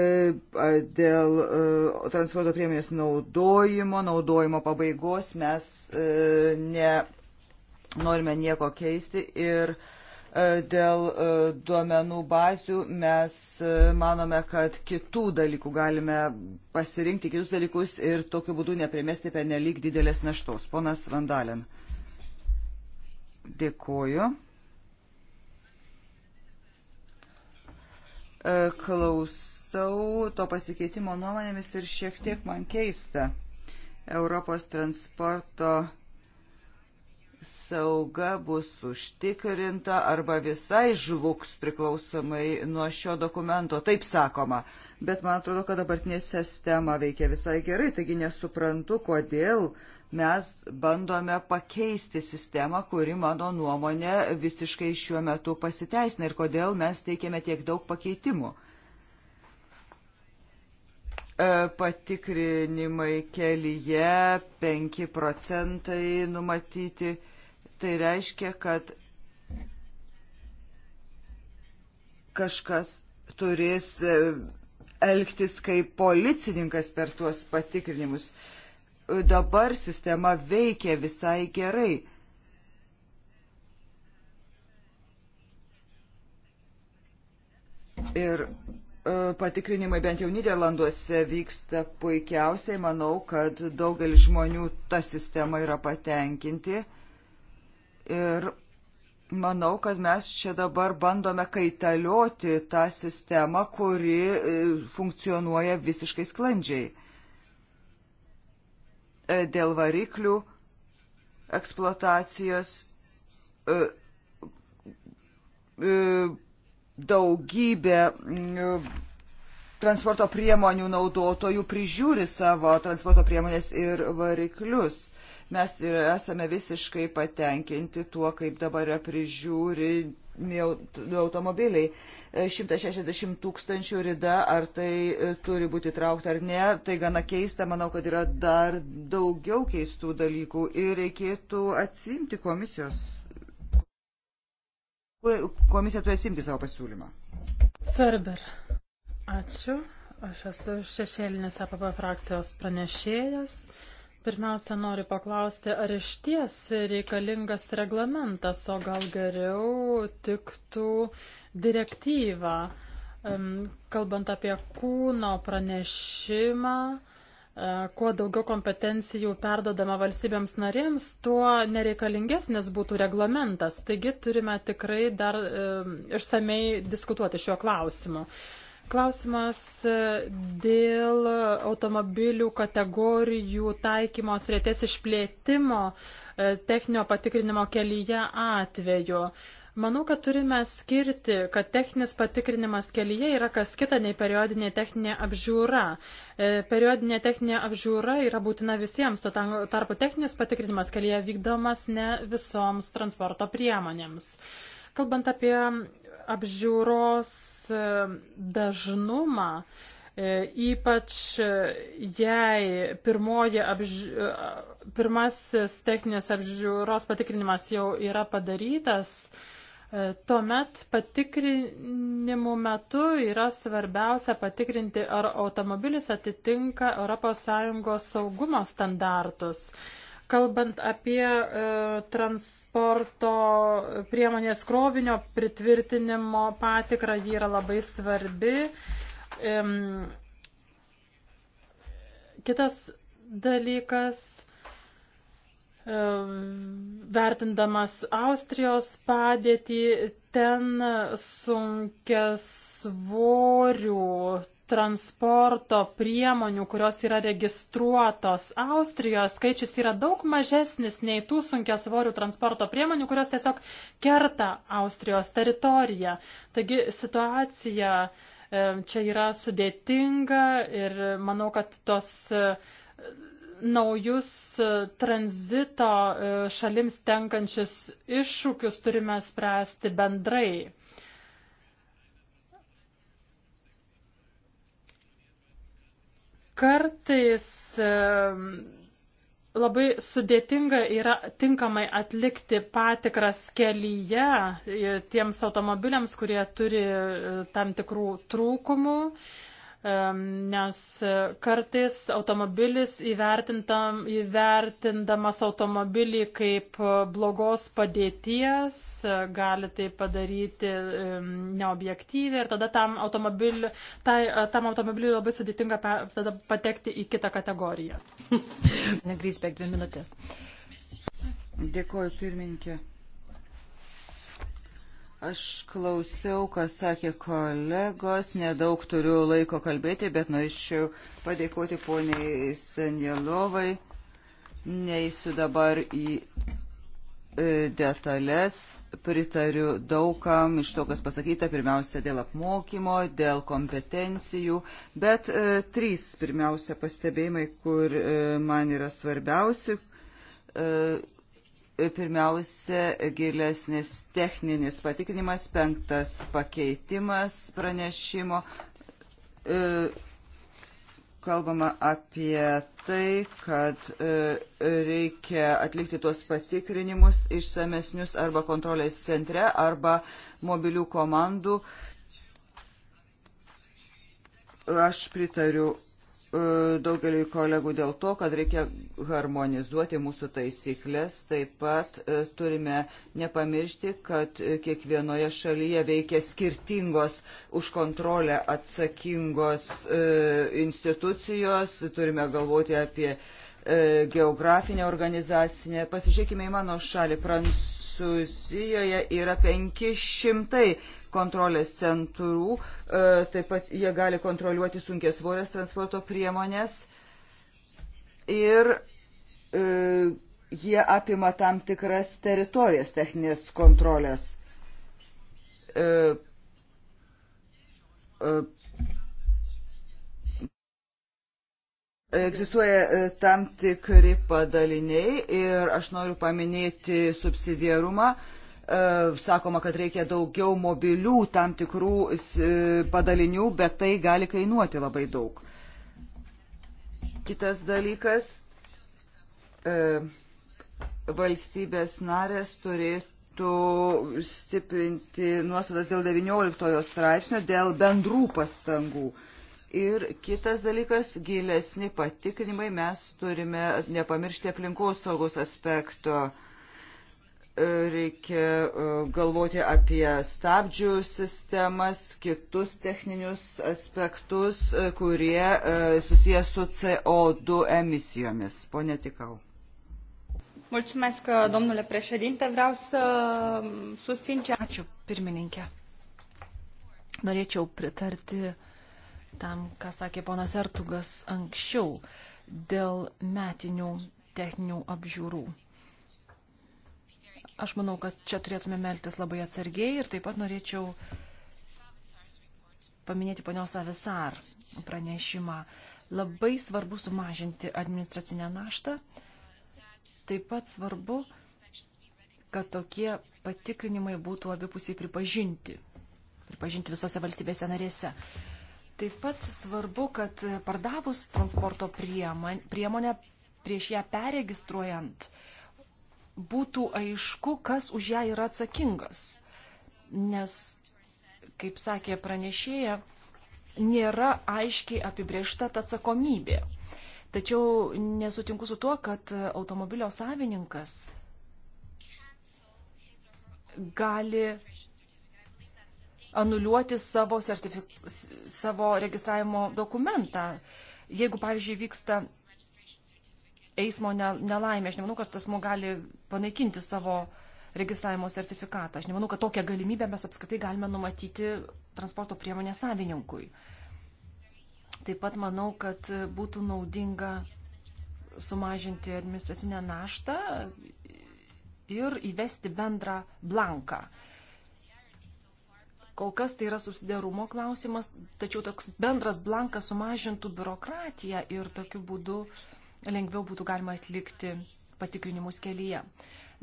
dėl e, transporto priemonės naudojimo, naudojimo pabaigos mes e, ne, norime nieko keisti ir uh, Dėl e, duomenų bazių mes e, manome, kad kitų dalykų galime pasirinkti, kitus dalykus ir tokiu būdu neprimesti per nelik didelės naštos. Ponas Vandalin. Dėkuoju. E, klausau to pasikeitimo nuomonėmis ir šiek tiek man keista. Europos transporto sauga bus užtikrinta arba visai žlugs priklausomai nuo šio dokumento, taip sakoma. Bet man atrodo, kad dabartinė sistema veikia visai gerai, taigi nesuprantu, kodėl mes bandome pakeisti sistemą, kuri, mano nuomonė, visiškai šiuo metu pasiteisina ir kodėl mes teikėme tiek daug pakeitimų. E, patikrinimai kelyje 5 procentai numatyti Tai reiškia, kad kažkas turės e, elgtis kaip policininkas per tuos patikrinimus. E, dabar sistema veikia visai gerai. Ir e, patikrinimai bent jau Niderlanduose vyksta puikiausiai. Manau, kad daugelis žmonių tą sistemą yra patenkinti. Ir manau, kad mes čia dabar bandome kaitalioti tą sistemą, kuri e, funkcionuoja visiškai sklandžiai. E, dėl variklių eksploatacijos e, daugybė transporto priemonių naudotojų prižiūri savo transporto priemonės ir variklius. Mes esame visiškai patenkinti tuo, kaip dabar yra prižiūrimi automobiliai. 160 e, tūkstančių rida, ar tai e, turi būti traukta ar ne, tai gana keista, manau, kad yra dar daugiau keistų dalykų ir reikėtų atsimti komisijos. Komisija turi atsimti savo pasiūlymą. Ferber. Ačiū. Aš esu šešėlinės APP frakcijos pranešėjas. Uh, Pirmiausia, noriu paklausti, ar iš ties reikalingas reglamentas, o gal geriau tiktų direktyva, kalbant apie kūno pranešimą. E, kuo daugiau kompetencijų perdodama valstybėms narėms, tuo nereikalingesnis būtų reglamentas. Taigi turime tikrai dar e, išsamei diskutuoti šiuo klausimu. E, Klausimas e, dėl automobilių kategorijų taikymos rėties išplėtimo e, techninio patikrinimo kelyje atveju. Manau, kad turime skirti, kad techninis patikrinimas kelyje yra kas kita nei periodinė techninė apžiūra. E, periodinė techninė apžiūra yra būtina visiems, tuo tarpu techninis patikrinimas kelyje vykdomas ne visoms transporto priemonėms. Kalbant apie apžiūros e, dažnumą, e, ypač e, jei pirmoji apži... pirmasis techninės apžiūros patikrinimas jau yra padarytas, tuomet patikrinimų metu yra svarbiausia patikrinti, ar automobilis atitinka ES saugumo standartus. Kalbant apie e, transporto priemonės krovinio pritvirtinimo patikrą, ji yra labai svarbi. E, kitas dalykas e, vertindamas Austrijos padėtį, ten sunkia svorių transporto priemonių, kurios yra registruotos Austrijoje, skaičius yra daug mažesnis nei tų sunkiasvorių transporto priemonių, kurios tiesiog kerta Austrijos teritoriją. Taigi situacija e, čia yra sudėtinga ir manau, kad tos e, naujus e, tranzito šalims tenkančius iššūkius turime spręsti bendrai. kartais labai sudėtinga yra tinkamai atlikti patikras kelyje e, tiems automobiliams, kurie turi e, tam tikrų trūkumų nes e, kartais automobilis įvertindamas automobilį kaip e, blogos padėties e, gali tai padaryti neobjektyviai ir tada tam automobiliui, tai, tam automobiliui labai sudėtinga tada patekti į kitą kategoriją. Negrįsbėk dvi minutės. Dėkuoju pirmininkė. Aš klausiau, kas sakė kolegos, nedaug turiu laiko kalbėti, bet norėčiau padėkoti poniai Senjelovai. Neįsiu dabar į e, detalės, pritariu daugam iš to, kas pasakyta, pirmiausia dėl apmokymo, dėl kompetencijų, bet e, trys pirmiausia pastebėjimai, kur e, man yra svarbiausi. E, Pirmiausia, gilesnis techninis patikrinimas, penktas pakeitimas pranešimo. E, kalbama apie tai, kad e, reikia atlikti tuos patikrinimus išsamesnius arba kontrolės centre, arba mobilių komandų. Aš pritariu E, daugeliu kolegų dėl to, kad reikia harmonizuoti mūsų taisyklės. Taip pat e, turime nepamiršti, kad kiekvienoje šalyje veikia skirtingos už kontrolę atsakingos e, institucijos. Turime galvoti apie geografinę organizacinę. Pasižiūrėkime į mano šalį. Prancūzijoje yra 500 kontrolės centrų, e, taip pat jie gali kontroliuoti sunkės svorės transporto priemonės ir e, jie apima tam tikras teritorijas techninės kontrolės. E, egzistuoja tam tikri padaliniai ir aš noriu paminėti subsidiarumą. E, E, sakoma, kad reikia daugiau mobilių tam tikrų e, padalinių, bet tai gali kainuoti labai daug. Kitas dalykas, e, valstybės narės turėtų stiprinti nuostatas dėl 19 straipsnio, dėl bendrų pastangų. Ir kitas dalykas, gilesni patikrinimai, mes turime nepamiršti aplinkosaugos aspekto. Uh, reikia e, galvoti apie stabdžių sistemas, kitus techninius aspektus, e, kurie e, susijęs su CO2 emisijomis. Pone Tikau. Mulțumesc, domnule președinte. Vreau să susțin ce... Ačiū, pirmininkė. Norėčiau pritarti tam, ką sakė ponas Ertugas anksčiau dėl metinių techninių apžiūrų Aš manau, kad čia turėtume melktis labai atsargiai ir taip pat norėčiau paminėti ponios Avisar pranešimą. Labai svarbu sumažinti administracinę naštą. Taip pat svarbu, kad tokie patikrinimai būtų abipusiai pripažinti. Pripažinti visose valstybėse narėse. Taip pat svarbu, kad pardavus transporto priemonę, prieš ją peregistruojant, uh, būtų aišku, kas už ją yra atsakingas. Nes, kaip sakė pranešėja, nėra aiškiai apibriešta ta atsakomybė. Tačiau nesutinku su tuo, kad automobilio savininkas gali anuliuoti savo, savo registravimo dokumentą. Jeigu, pavyzdžiui, vyksta eismo nelaimė. Aš nemanau, kad tas asmo gali panaikinti savo registravimo sertifikatą. Aš nemanau, kad tokią galimybę mes apskritai galime numatyti transporto priemonės savininkui. Taip pat manau, kad būtų naudinga sumažinti administracinę naštą ir įvesti bendrą blanką. Kol kas tai yra susidarumo klausimas, tačiau toks bendras blankas sumažintų biurokratiją ir tokiu būdu uh, lengviau būtų galima atlikti patikrinimus kelyje.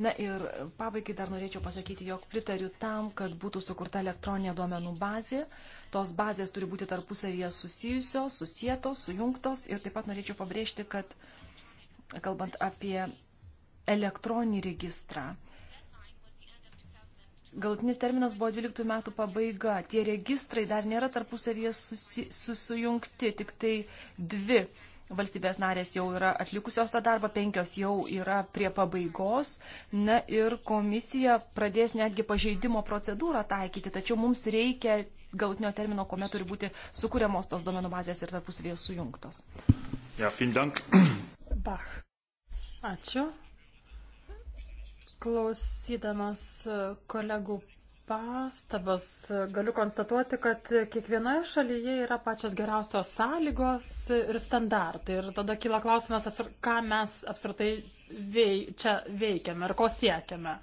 Na ir pabaigai dar norėčiau pasakyti, jog pritariu tam, kad būtų sukurta elektroninė duomenų bazė. Tos bazės turi būti tarpusavyje susijusios, susijėtos, sujungtos ir taip pat norėčiau pabrėžti, kad kalbant apie elektroninį registrą, galutinis terminas buvo 12 metų pabaiga. Tie registrai dar nėra tarpusavyje susi, susijungti, tik tai dvi valstybės narės jau yra atlikusios tą darbą, penkios jau yra prie pabaigos. Na ir komisija pradės netgi pažeidimo procedūrą taikyti, tačiau mums reikia galutinio termino, kuomet turi būti sukūriamos tos duomenų bazės ir tarpusavėje sujungtos. Ja, dank. *coughs* Bach. Ačiū. Klausydamas e, kolegų pastabas. Galiu konstatuoti, kad kiekvienoje šalyje yra pačios geriausios sąlygos ir standartai. Ir tada kyla klausimas, ką mes apskritai vei, čia veikiame ir ko siekiame.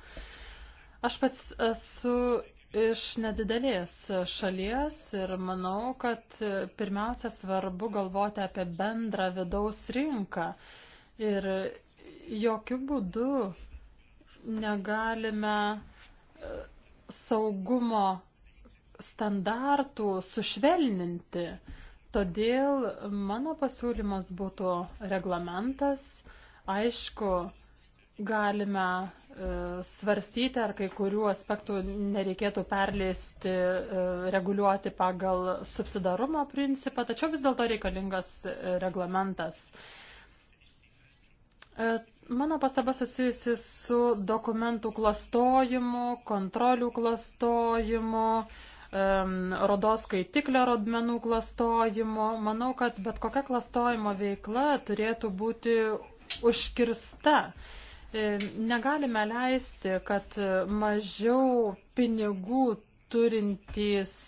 Aš pats esu iš nedidelės šalies ir manau, kad pirmiausia svarbu galvoti apie bendrą vidaus rinką. Ir jokių būdų negalime saugumo standartų sušvelninti. Todėl mano pasiūlymas būtų reglamentas. Aišku, galime e, svarstyti, ar kai kurių aspektų nereikėtų perleisti, e, reguliuoti pagal subsidarumo principą, tačiau vis dėlto reikalingas e, reglamentas. E, Mano pastaba susijusi su dokumentų klastojimu, kontrolių klastojimu, rodos skaitiklio rodmenų klastojimu. Manau, kad bet kokia klastojimo veikla turėtų būti užkirsta. E, negalime leisti, kad mažiau pinigų turintys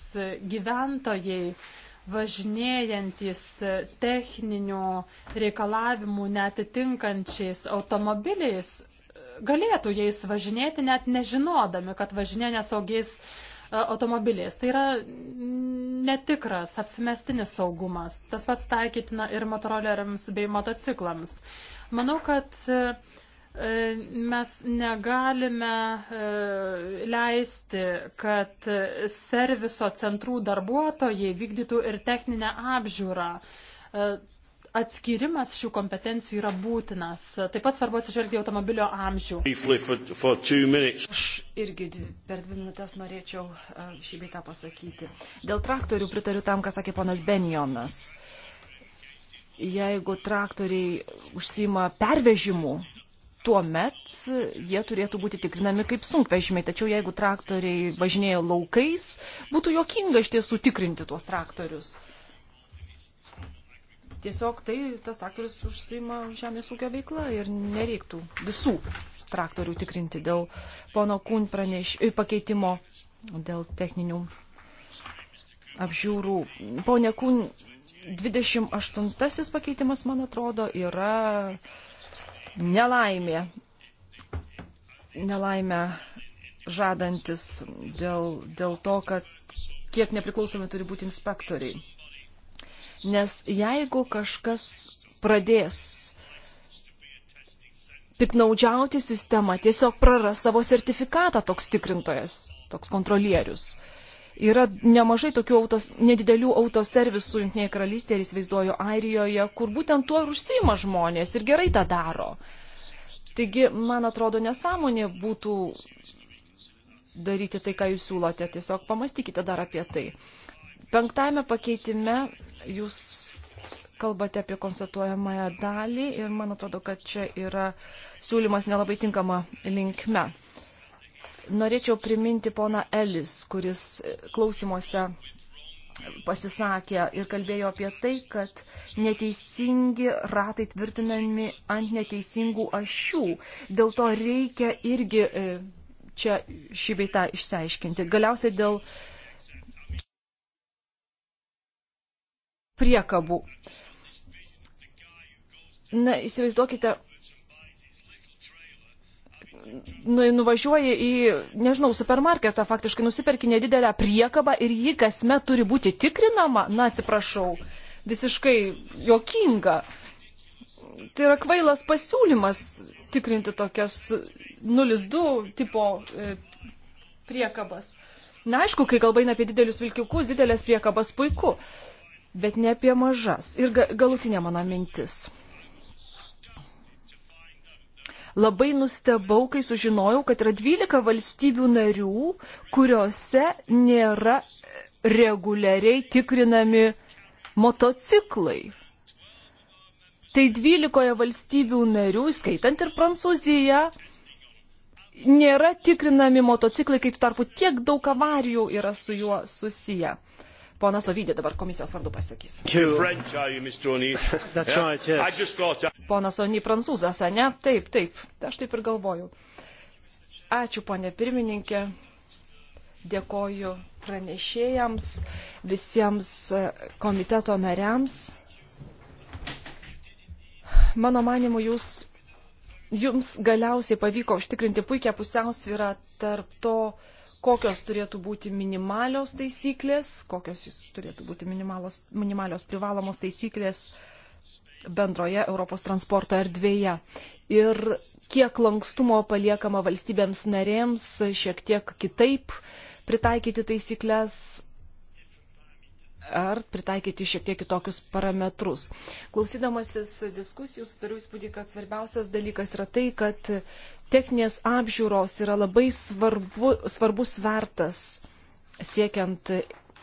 gyventojai važinėjantis techninių reikalavimų netitinkančiais automobiliais galėtų jais važinėti net nežinodami, kad važinė nesaugiais e, automobiliais. Tai yra netikras, apsimestinis saugumas. Tas pats taikytina ir motoroleriams bei motociklams. Manau, kad e, E, mes negalime e, leisti, kad serviso centrų darbuotojai vykdytų ir techninę apžiūrą. E, atskirimas šių kompetencijų yra būtinas. Taip pat svarbu atsižvelgti automobilio amžių. Aš irgi per dvi minutės norėčiau šį beitą pasakyti. Dėl traktorių pritariu tam, ką sakė ponas Benjonas. Jeigu traktoriai užsima pervežimu, tuo met jie turėtų būti tikrinami kaip sunkvežimiai. Tačiau jeigu traktoriai važinėja laukais, būtų jokinga iš tiesų tikrinti tuos traktorius. Tiesiog tai tas traktorius užsima žemės ūkio veikla ir nereiktų visų traktorių tikrinti dėl pono Kūn praneš, e, pakeitimo, dėl techninių apžiūrų. Pone Kūn, 28 pakeitimas, man atrodo, yra nelaimė. Nelaimė žadantis dėl, dėl to, kad kiek nepriklausomi turi būti inspektoriai. Nes jeigu kažkas pradės piknaudžiauti sistemą, tiesiog praras savo sertifikatą toks tikrintojas, toks kontrolierius. Yra nemažai tokių autos, nedidelių autoservisų Junktinėje karalystėje ir įsivaizduoju Airijoje, kur būtent tuo ir užsima žmonės ir gerai tą daro. Taigi, man atrodo, nesąmonė būtų daryti tai, ką jūs siūlote. Tiesiog pamastykite dar apie tai. Penktame pakeitime jūs kalbate apie konstatuojamąją dalį ir man atrodo, kad čia yra siūlymas nelabai tinkama linkme. Norėčiau priminti pona Ellis, kuris klausimuose pasisakė ir kalbėjo apie tai, kad neteisingi ratai tvirtinami ant neteisingų ašių. Dėl to reikia irgi e, čia šį beitą išsiaiškinti. Galiausiai dėl priekabų. Na, įsivaizduokite, Nu, nuvažiuoji į, nežinau, supermarketą, faktiškai nusiperki nedidelę priekabą ir ji kasmet turi būti tikrinama, na atsiprašau, visiškai jokinga. Tai yra kvailas pasiūlymas tikrinti tokias 02 tipo e, priekabas. Na aišku, kai kalba eina apie didelius vilkiukus, didelės priekabas puiku, bet ne apie mažas. Ir ga galutinė mano mintis Labai nustebau, kai sužinojau, kad yra 12 valstybių narių, kuriuose nėra reguliariai tikrinami motociklai. Tai 12 valstybių narių, skaitant ir Prancūziją, nėra tikrinami motociklai, kai tuo tarpu tiek daug avarijų yra su juo susiję. Ponas Ovydė dabar komisijos vardu pasakys. *laughs* Uh, Ponas Ony prancūzas, ne? Taip, taip. Aš taip ir galvojau. Ačiū, ponė pirmininkė. Dėkoju pranešėjams, visiems e, komiteto nariams. Mano manimu, jūs, jums galiausiai pavyko užtikrinti puikią pusiausvyrą tarp to, kokios turėtų būti minimalios taisyklės, kokios jis turėtų būti minimalios, minimalios privalomos taisyklės bendroje Europos transporto erdvėje. Ir kiek lankstumo paliekama valstybėms narėms šiek tiek kitaip pritaikyti taisyklės ar pritaikyti šiek tiek kitokius parametrus. Klausydamasis diskusijų, sudariu įspūdį, kad svarbiausias dalykas yra tai, kad techninės apžiūros yra labai svarbu, svarbus svertas siekiant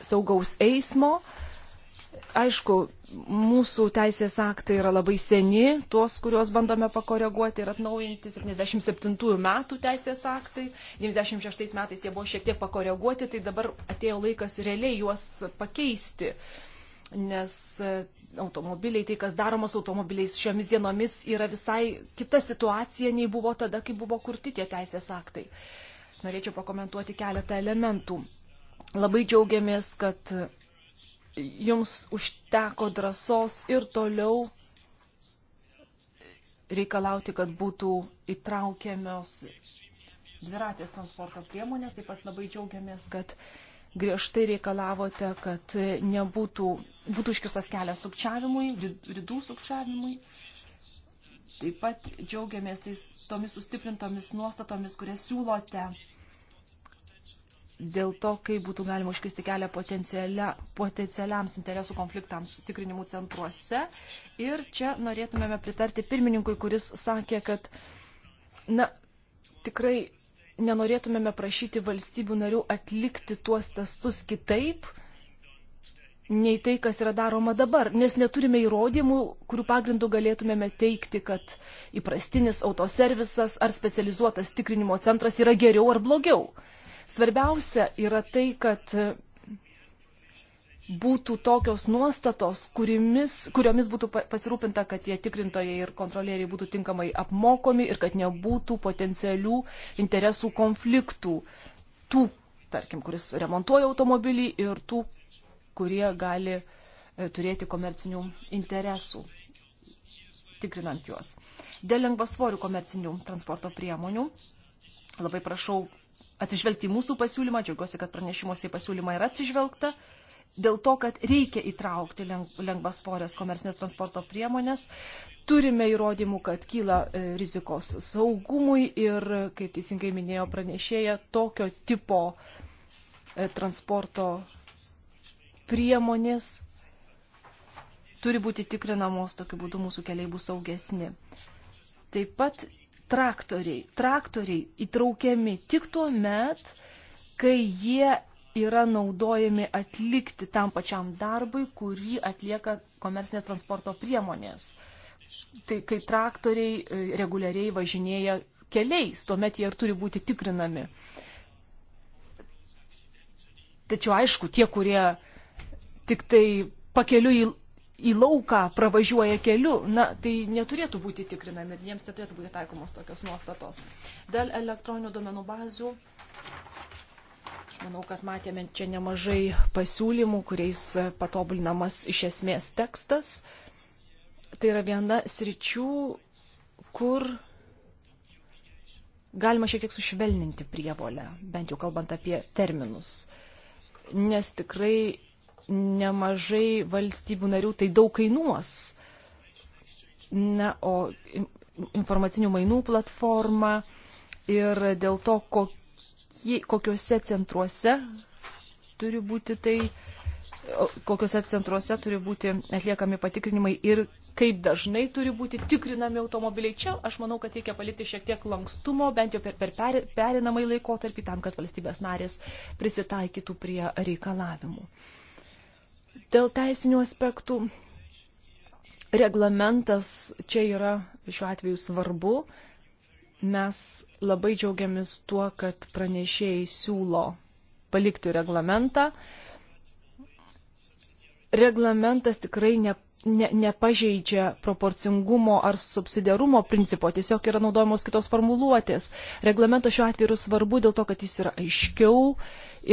saugaus eismo. Aišku, mūsų teisės aktai yra labai seni, tuos, kuriuos bandome pakoreguoti ir atnaujinti. 77 metų teisės aktai, 96 metais jie buvo šiek tiek pakoreguoti, tai dabar atėjo laikas realiai juos pakeisti. Uh, nes e, automobiliai, tai kas daroma su automobiliais šiomis dienomis yra visai kita situacija nei buvo tada, kai buvo kurti tie teisės aktai. Norėčiau pakomentuoti keletą elementų. Labai džiaugiamės, kad jums užteko drąsos ir toliau reikalauti, kad būtų įtraukiamios dviratės transporto priemonės. Taip pat labai džiaugiamės, kad uh, griežtai reikalavote, kad nebūtų, būtų iškistas kelias sukčiavimui, ridų sukčiavimui. Taip pat džiaugiamės tais, tomis sustiprintomis nuostatomis, kurias siūlote dėl to, kaip būtų galima užkisti kelią potencialiams interesų konfliktams tikrinimų centruose. Ir čia norėtumėme pritarti pirmininkui, kuris sakė, kad na, tikrai nenorėtumėme prašyti valstybių narių atlikti tuos testus kitaip, nei tai, kas yra daroma dabar, nes neturime įrodymų, kurių pagrindų galėtumėme teikti, kad įprastinis autoservisas ar specializuotas tikrinimo centras yra geriau ar blogiau. Svarbiausia yra tai, kad būtų tokios nuostatos, kuriamis, kuriomis būtų pasirūpinta, kad tie tikrintojai ir kontrolieriai būtų tinkamai apmokomi ir kad nebūtų potencialių interesų konfliktų. Tų, tarkim, kuris remontuoja automobilį ir tų, kurie gali e, turėti komercinių interesų, tikrinant juos. Dėl lengvasvorių komercinių transporto priemonių labai prašau atsižvelgti į mūsų pasiūlymą, džiaugiuosi, kad pranešimuose į pasiūlymą yra atsižvelgta dėl to, kad reikia įtraukti lengvas svorės komersinės transporto priemonės. Turime įrodymų, kad kyla e, rizikos saugumui ir, kaip teisingai minėjo pranešėja, tokio tipo e, transporto priemonės turi būti tikrinamos, tokiu būdu mūsų keliai bus saugesni. Taip pat traktoriai. Traktoriai įtraukiami tik tuo met, kai jie yra naudojami atlikti tam pačiam darbui, kurį atlieka komersinės transporto priemonės. Tai kai traktoriai e, reguliariai važinėja keliais, tuomet jie ir turi būti tikrinami. Tačiau aišku, tie, kurie tik tai pakeliu į, į lauką pravažiuoja keliu, na, tai neturėtų būti tikrinami ir jiems neturėtų būti taikomos tokios nuostatos. Dėl elektroninių duomenų bazių Aš manau, kad matėme čia nemažai pasiūlymų, kuriais patobulinamas iš esmės tekstas. Tai yra viena sričių, kur galima šiek tiek sušvelninti prievolę, bent jau kalbant apie terminus. Nes tikrai nemažai valstybių narių tai daug kainuos. Na, o informacinių mainų platforma ir dėl to, kokia kokiuose centruose turi būti tai, kokiuose centruose turi būti atliekami patikrinimai ir kaip dažnai turi būti tikrinami automobiliai. Čia aš manau, kad reikia palikti šiek tiek lankstumo, bent jau per, per, per perinamai laikotarpį, tam, kad valstybės narės prisitaikytų prie reikalavimų. Dėl teisinių aspektų reglamentas čia yra šiuo atveju svarbu. Uh, Mes labai džiaugiamės tuo, kad pranešėjai siūlo palikti reglamentą. Reglamentas tikrai ne, ne, nepažeidžia proporcingumo ar subsidiarumo principo, tiesiog yra naudojamos kitos formuluotės. Reglamentas šiuo atveju yra svarbu dėl to, kad jis yra aiškiau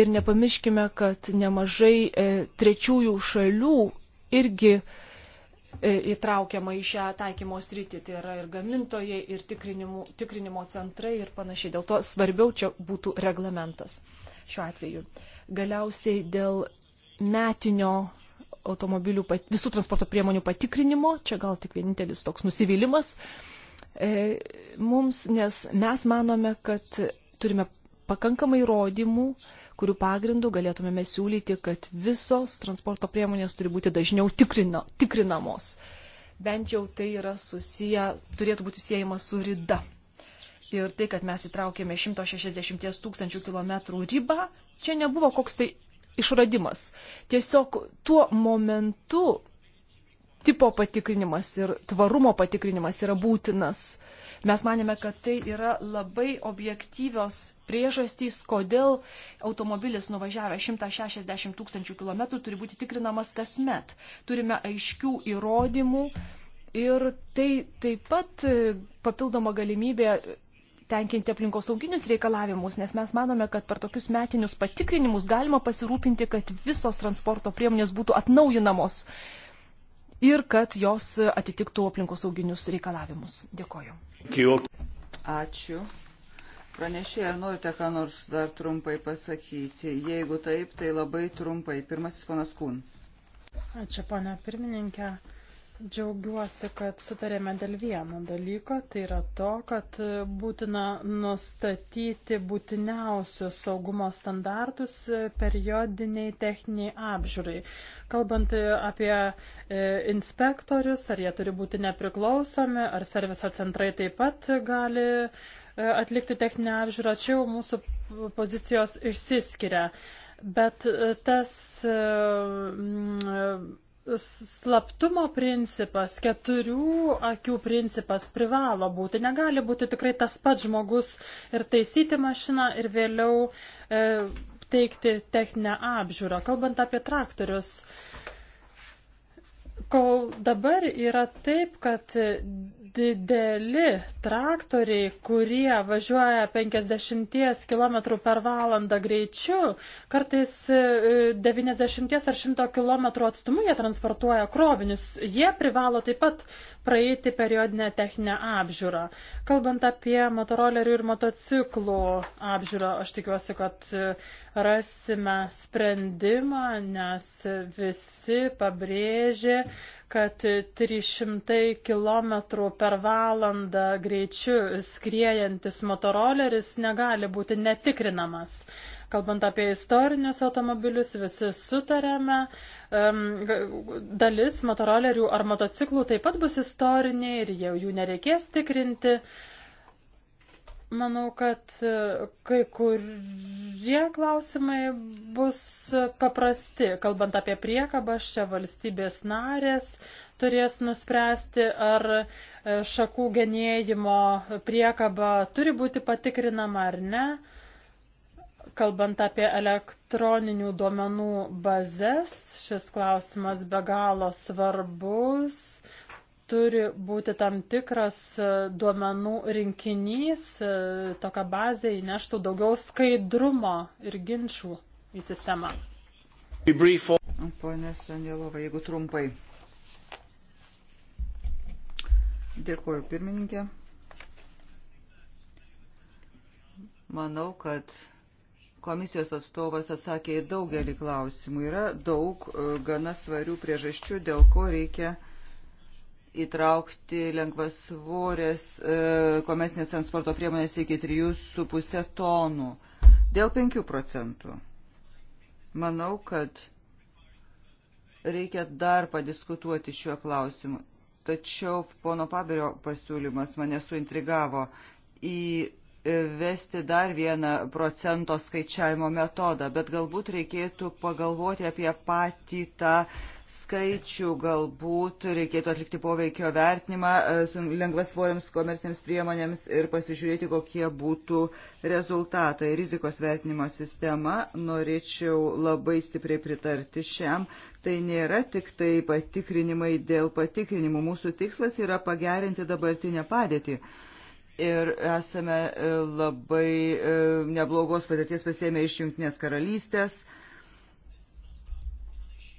ir nepamirškime, kad nemažai e, trečiųjų šalių irgi e, E, įtraukiama į šią taikymo sritį. Tai yra ir gamintojai, ir tikrinimo, tikrinimo centrai ir panašiai. Dėl to svarbiau čia būtų reglamentas šiuo atveju. Galiausiai dėl metinio automobilių, visų transporto priemonių patikrinimo, čia gal tik vienintelis toks nusivylimas e, mums, nes mes manome, kad turime pakankamai įrodymų, e, kurių pagrindų galėtumėme siūlyti, kad visos transporto priemonės turi būti dažniau tikrina, tikrinamos. Bent jau tai yra susiję, turėtų būti siejama su rida. Ir tai, kad mes įtraukėme 160 tūkstančių kilometrų ribą, čia nebuvo koks tai išradimas. Tiesiog tuo momentu tipo patikrinimas ir tvarumo patikrinimas yra būtinas Mes manėme, kad tai yra labai objektyvios priežastys, kodėl automobilis nuvažiavęs 160 tūkstančių kilometrų turi būti tikrinamas kasmet. Turime aiškių įrodymų ir tai taip pat e, papildoma galimybė tenkinti aplinkosauginius reikalavimus, nes mes manome, kad per tokius metinius patikrinimus galima pasirūpinti, kad visos transporto priemonės būtų atnaujinamos ir kad jos atitiktų aplinkosauginius reikalavimus. Dėkoju. Ačiū. Pranešėjai, ar norite ką nors dar trumpai pasakyti? Jeigu taip, tai labai trumpai. Pirmasis panas Kūn. Ačiū, pana pirmininkė. Džiaugiuosi, kad sutarėme dėl vieno dalyko, tai yra to, kad būtina nustatyti būtiniausius saugumo standartus periodiniai techniniai apžiūrai. Kalbant e, apie e, inspektorius, ar jie turi būti nepriklausomi, ar serviso centrai taip pat gali e, atlikti techninę apžiūrą, čia jau mūsų pozicijos išsiskiria. Bet tas slaptumo principas, keturių akių principas privalo būti. Negali būti tikrai tas pats žmogus ir taisyti mašiną ir vėliau e, teikti techninę apžiūrą. Kalbant apie traktorius, Kol dabar yra taip, kad dideli traktoriai, kurie važiuoja 50 km per valandą greičiu, kartais 90 e, ar 100 km atstumu jie transportuoja krovinius, jie privalo taip pat praeiti periodinę techninę apžiūrą. Kalbant apie motorolerių ir motociklų apžiūrą, aš tikiuosi, kad e, rasime sprendimą, nes visi pabrėžė, kad 300 km per valandą greičiu skriejantis motoroleris negali būti netikrinamas. Kalbant apie istorinius automobilius, visi sutarėme, dalis motorolerių ar motociklų taip pat bus istoriniai ir jau jų nereikės tikrinti. Manau, kad e, kai kurie klausimai bus paprasti. Kalbant apie priekabas, čia valstybės narės turės nuspręsti, ar e, šakų genėjimo priekaba turi būti patikrinama ar ne. Kalbant apie elektroninių duomenų bazės, šis klausimas be galo svarbus turi būti tam tikras e, duomenų rinkinys, e, tokia bazė įneštų daugiau skaidrumo ir ginčių į sistemą. Pone Sandėlova, jeigu trumpai. Dėkuoju pirmininkė. Manau, kad komisijos atstovas atsakė į daugelį klausimų. Yra daug e, gana svarių priežasčių, dėl ko reikia uh, įtraukti lengvas svorės e, komersinės transporto priemonės iki 3,5 tonų dėl 5 procentų. Manau, kad reikia dar padiskutuoti šiuo klausimu. Tačiau pono Pabirio pasiūlymas mane suintrigavo įvesti dar vieną procento skaičiavimo metodą, bet galbūt reikėtų pagalvoti apie patį tą skaičių, galbūt reikėtų atlikti poveikio vertinimą e, lengvasvoriams komersinėms priemonėms ir pasižiūrėti, kokie būtų rezultatai. Rizikos vertinimo sistema, norėčiau labai stipriai pritarti šiam, tai nėra tik tai patikrinimai dėl patikrinimų. Mūsų tikslas yra pagerinti dabartinę padėtį. Ir esame e, labai e, neblogos patirties pasėmę iš Junktinės karalystės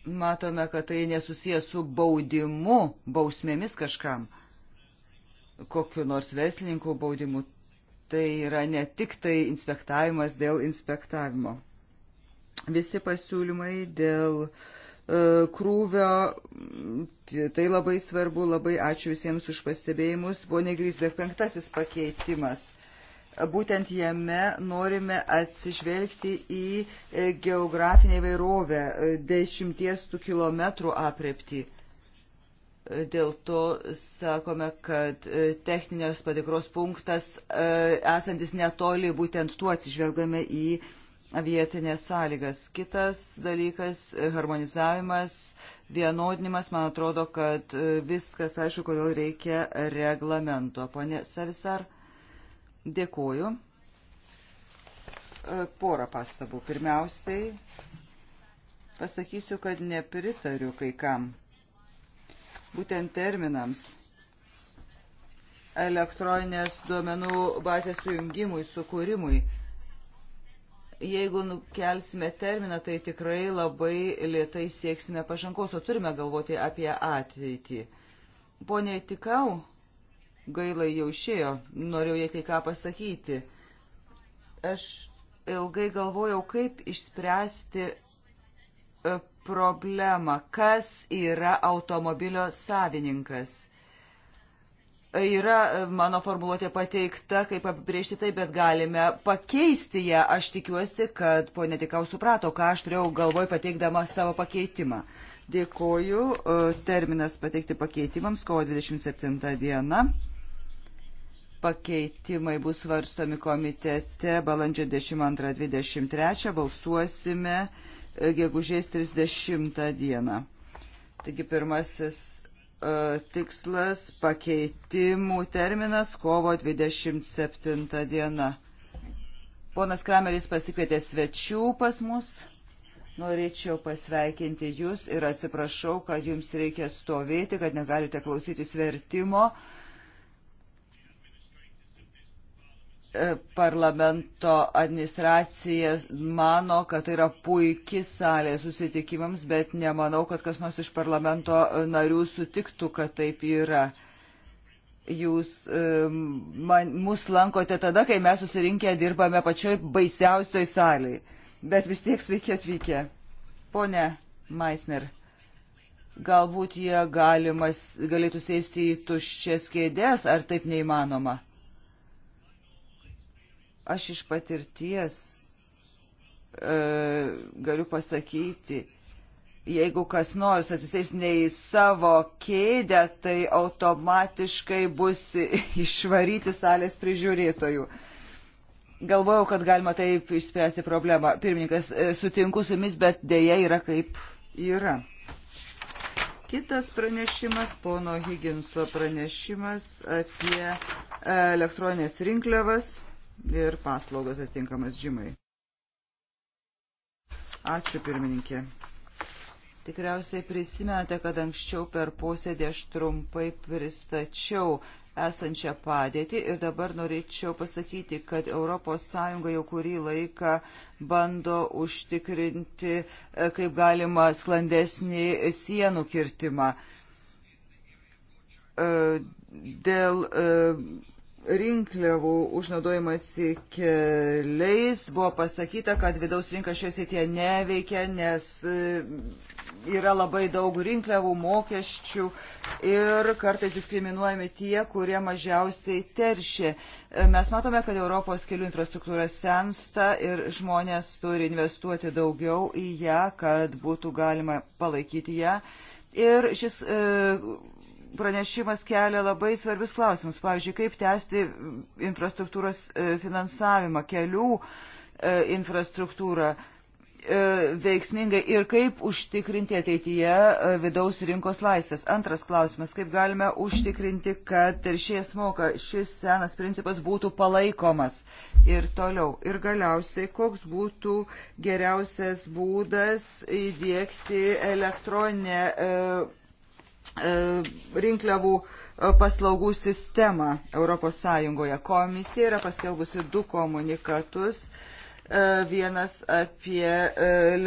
matome, kad tai nesusijęs su baudimu, bausmėmis kažkam, kokiu nors veslininkų baudimu. Tai yra ne tik tai inspektavimas dėl inspektavimo. Visi pasiūlymai dėl e, krūvio, tai labai svarbu, labai ačiū visiems už pastebėjimus. Buvo negrįsdė penktasis pakeitimas Būtent jame norime atsižvelgti į e, geografinę įvairovę, e, dešimties tų kilometrų aprepti. E, dėl to sakome, kad techninės patikros punktas esantis netoli, būtent tuo atsižvelgame į vietinės sąlygas. Kitas dalykas - harmonizavimas vienodinimas, man atrodo, kad viskas, aišku, kodėl reikia reglamento. Pone Savisar, Dėkuoju. E, porą pastabų. Pirmiausiai pasakysiu, kad nepritariu kai kam. Būtent terminams elektroninės duomenų bazės sujungimui, sukūrimui. Jeigu nukelsime terminą, tai tikrai labai lietai sieksime pažangos, o turime galvoti apie ateitį. Pone Tikau, gailai jau išėjo, norėjau jai kai ką pasakyti. Aš ilgai galvojau, kaip išspręsti e, problemą, kas yra automobilio savininkas. Yra e, mano formuluotė pateikta, kaip apibriežti tai, bet galime pakeisti ją. Aš tikiuosi, kad ponė Tikau suprato, ką aš turėjau galvoj pateikdama savo pakeitimą. Dėkoju. E, terminas pateikti pakeitimams kovo 27 diena pakeitimai bus svarstomi komitete balandžio 22-23, balsuosime e, gegužės 30 dieną. Taigi pirmasis uh, tikslas - pakeitimų terminas kovo 27 diena. Ponas Krameris pasikvietė svečių pas mus. Norėčiau pasveikinti Jūs ir atsiprašau, kad Jums reikia stovėti, kad negalite klausytis vertimo. Uh, parlamento administracija mano, kad tai yra puikiai salė susitikimams, bet nemanau, kad kas nors iš parlamento narių sutiktų, kad taip yra. Jūs e, man, mus lankote tada, kai mes susirinkę dirbame pačioj baisiausioj salėje. Bet vis tiek sveiki atvykę. Pone Maisner galbūt jie galimas, galėtų sėsti į tuščias kėdės, ar taip neįmanoma? Aš iš patirties e, galiu pasakyti, jeigu kas nors atsisės ne į savo kėdę, tai automatiškai bus *laughs* išvaryti salės prižiūrėtojų. Galvojau, kad galima taip išspręsti problemą. Pirmininkas, e, sutinku su jumis, bet dėja yra kaip yra. Kitas pranešimas, pono Higginso pranešimas apie e, elektroninės rinkliavas ir paslaugas atitinkamas žymai. Ačiū pirmininkė. Tikriausiai prisimenate, kad anksčiau per posėdį aš trumpai pristačiau esančią padėtį ir dabar norėčiau pasakyti, kad ES jau kurį laiką bando užtikrinti e, kaip galima sklandesnį sienų kirtimą. E, dėl e, rinkliavų užnaudojimas į keliais buvo pasakyta, kad vidaus rinka šioje srityje neveikia, nes e, yra labai daug rinkliavų mokesčių ir kartais diskriminuojami tie, kurie mažiausiai teršia. E, mes matome, kad Europos kelių infrastruktūra sensta ir žmonės turi investuoti daugiau į ją, kad būtų galima palaikyti ją. Ir šis e, pranešimas kelia labai svarbius klausimus. Pavyzdžiui, kaip tęsti mm, infrastruktūros e, finansavimą, kelių e, infrastruktūrą e, veiksmingai ir kaip užtikrinti ateityje vidaus rinkos laisvės. Antras klausimas, kaip galime užtikrinti, kad teršėjas moka šis senas principas būtų palaikomas ir toliau. Ir galiausiai, koks būtų geriausias būdas įdėkti elektroninę e, E, rinkliavų e, paslaugų sistemą Europos Sąjungoje. Komisija yra paskelbusi du komunikatus. E, vienas apie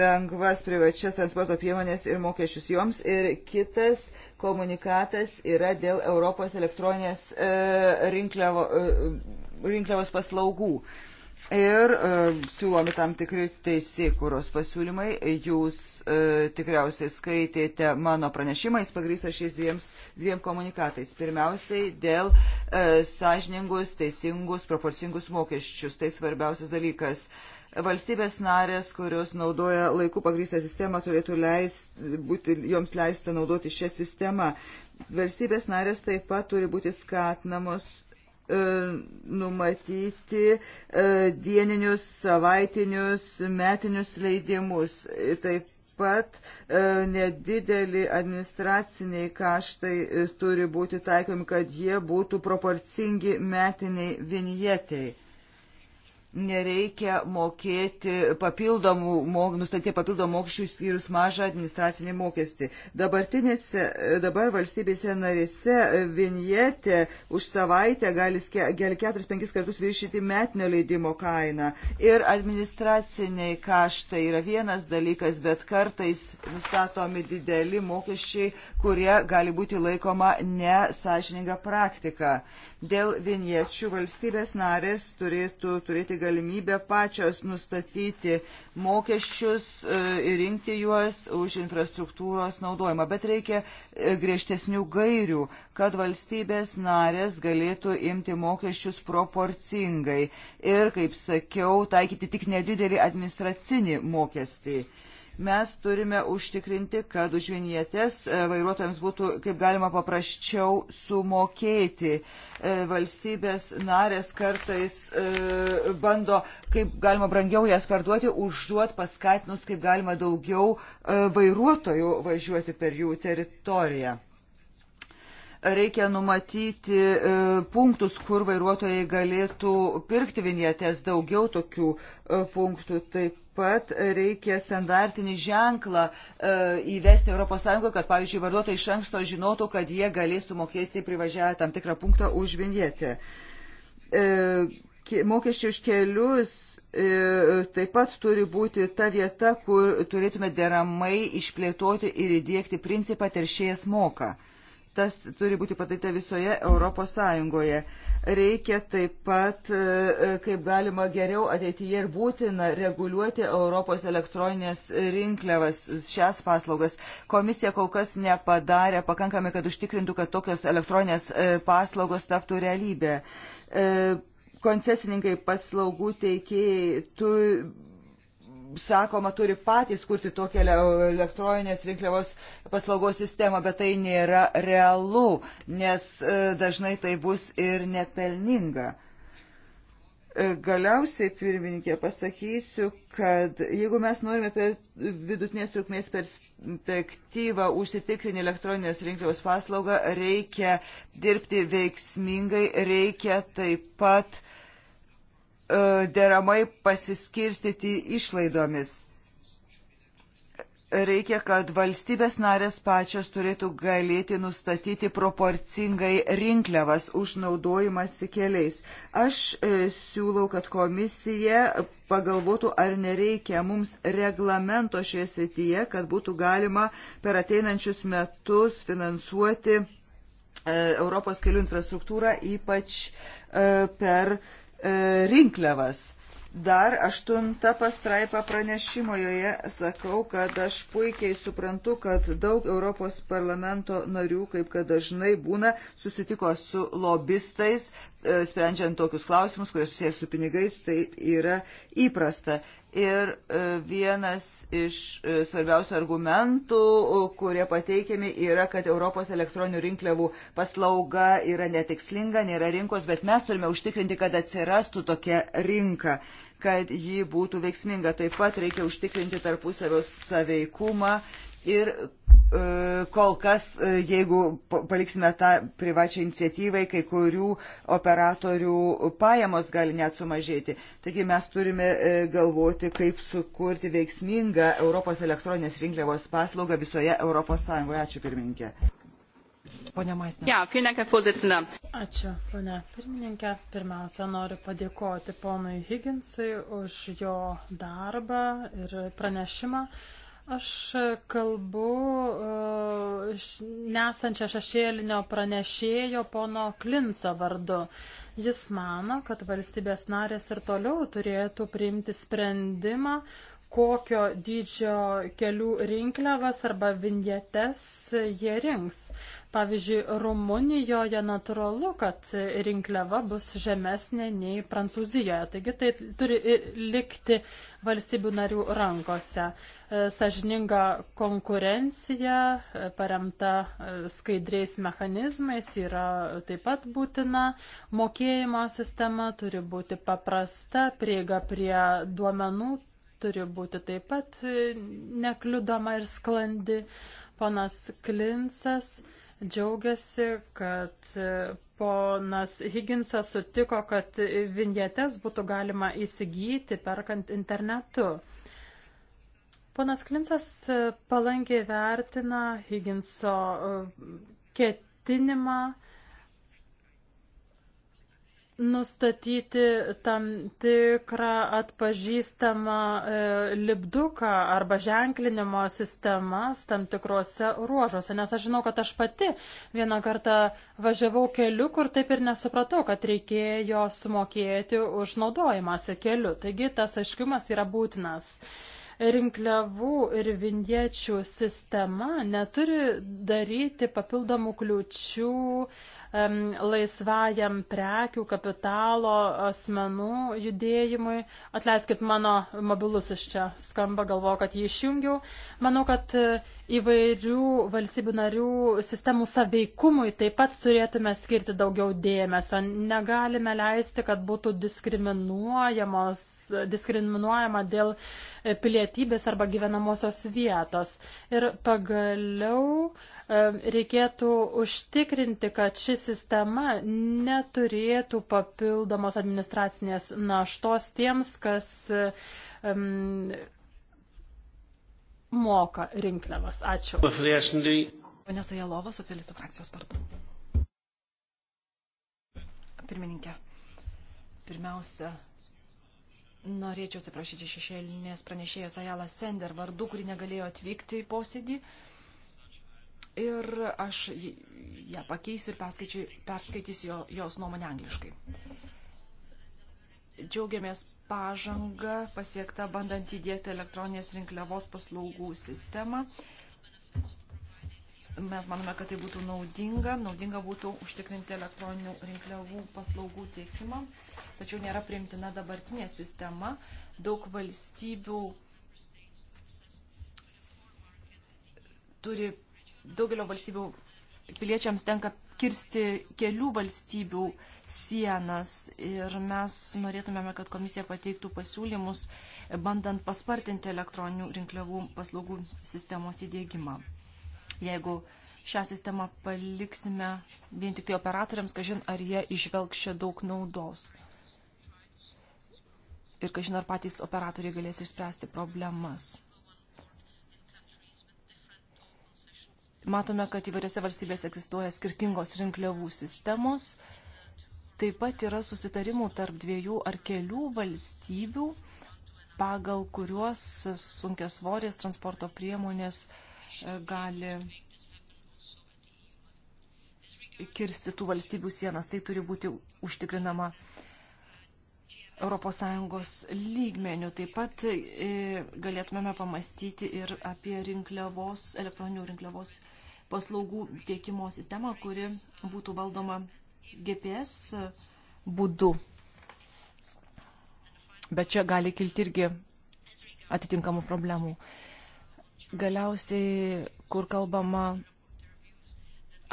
lengvas privačias transporto priemonės ir mokesčius joms ir kitas komunikatas yra dėl Europos elektroninės rinkliavo, rinkliavos paslaugų. Ir e, siūlomi tam tikri teisėkūros pasiūlymai. Jūs e, tikriausiai skaitėte mano pranešimą, jis pagrįstas šiais dviems, dviem komunikatais. Pirmiausiai dėl e, sąžiningus, teisingus, proporcingus mokesčius. Tai svarbiausias dalykas. Valstybės narės, kurios naudoja laikų pagrįstą sistemą, turėtų leis, būti, joms leista naudoti šią sistemą. Valstybės narės taip pat turi būti skatinamos E, numatyti e, dieninius, savaitinius, metinius leidimus. E, taip pat nedideli administraciniai kaštai turi būti taikomi, kad jie būtų proporcingi metiniai vinjetei nereikia mokėti papildomų, mok, nustatyti papildomų mokesčių skyrus mažą administracinį mokestį. Dabartinėse, dabar valstybėse narise vinjetė už savaitę gali, gali 4-5 kartus viršyti metinio leidimo kainą. Ir administraciniai kaštai yra vienas dalykas, bet kartais nustatomi dideli mokesčiai, kurie gali būti laikoma nesažininga praktika. Dėl vinječių valstybės narės turėtų turėti galimybę pačios nustatyti mokesčius e, ir rinkti juos už infrastruktūros naudojimą. Bet reikia e, griežtesnių gairių, kad valstybės narės galėtų imti mokesčius proporcingai ir, kaip sakiau, taikyti tik nedidelį administracinį mokestį. Mes turime užtikrinti, kad už vinjetės e, vairuotojams būtų kaip galima paprasčiau sumokėti. E, valstybės narės kartais e, bando kaip galima brangiau jas parduoti, užduot paskatinus kaip galima daugiau vairuotojų važiuoti per jų teritoriją reikia numatyti punktus, kur vairuotojai galėtų pirkti vinjetės, daugiau tokių punktų. Taip pat reikia standartinį ženklą e, įvesti ES, kad, pavyzdžiui, vartotojai iš anksto žinotų, kad jie galės sumokėti privažiavę tam tikrą punktą už vinjetę. E, mokesčiai už kelius e, taip pat turi būti ta vieta, kur turėtume deramai išplėtoti ir įdėkti principą teršėjas moka tas turi būti padaryta visoje Europos Sąjungoje. Reikia taip pat, e, e, kaip galima geriau ateityje ir būtina reguliuoti Europos elektroninės rinkliavas šias paslaugas. Komisija kol kas nepadarė pakankamai, kad užtikrintų, kad tokios elektroninės e, paslaugos taptų realybė koncesininkai paslaugų teikėjai tu sakoma, turi patys kurti tokią elektroninės rinkliavos paslaugos sistemą, bet tai nėra realu, nes e, dažnai tai bus ir nepelninga. E, galiausiai, pirmininkė, pasakysiu, kad jeigu mes norime per vidutinės trukmės perspektyvą užsitikrinti elektroninės rinkliavos paslaugą, reikia dirbti veiksmingai, reikia taip pat uh, E, deramai pasiskirstyti išlaidomis. Reikia, kad valstybės narės pačios turėtų galėti nustatyti proporcingai rinkliavas už naudojimąsi keliais. Aš e, siūlau, kad komisija pagalvotų, ar nereikia mums reglamento šioje srityje, kad būtų galima per ateinančius metus finansuoti e, Europos kelių infrastruktūrą, ypač per E, rinkliavas. Dar aštunta pastraipa pranešimo joje sakau, kad aš puikiai suprantu, kad daug Europos parlamento narių, kaip kad dažnai būna, susitiko su lobistais, e, sprendžiant tokius klausimus, kurie susijęs su pinigais, tai yra įprasta. Ir e, vienas iš e, svarbiausių argumentų, kurie pateikiami, yra, kad Europos elektroninių rinkliavų paslauga yra netikslinga, nėra rinkos, bet mes turime užtikrinti, kad atsirastų tokia rinka, kad ji būtų veiksminga. Taip pat reikia užtikrinti tarpusavio saveikumą Ir e, kol kas, e, jeigu paliksime tą privačią iniciatyvai, kai kurių operatorių pajamos gali net sumažėti. Taigi mes turime e, galvoti, kaip sukurti veiksmingą Europos elektroninės rinkliavos paslaugą visoje Europos Sąjungoje. Ačiū pirmininkė. Pone Maisne. Ja, Ačiū, pone pirmininkė. Pirmiausia, noriu padėkoti ponui Higginsui už jo darbą ir pranešimą. Aš kalbu e, nesančią šešėlinio pranešėjo pono Klinso vardu. Jis mano, kad valstybės narės ir toliau turėtų priimti sprendimą, kokio dydžio kelių rinkliavas arba vinjetes jie rinks. Pavyzdžiui, Rumunijoje natūralu, kad rinkliava bus žemesnė nei Prancūzijoje, taigi tai turi likti valstybių narių rankose. E, sažininga konkurencija, e, paremta e, skaidriais mechanizmais, yra taip pat būtina. Mokėjimo sistema turi būti paprasta, prieiga prie duomenų turi būti taip pat nekliudoma ir sklandi. Ponas Klinsas džiaugiasi, kad e, ponas Higginsas sutiko, kad vinjetės būtų galima įsigyti perkant internetu. Ponas Klinsas e, palankiai vertina Higginso e, ketinimą nustatyti tam tikrą atpažįstamą e, lipduką arba ženklinimo sistemas tam tikrose ruožuose. Nes aš žinau, kad aš pati vieną kartą važiavau keliu, kur taip ir nesupratau, kad reikėjo sumokėti už naudojimąsi keliu. Taigi tas aiškumas yra būtinas. Rinkliavų ir vindiečių sistema neturi daryti papildomų kliučių uh, laisvajam prekių, kapitalo, asmenų judėjimui. Atleiskit, mano mobilus iš čia skamba, galvo, kad jį išjungiau. Manau, kad įvairių valstybių narių sistemų saveikumui taip pat turėtume skirti daugiau dėmesio. Negalime leisti, kad būtų diskriminuojama dėl pilietybės arba gyvenamosios vietos. Ir pagaliau e, reikėtų užtikrinti, kad ši sistema neturėtų papildomos administracinės naštos tiems, kas um, moka rinkliavas. Ačiū. Pane Sajalova, socialistų frakcijos vardu. Pirmininkė, pirmiausia, norėčiau atsiprašyti šešėlinės pranešėjos Ajala Sender vardu, kuri negalėjo atvykti į posėdį. Ir aš ją pakeisiu ir perskaitysiu jos nuomonę angliškai. Džiaugiamės pažanga pasiekta bandant įdėkti elektroninės rinkliavos paslaugų sistemą. Mes manome, kad tai būtų naudinga. Naudinga būtų užtikrinti elektroninių rinkliavų paslaugų tiekimą, tačiau nėra priimtina dabartinė sistema. Daug valstybių turi, daugelio valstybių piliečiams tenka kirsti kelių valstybių sienas ir mes norėtumėme, kad komisija pateiktų pasiūlymus, bandant paspartinti elektroninių rinkliavų paslaugų sistemos įdėgymą. Jeigu šią sistemą paliksime vien tik tai operatoriams, kažin ar jie išvelgs čia daug naudos. Ir kažin ar patys operatoriai galės išspręsti problemas. Matome, kad įvairiose valstybėse egzistuoja skirtingos rinkliavų sistemos. Taip pat yra susitarimų tarp dviejų ar kelių valstybių, pagal kuriuos sunkios svorės transporto priemonės e, gali kirsti tų valstybių sienas. Tai turi būti užtikrinama ES lygmenių. Taip pat e, galėtumėme pamastyti ir apie rinkliavos, elektroninių rinkliavos paslaugų tiekimo sistemą, kuri būtų valdoma GPS e, būdu. Bet čia gali kilti irgi atitinkamų problemų. Galiausiai, kur kalbama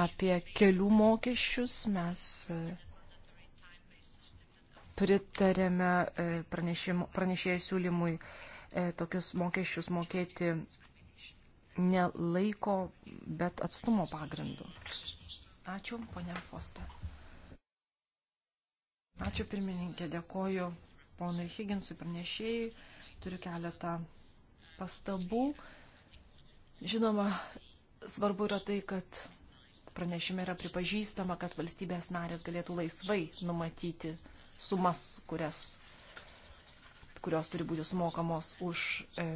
apie kelių mokesčius, mes e, pritarėme e, pranešėjai siūlymui tokius mokesčius mokėti ne laiko, bet atstumo pagrindu. Ačiū, ponia Foster. Ačiū pirmininkė, dėkoju ponui Higginsui pranešėjai. Turiu keletą pastabų. Žinoma, svarbu yra tai, kad pranešime yra pripažįstama, kad valstybės narės galėtų laisvai numatyti sumas, kurias, kurios turi būti sumokamos už e,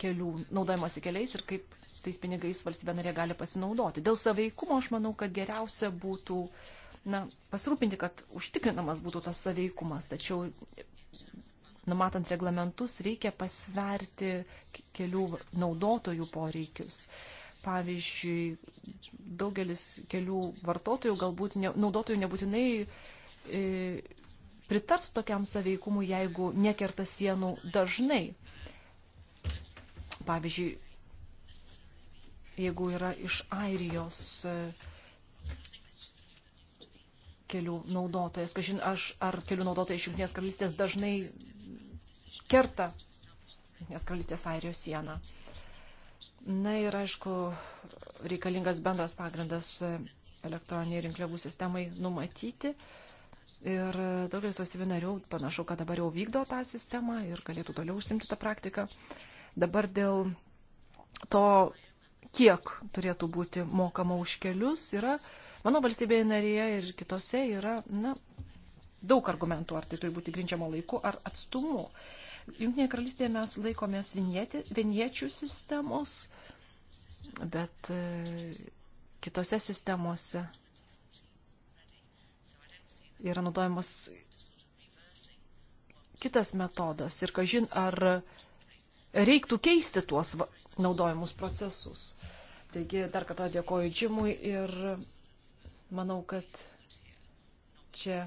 kelių, naudojimosi keliais ir kaip tais pinigais valstybė narė gali pasinaudoti. Dėl saveikumo aš manau, kad geriausia būtų na, pasirūpinti, kad užtikrinamas būtų tas saveikumas, tačiau numatant reglamentus reikia pasverti kelių naudotojų poreikius. Pavyzdžiui, daugelis kelių vartotojų galbūt ne, naudotojų nebūtinai e, pritars tokiam saveikumui, jeigu nekerta sienų dažnai. Pavyzdžiui, jeigu yra iš Airijos e, kelių naudotojas, kažin, aš ar kelių naudotojai iš Junktinės karalystės dažnai kerta Junktinės karalystės Airijos sieną. Na ir aišku, reikalingas bendras pagrindas e, elektroniniai rinkliavų sistemai numatyti. Ir e, daugelis valstybių narių panašu, kad dabar jau vykdo tą sistemą ir galėtų toliau užsimti tą praktiką. Uh, Dabar dėl to, kiek turėtų būti mokama už kelius, yra mano valstybėje narėje ir kitose yra, na, daug argumentų, ar tai turi būti grindžiama laiku ar atstumu. Junktinėje karalystėje mes laikomės vinieti, viniečių sistemos, bet e, kitose sistemose yra naudojamas kitas metodas. Ir kažin, ar reiktų keisti tuos naudojimus procesus. Taigi dar kartą dėkoju Džimui ir manau, kad čia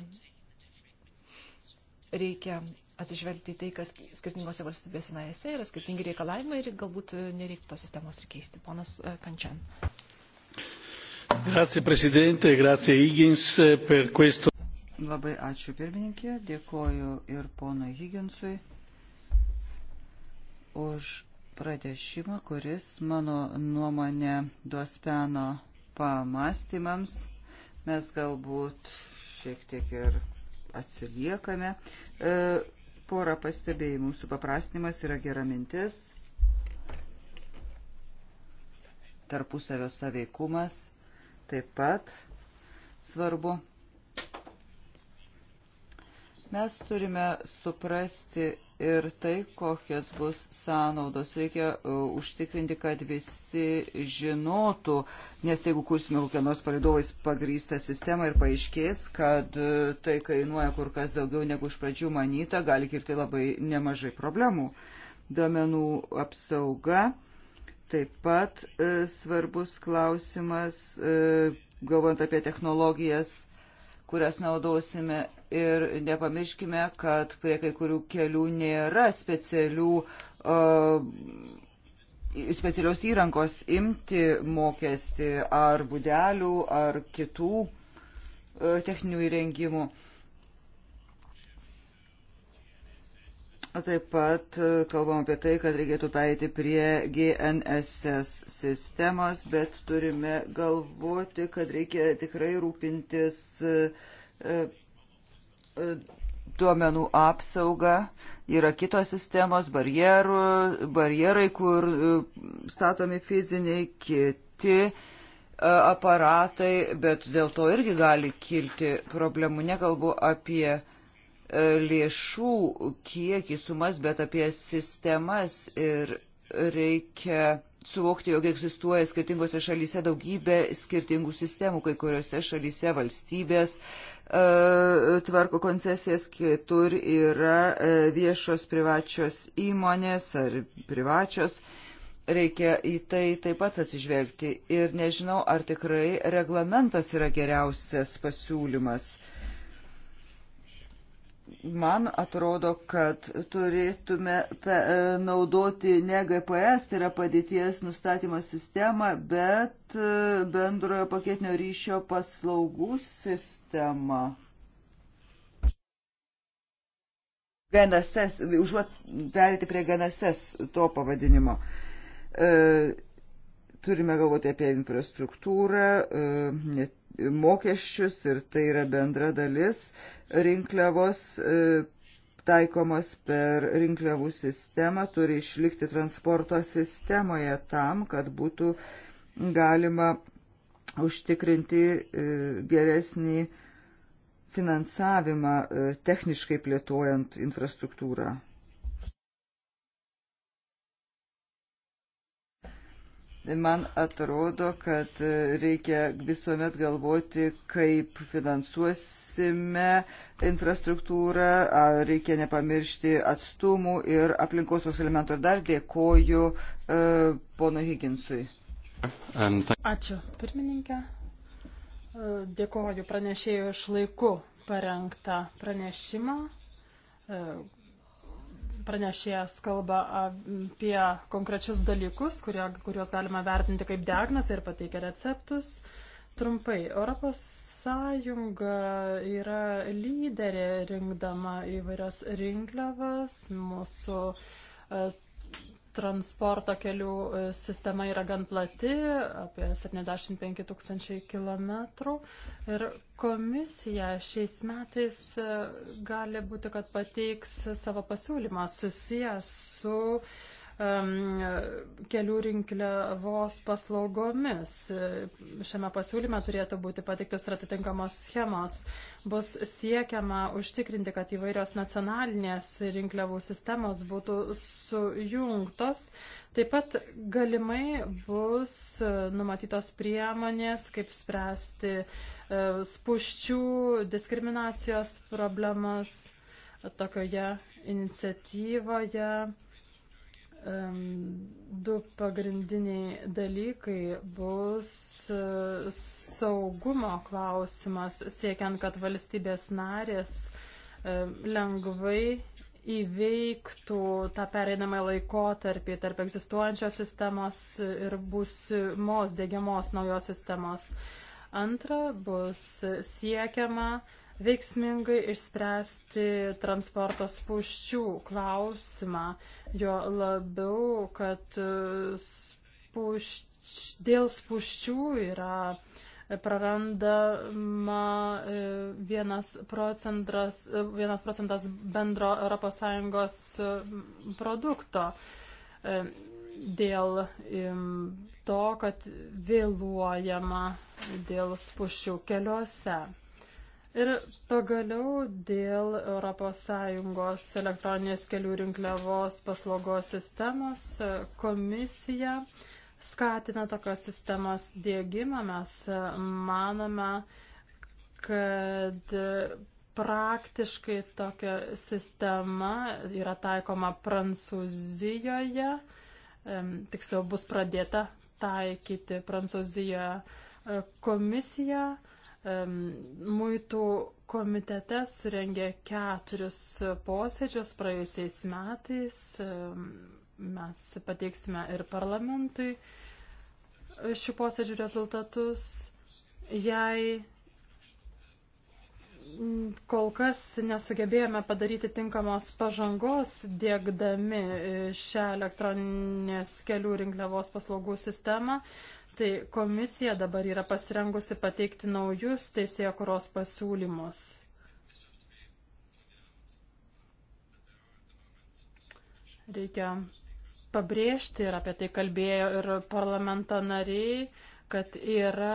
reikia atsižvelgti į tai, kad skirtingose valstybėse narėse yra skirtingi reikalavimai ir galbūt nereiktų tos sistemos ir keisti. Ponas e, Kančian. Grazie Presidente, grazie Higgins per questo. Labai ačiū pirmininkė, dėkoju ir ponui Higginsui už pradėšimą, kuris mano nuomonė duos peno pamastymams. Mes galbūt šiek tiek ir atsiliekame. E, porą pastebėjimų. Supaprastinimas yra gera mintis. Tarpusavio saveikumas taip pat svarbu. Mes turime suprasti ir tai, kokios bus sąnaudos. Reikia e, užtikrinti, kad visi žinotų, nes jeigu kursime kokią nors palidovais pagrįstą sistemą ir paaiškės, kad e, tai kainuoja kur kas daugiau negu iš pradžių manyta, gali kirti labai nemažai problemų. Duomenų apsauga taip pat e, svarbus klausimas, e, galvojant apie technologijas kurias naudosime ir nepamirškime, kad prie kai kurių kelių nėra specialių. Uh, specialios įrankos imti mokestį ar būdelių, ar kitų uh, techninių įrengimų. Taip pat kalbam apie tai, kad reikėtų pereiti prie GNSS sistemos, bet turime galvoti, kad reikia tikrai rūpintis E, duomenų apsaugą, yra kitos sistemos, barjerų, barjerai, kur e, statomi fiziniai, kiti e, aparatai, bet dėl to irgi gali kilti problemų. Nekalbu apie lėšų kiekį sumas, bet apie sistemas ir reikia suvokti, jog egzistuoja skirtingose šalyse daugybė skirtingų sistemų, kai kuriuose šalyse valstybės E, tvarko koncesijas, kitur yra e, viešos privačios įmonės ar privačios. Reikia į tai taip pat atsižvelgti ir nežinau, ar tikrai reglamentas yra geriausias pasiūlymas. Uh, Man atrodo, kad turėtume e, naudoti ne GPS, tai yra padėties nustatymo sistemą, bet e, bendrojo paketinio ryšio paslaugų sistemą. GNSS, užuot perėti prie GNSS to pavadinimo. E, turime galvoti apie infrastruktūrą, e, net mokesčius ir tai yra bendra dalis rinkliavos e, taikomos per rinkliavų sistemą turi išlikti transporto sistemoje tam, kad būtų galima užtikrinti e, geresnį finansavimą e, techniškai plėtojant infrastruktūrą. man atrodo, kad reikia visuomet galvoti, kaip finansuosime infrastruktūrą, reikia nepamiršti atstumų ir aplinkosios elementų. Ir dar dėkoju uh, e, pono Higginsui. Ačiū, pirmininkė. E, dėkoju pranešėjų iš laiku parengtą pranešimą. E, pranešėjas kalba apie konkrečius dalykus, kurie, kuriuos galima vertinti kaip diagnozę ir pateikia receptus. Trumpai, Europos Sąjunga yra lyderė rinkdama įvairias rinkliavas, mūsų e, transporto kelių e, sistema yra gan plati, apie 75 tūkstančiai kilometrų. Ir komisija šiais metais e, gali būti, kad pateiks savo pasiūlymą susijęs su uh, kelių rinkliavos paslaugomis. Šiame pasiūlyme turėtų būti patiktas ir atitinkamos schemos. Bus siekiama užtikrinti, kad įvairios nacionalinės rinkliavų sistemos būtų sujungtos. Taip pat galimai bus numatytos priemonės, kaip spręsti e, spuščių diskriminacijos problemas tokioje iniciatyvoje du pagrindiniai dalykai bus e, saugumo klausimas, siekiant, kad valstybės narės e, lengvai įveiktų tą pereinamą laikotarpį tarp egzistuojančios sistemos ir būsimos dėgiamos naujos sistemos. Antra, bus siekiama uh, veiksmingai išspręsti transporto spūščių klausimą, jo labiau, kad e, spūšč, dėl spūščių yra prarandama e, vienas procentas, e, vienas procentas bendro ES produkto dėl to, kad vėluojama dėl spušių keliuose. Ir pagaliau dėl ES elektroninės kelių rinkliavos paslaugos sistemos e, komisija skatina tokios sistemos dėgymą. Mes e, manome, kad praktiškai tokia sistema yra taikoma Prancūzijoje, e, tiksliau bus pradėta taikyti Prancūzijoje komisija Muitų komitete surengė keturis posėdžius praėjusiais metais. Mes pateiksime ir parlamentui šių posėdžių rezultatus. Jei kol kas nesugebėjome padaryti tinkamos pažangos, dėkdami šią elektroninės kelių rinkliavos paslaugų sistemą, Tai komisija dabar yra pasirengusi pateikti naujus teisėjo kuros pasiūlymus. Reikia pabrėžti ir apie tai kalbėjo ir parlamento nariai, kad yra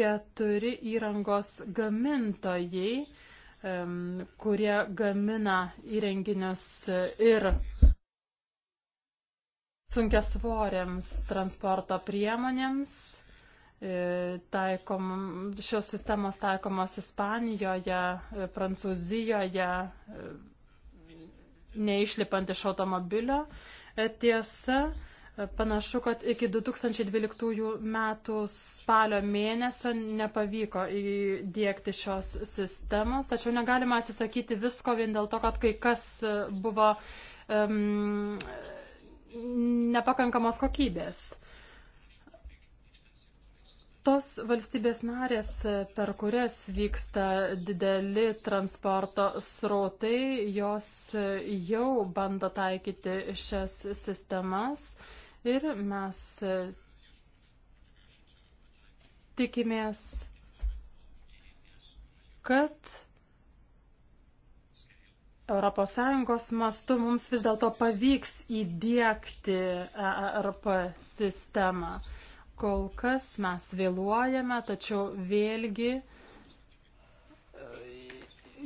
keturi įrangos gamintojai, kurie gamina įrenginius ir sunkia svoriams transporto priemonėms. E, taikom, šios sistemos taikomos Ispanijoje, e, Prancūzijoje, e, neišlipant iš automobilio. Tiesa, Panašu, kad iki 2012 metų spalio mėnesio nepavyko įdėkti šios sistemos, tačiau negalima atsisakyti visko vien dėl to, kad kai kas buvo um, nepakankamos kokybės. Tos valstybės narės, per kurias vyksta dideli transporto srautai, jos jau bando taikyti šias sistemas ir mes tikimės, kad ES mastu mums vis dėlto pavyks įdėkti ERP sistemą. Kol kas mes vėluojame, tačiau vėlgi,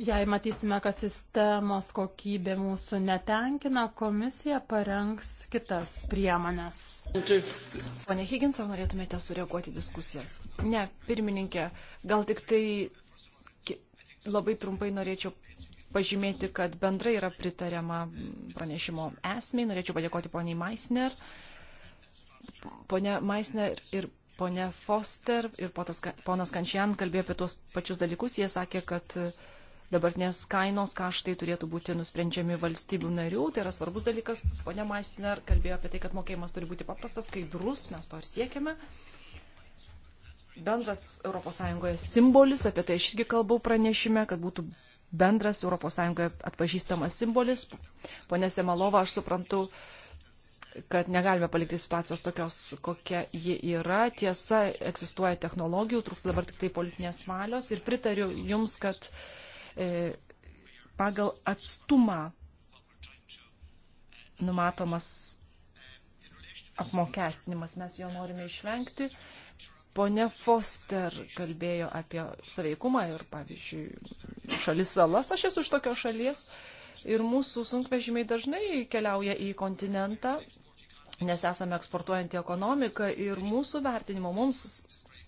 jei matysime, kad sistemos kokybė mūsų netenkina, komisija parengs kitas priemonės. Pone Higgins, ar norėtumėte sureaguoti diskusijas? Ne, pirmininkė, gal tik tai labai trumpai norėčiau pažymėti, kad bendrai yra pritariama pranešimo esmiai. Norėčiau padėkoti poniai Meisner. Pone Meisner ir ponė Foster ir potas, ponas Kančian kalbėjo apie tuos pačius dalykus. Jie sakė, kad dabartinės kainos kaštai turėtų būti nusprendžiami valstybių narių. Tai yra svarbus dalykas. Pone Meisner kalbėjo apie tai, kad mokėjimas turi būti paprastas, skaidrus, mes to ir siekiame. Bendras ES simbolis, apie tai aš irgi kalbau pranešime, kad būtų bendras ES atpažįstamas simbolis. Pone Semalova, aš suprantu, kad negalime palikti situacijos tokios, kokia ji yra. Tiesa, egzistuoja technologijų, trūks dabar tik tai politinės valios ir pritariu Jums, kad e, pagal atstumą numatomas apmokestinimas, mes jo norime išvengti. E, Pone Foster kalbėjo apie saveikumą ir, pavyzdžiui, šalis salas. Aš esu iš tokios šalies ir mūsų sunkvežimiai dažnai keliauja į kontinentą, nes esame eksportuojantį ekonomiką ir mūsų vertinimo mums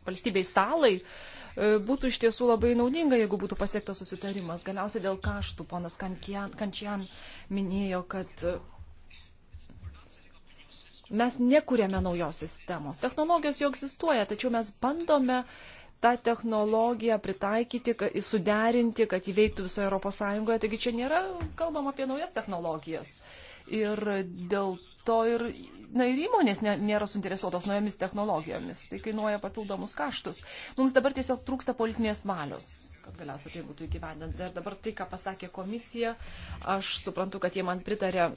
valstybei salai e, būtų iš tiesų labai naudinga, jeigu būtų pasiektas susitarimas. Galiausiai dėl kaštų, ponas Kančian minėjo, kad Mes nekūrėme naujos sistemos. Technologijos jau egzistuoja, tačiau mes bandome tą technologiją pritaikyti, suderinti, kad įveiktų visoje Europos Sąjungoje. Taigi čia nėra kalbama apie naujas technologijas. Ir dėl to ir, na, ir įmonės nėra suinteresuotos naujomis technologijomis. Tai kainuoja papildomus kaštus. Mums dabar tiesiog trūksta politinės valios, kad galiausiai tai būtų įgyvendinta. Ir dabar tai, ką pasakė komisija, aš suprantu, kad jie man pritarė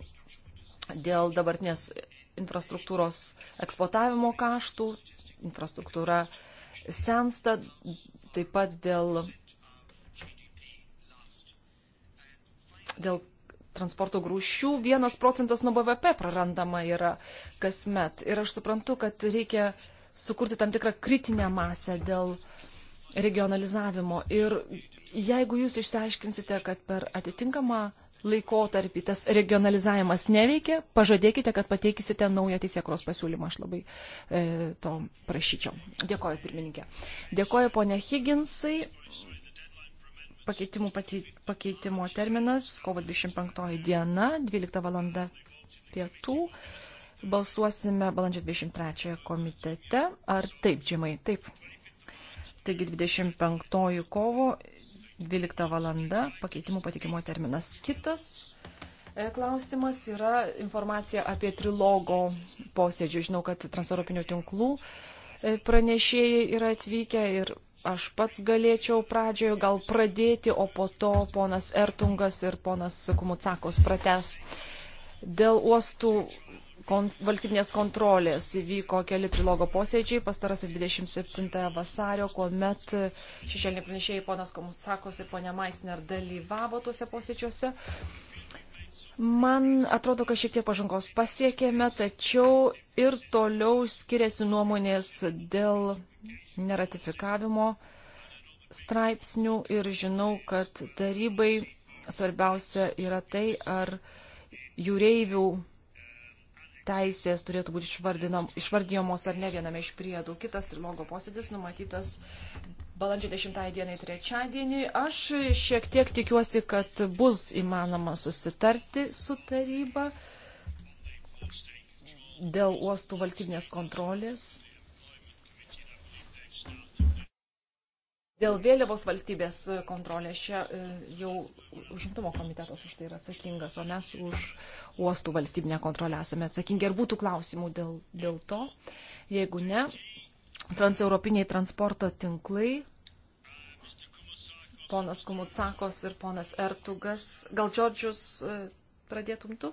dėl dabartinės infrastruktūros eksploatavimo kaštų, infrastruktūra sensta, taip pat dėl, dėl transporto grūšių vienas procentas nuo BVP prarandama yra kasmet. Ir aš suprantu, kad reikia sukurti tam tikrą kritinę masę dėl regionalizavimo. Ir jeigu jūs išsiaiškinsite, kad per atitinkamą laikotarpį tas regionalizavimas neveikia, pažadėkite, kad pateikysite naują teisėkros pasiūlymą. Aš labai e, to prašyčiau. Dėkoju, pirmininkė. Dėkoju, ponė Higginsai. Pakeitimų pati, pakeitimo terminas kovo 25 diena, 12 valanda pietų. Balsuosime balandžio 23 komitete. Ar taip, Džimai? Taip. Taigi 25 kovo 12 valanda pakeitimų patikimo terminas. Kitas e, klausimas yra informacija apie trilogo posėdžių. Žinau, kad transeuropinių tinklų e, pranešėjai yra atvykę ir aš pats galėčiau pradžioje gal pradėti, o po to ponas Ertungas ir ponas Kumutsakos prates. Dėl uostų kon, valstybinės kontrolės įvyko keli trilogo posėdžiai, pastarasis 27 vasario, kuomet šešėlinė pranešėjai ponas Komusakos ir ponia Maisner dalyvavo tuose posėdžiuose. Man atrodo, kad šiek tiek pažangos pasiekėme, tačiau ir toliau skiriasi nuomonės dėl neratifikavimo straipsnių ir žinau, kad tarybai svarbiausia yra tai, ar jūreivių teisės turėtų būti išvardyjamos ar ne viename iš priedų. Kitas trilogo posėdis numatytas balandžio 10 dienai trečiadienį. Aš šiek tiek tikiuosi, kad bus įmanoma susitarti su taryba dėl uostų valstybinės kontrolės. Dėl vėliavos valstybės kontrolės čia e, jau užimtumo komitetas už tai yra atsakingas, o mes už uostų valstybinę kontrolę esame atsakingi. Ir būtų klausimų dėl, dėl to. Jeigu ne, transeuropiniai transporto tinklai, ponas Kumutsakos ir ponas Ertugas, gal Džordžius e, pradėtum tu?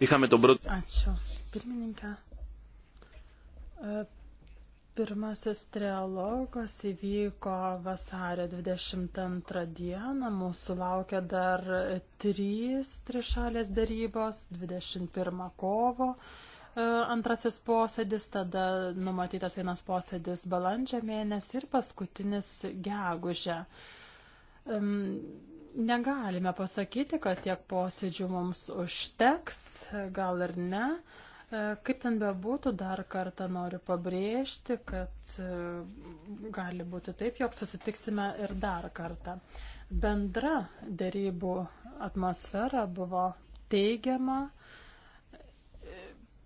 Ačiū. Pirmininkė. E, Pirmasis trialogas įvyko vasario 22 dieną, mūsų laukia dar trys trišalės darybos, 21 kovo e, antrasis posėdis, tada numatytas vienas posėdis balandžio mėnesį ir paskutinis gegužę. Negalime pasakyti, kad tiek posėdžių mums užteks, gal ir ne. E, kaip ten bebūtų, dar kartą noriu pabrėžti, kad e, gali būti taip, jog susitiksime ir dar kartą. Bendra dėrybų atmosfera buvo teigiama,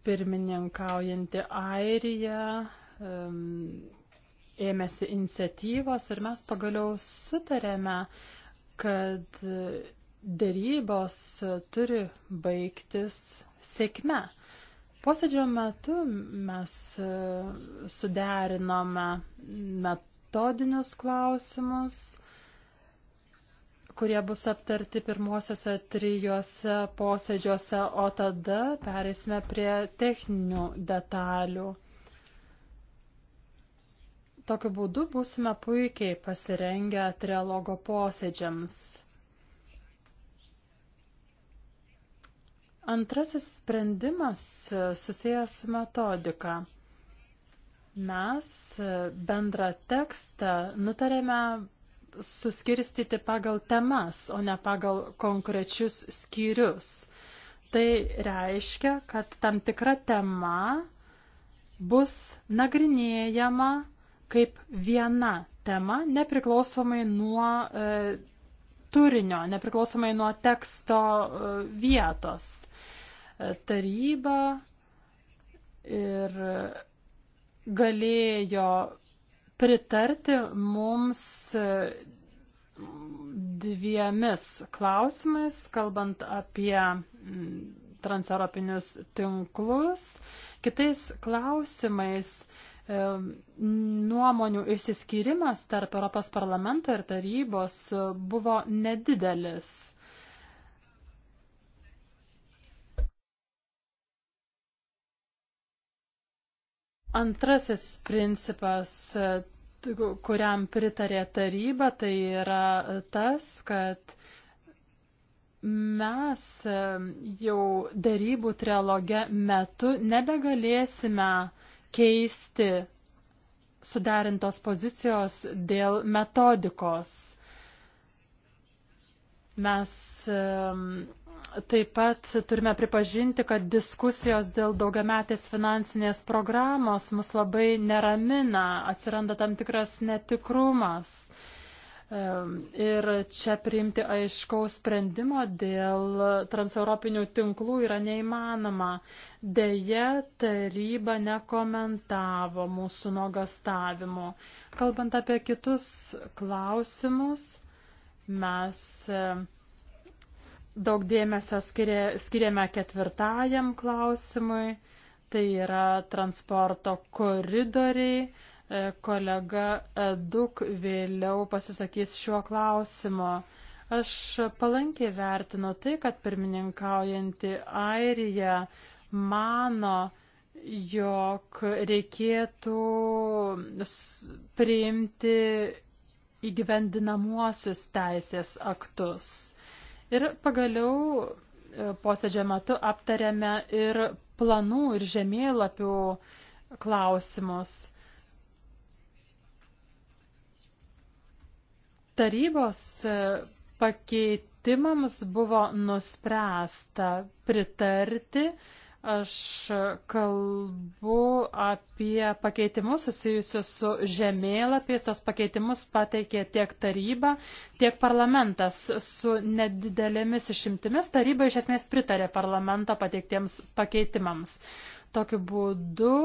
pirmininkaujanti Airija ėmėsi iniciatyvos ir mes pagaliau sutarėme, kad dėrybos turi baigtis sėkme. Posėdžio metu mes e, suderinome metodinius klausimus, kurie bus aptarti pirmosiuose trijuose posėdžiuose, o tada pereisime prie techninių detalių. Tokiu būdu būsime puikiai pasirengę trialogo posėdžiams. Antrasis sprendimas e, susijęs su metodika. Mes e, bendrą tekstą nutarėme suskirstyti pagal temas, o ne pagal konkrečius skyrius. Tai reiškia, kad tam tikra tema bus nagrinėjama kaip viena tema, nepriklausomai nuo e, turinio, nepriklausomai nuo teksto e, vietos. E, taryba ir galėjo pritarti mums e, dviemis klausimais, kalbant apie transeuropinius tinklus. Kitais klausimais E, nuomonių išsiskyrimas tarp Europos parlamento ir tarybos buvo nedidelis. Antrasis principas, e, kuriam pritarė taryba, tai yra tas, kad mes e, jau darybų trialoge metu nebegalėsime uh, keisti suderintos pozicijos dėl metodikos. Mes taip pat turime pripažinti, kad diskusijos dėl daugiametės finansinės programos mus labai neramina, atsiranda tam tikras netikrumas. Ir čia priimti aiškaus sprendimo dėl transeuropinių tinklų yra neįmanoma. Deja, taryba nekomentavo mūsų nuogastavimų. Kalbant apie kitus klausimus, mes daug dėmesio skiriame ketvirtajam klausimui, tai yra transporto koridoriai E, kolega Duk vėliau pasisakys šiuo klausimo. Aš palankiai vertinu tai, kad pirmininkaujanti Airija mano, jog reikėtų priimti įgyvendinamuosius teisės aktus. Ir pagaliau e, posėdžio metu aptarėme ir planų ir žemėlapių klausimus. Tarybos e, pakeitimams buvo nuspręsta pritarti. Aš kalbu apie pakeitimus susijusius su žemėlapiais. Tos pakeitimus pateikė tiek taryba, tiek parlamentas. Su nedidelėmis išimtimis taryba iš esmės pritarė parlamento pateiktiems pakeitimams. Tokiu būdu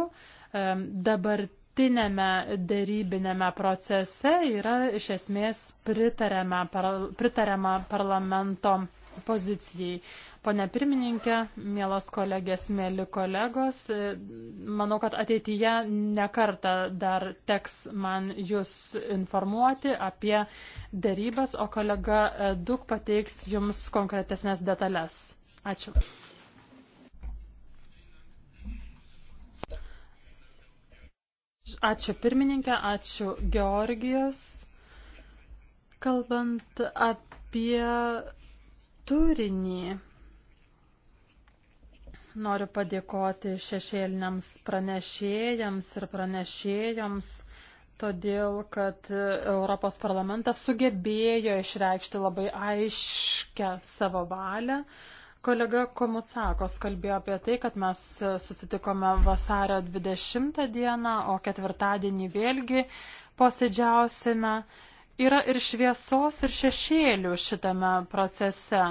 dabar dabartinėme dėrybinėme procese yra iš esmės pritariama, par, pritariama parlamento pozicijai. Pone pirmininkė, mielos kolegės, mėly kolegos, manau, kad ateityje nekarta dar teks man jūs informuoti apie dėrybas, o kolega Duk pateiks jums konkretesnės detalės. Ačiū. Ačiū pirmininkė, ačiū Georgijos. Kalbant apie turinį, noriu padėkoti šešėliniams pranešėjams ir pranešėjoms, todėl kad Europos parlamentas sugebėjo išreikšti labai aiškę savo valią. Uh, Kolega Komucakos kalbėjo apie tai, kad mes e, susitikome vasario 20 dieną, o ketvirtadienį vėlgi posėdžiausime. Yra ir šviesos, ir šešėlių šitame procese.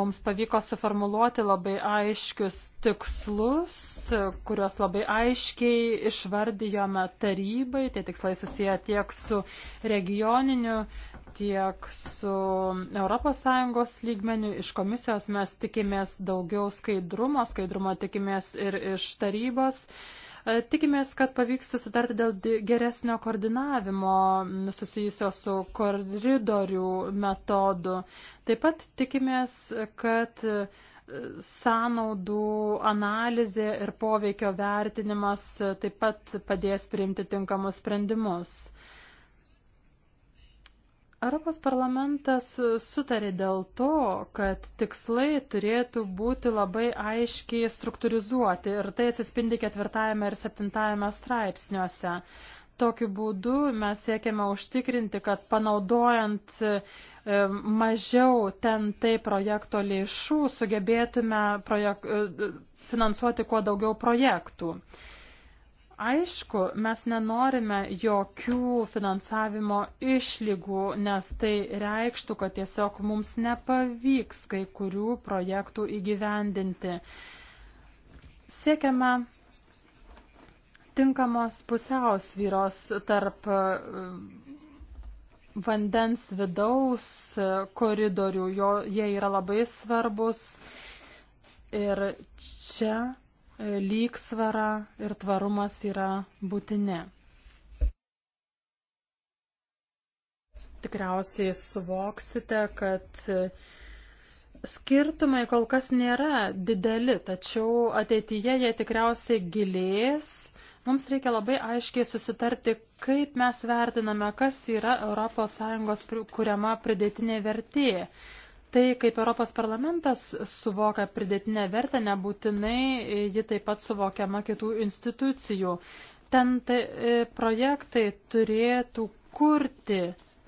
Mums pavyko suformuluoti labai aiškius tikslus, e, kuriuos labai aiškiai išvardijome tarybai. Tai tikslai susiję tiek su regioniniu tiek su ES lygmeniu. Iš komisijos mes tikimės daugiau skaidrumo, skaidrumo tikimės ir iš tarybos. E, tikimės, kad pavyks susitarti dėl geresnio koordinavimo susijusio su koridorių metodu. Taip pat tikimės, kad e, sąnaudų analizė ir poveikio vertinimas e, taip pat padės priimti tinkamus sprendimus. Europos parlamentas sutarė dėl to, kad tikslai turėtų būti labai aiškiai struktūrizuoti ir tai atsispindi ketvirtajame ir septintajame straipsniuose. Tokiu būdu mes siekiame užtikrinti, kad panaudojant e, mažiau ten tai projekto lėšų sugebėtume projek e, finansuoti kuo daugiau projektų. Aišku, mes nenorime jokių finansavimo išlygų, nes tai reikštų, kad tiesiog mums nepavyks kai kurių projektų įgyvendinti. Siekiame tinkamos pusiausvyros tarp uh, vandens vidaus koridorių, jo, jie yra labai svarbus. Ir čia lygsvara ir tvarumas yra būtini. Tikriausiai suvoksite, kad skirtumai kol kas nėra dideli, tačiau ateityje jie tikriausiai gilės. Mums reikia labai aiškiai susitarti, kaip mes vertiname, kas yra ES kuriama pridėtinė vertė. Tai, kaip Europos parlamentas suvoka pridėtinę vertę, nebūtinai ji taip pat suvokiama kitų institucijų. Ten tai, projektai turėtų kurti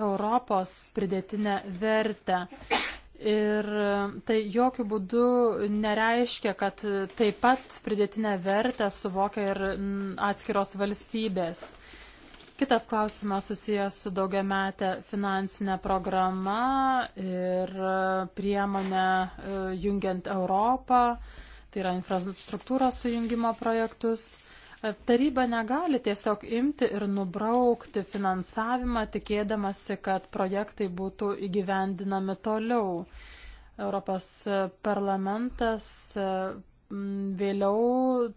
Europos pridėtinę vertę. Ir e, tai jokių būdų nereiškia, kad taip pat pridėtinę vertę suvokia ir atskiros valstybės. Kitas klausimas susijęs su daugiametė finansinė programa ir e, priemonė e, jungiant Europą, tai yra infrastruktūros sujungimo projektus. E, taryba negali tiesiog imti ir nubraukti finansavimą, tikėdamasi, kad projektai būtų įgyvendinami toliau. Europos parlamentas vėliau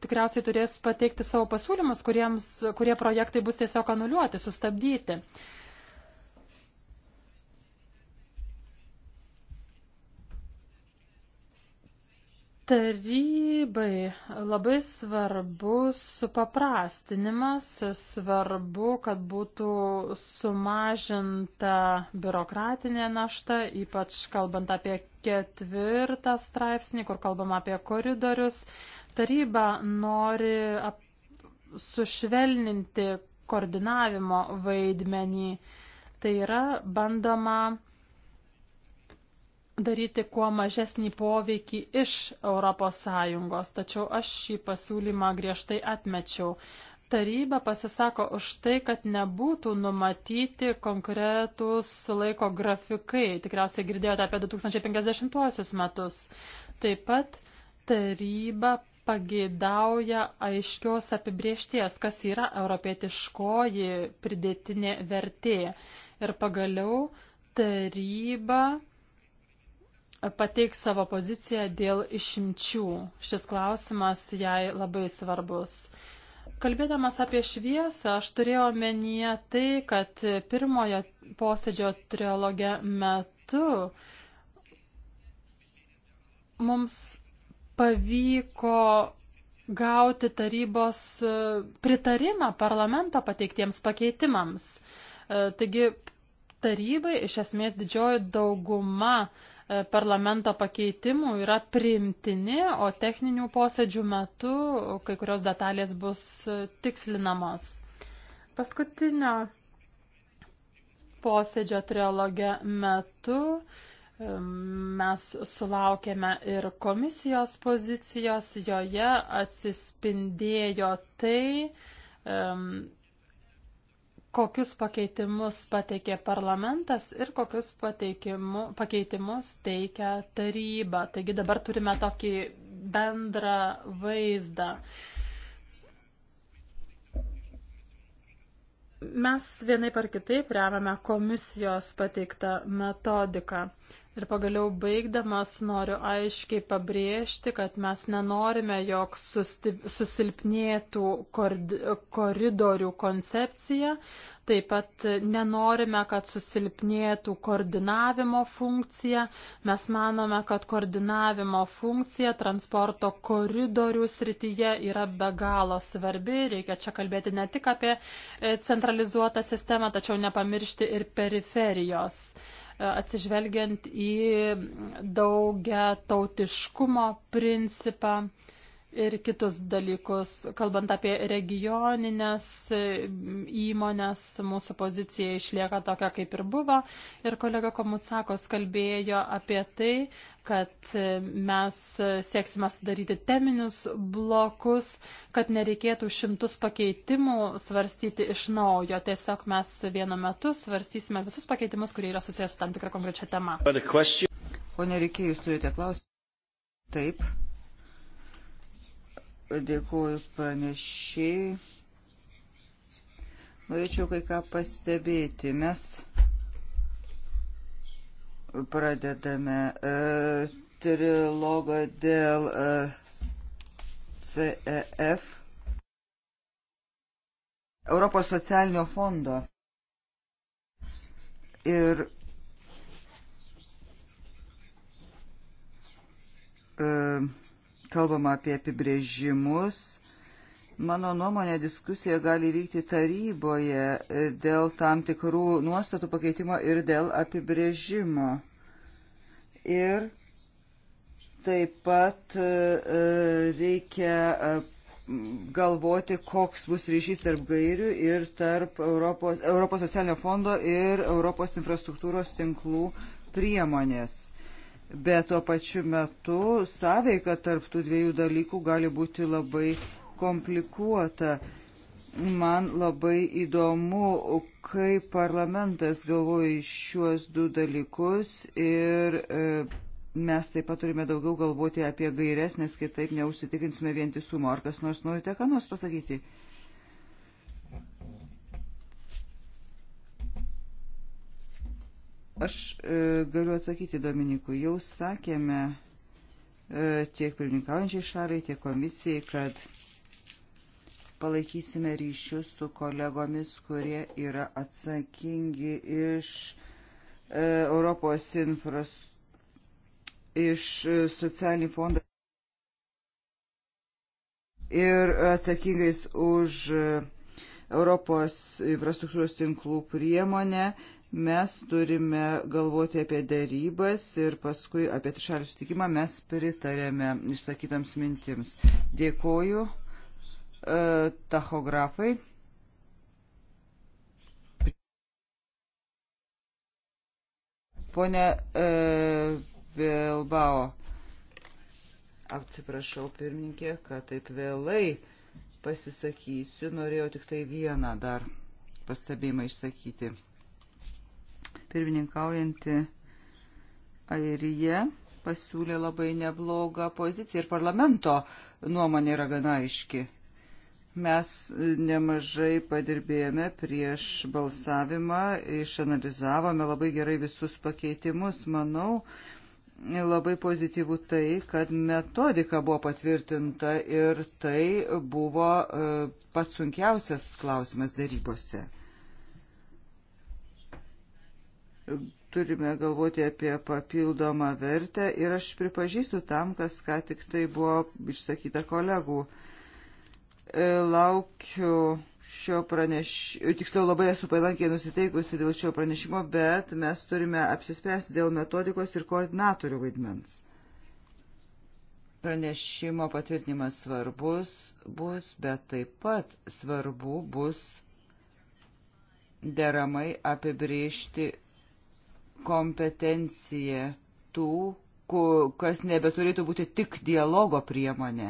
tikriausiai turės pateikti savo pasiūlymus, kuriems, kurie projektai bus tiesiog anuliuoti, sustabdyti. Uh, Tarybai labai svarbus supaprastinimas, svarbu, kad būtų sumažinta biurokratinė našta, ypač kalbant apie ketvirtą straipsnį, kur kalbam apie koridorius. Taryba nori sušvelninti koordinavimo vaidmenį. Tai yra bandoma daryti kuo mažesnį poveikį iš ES, tačiau aš šį pasiūlymą griežtai atmečiau. Taryba pasisako už tai, kad nebūtų numatyti konkretūs laiko grafikai. Tikriausiai girdėjote apie 2050 metus. Taip pat taryba pageidauja aiškios apibriešties, kas yra europietiškoji pridėtinė vertė. Ir pagaliau taryba pateiks savo poziciją dėl išimčių. Šis klausimas jai labai svarbus. Kalbėdamas apie šviesą, aš turėjau menyje tai, kad pirmojo posėdžio trilogė metu mums pavyko gauti tarybos pritarimą parlamento pateiktiems pakeitimams. Taigi tarybai iš esmės didžioji dauguma uh, parlamento pakeitimų yra priimtini, o techninių posėdžių metu kai kurios detalės bus tikslinamos. Paskutinio posėdžio triologė metu mes sulaukėme ir komisijos pozicijos, joje atsispindėjo tai, kokius pakeitimus pateikė parlamentas ir kokius pakeitimus teikia taryba. Taigi dabar turime tokį bendrą vaizdą. Mes vienaip ar kitaip remiame komisijos pateiktą metodiką. Ir pagaliau baigdamas noriu aiškiai pabrėžti, kad mes nenorime, jog susilpnėtų koridorių koncepcija, taip pat nenorime, kad susilpnėtų koordinavimo funkcija. Mes manome, kad koordinavimo funkcija transporto koridorių srityje yra be galo svarbi. Reikia čia kalbėti ne tik apie e, centralizuotą sistemą, tačiau nepamiršti ir periferijos atsižvelgiant į daugia tautiškumo principą ir kitus dalykus. Kalbant apie regioninės įmonės, mūsų pozicija išlieka tokia, kaip ir buvo. Ir kolega Komutsakos kalbėjo apie tai, kad mes sieksime sudaryti teminius blokus, kad nereikėtų šimtus pakeitimų svarstyti iš naujo. Tiesiog mes vienu metu svarstysime visus pakeitimus, kurie yra susijęs su tam tikra konkrečia tema. Pone Reikėjus, turite klausimą? Taip. Dėkuoju pranešėjai. Norėčiau kai ką pastebėti. Mes pradedame e, trilogą dėl e, CEF, Europos socialinio fondo. Ir e, kalbama apie apibrėžimus. Mano nuomonė diskusija gali vykti taryboje e, dėl tam tikrų nuostatų pakeitimo ir dėl apibrėžimo. Ir taip pat e, e, reikia galvoti, koks bus ryšys tarp gairių ir tarp Europos, Europos socialinio fondo ir Europos infrastruktūros tinklų priemonės bet tuo pačiu metu sąveika tarptų dviejų dalykų gali būti labai komplikuota. Man labai įdomu, kaip parlamentas galvoja šiuos du dalykus ir e, mes taip pat turime daugiau galvoti apie gairias, nes kitaip neužsitikrinsime vientisumo. Ar kas nors norite ką nors pasakyti? E, Aš e, galiu atsakyti Dominikui. Jau sakėme e, tiek pirmininkaujančiai šaliai, tiek komisijai, kad palaikysime ryšius su kolegomis, kurie yra atsakingi iš e, Europos infras, iš e, socialinį fondą ir atsakingais už e, Europos infrastruktūros tinklų priemonę. E, Mes turime galvoti apie dėrybas ir paskui apie trišalį sutikimą mes pritarėme išsakytams mintims. Dėkoju e, tachografai. Pone e, Bilbao, atsiprašau pirmininkė, kad taip vėlai pasisakysiu, norėjau tik tai vieną dar pastebėjimą išsakyti pirmininkaujanti Airija pasiūlė labai neblogą poziciją ir parlamento nuomonė yra gana aiški. Mes nemažai padirbėjome prieš balsavimą, išanalizavome labai gerai visus pakeitimus. Manau, labai pozityvų tai, kad metodika buvo patvirtinta ir tai buvo e, pats sunkiausias klausimas darybose turime galvoti apie papildomą vertę ir aš pripažįstu tam, kas ką tik tai buvo išsakyta kolegų. E, laukiu šio pranešimo, tiksliau labai esu palankiai nusiteikusi dėl šio pranešimo, bet mes turime apsispręsti dėl metodikos ir koordinatorių vaidmens. Pranešimo patvirtinimas svarbus bus, bet taip pat svarbu bus deramai apibriežti kompetencija tų, kas nebeturėtų būti tik dialogo priemonė,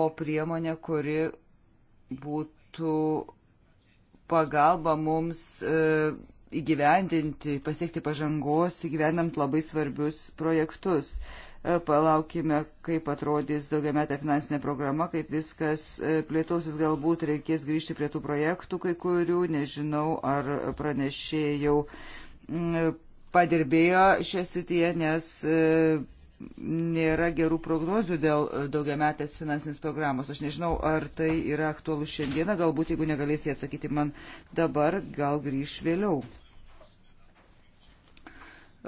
o priemonė, kuri būtų pagalba mums e, įgyvendinti, pasiekti pažangos, įgyvendant labai svarbius projektus. E, E, palaukime, kaip atrodys daugiametė finansinė programa, kaip viskas e, plėtausis, galbūt reikės grįžti prie tų projektų kai kurių, nežinau, ar pranešėjau mm, e, padirbėjo šią sityje, nes nėra gerų prognozių dėl daugiametės finansinės programos. Aš nežinau, ar tai yra aktualu šiandieną, galbūt jeigu negalės jie atsakyti man dabar, gal grįž vėliau.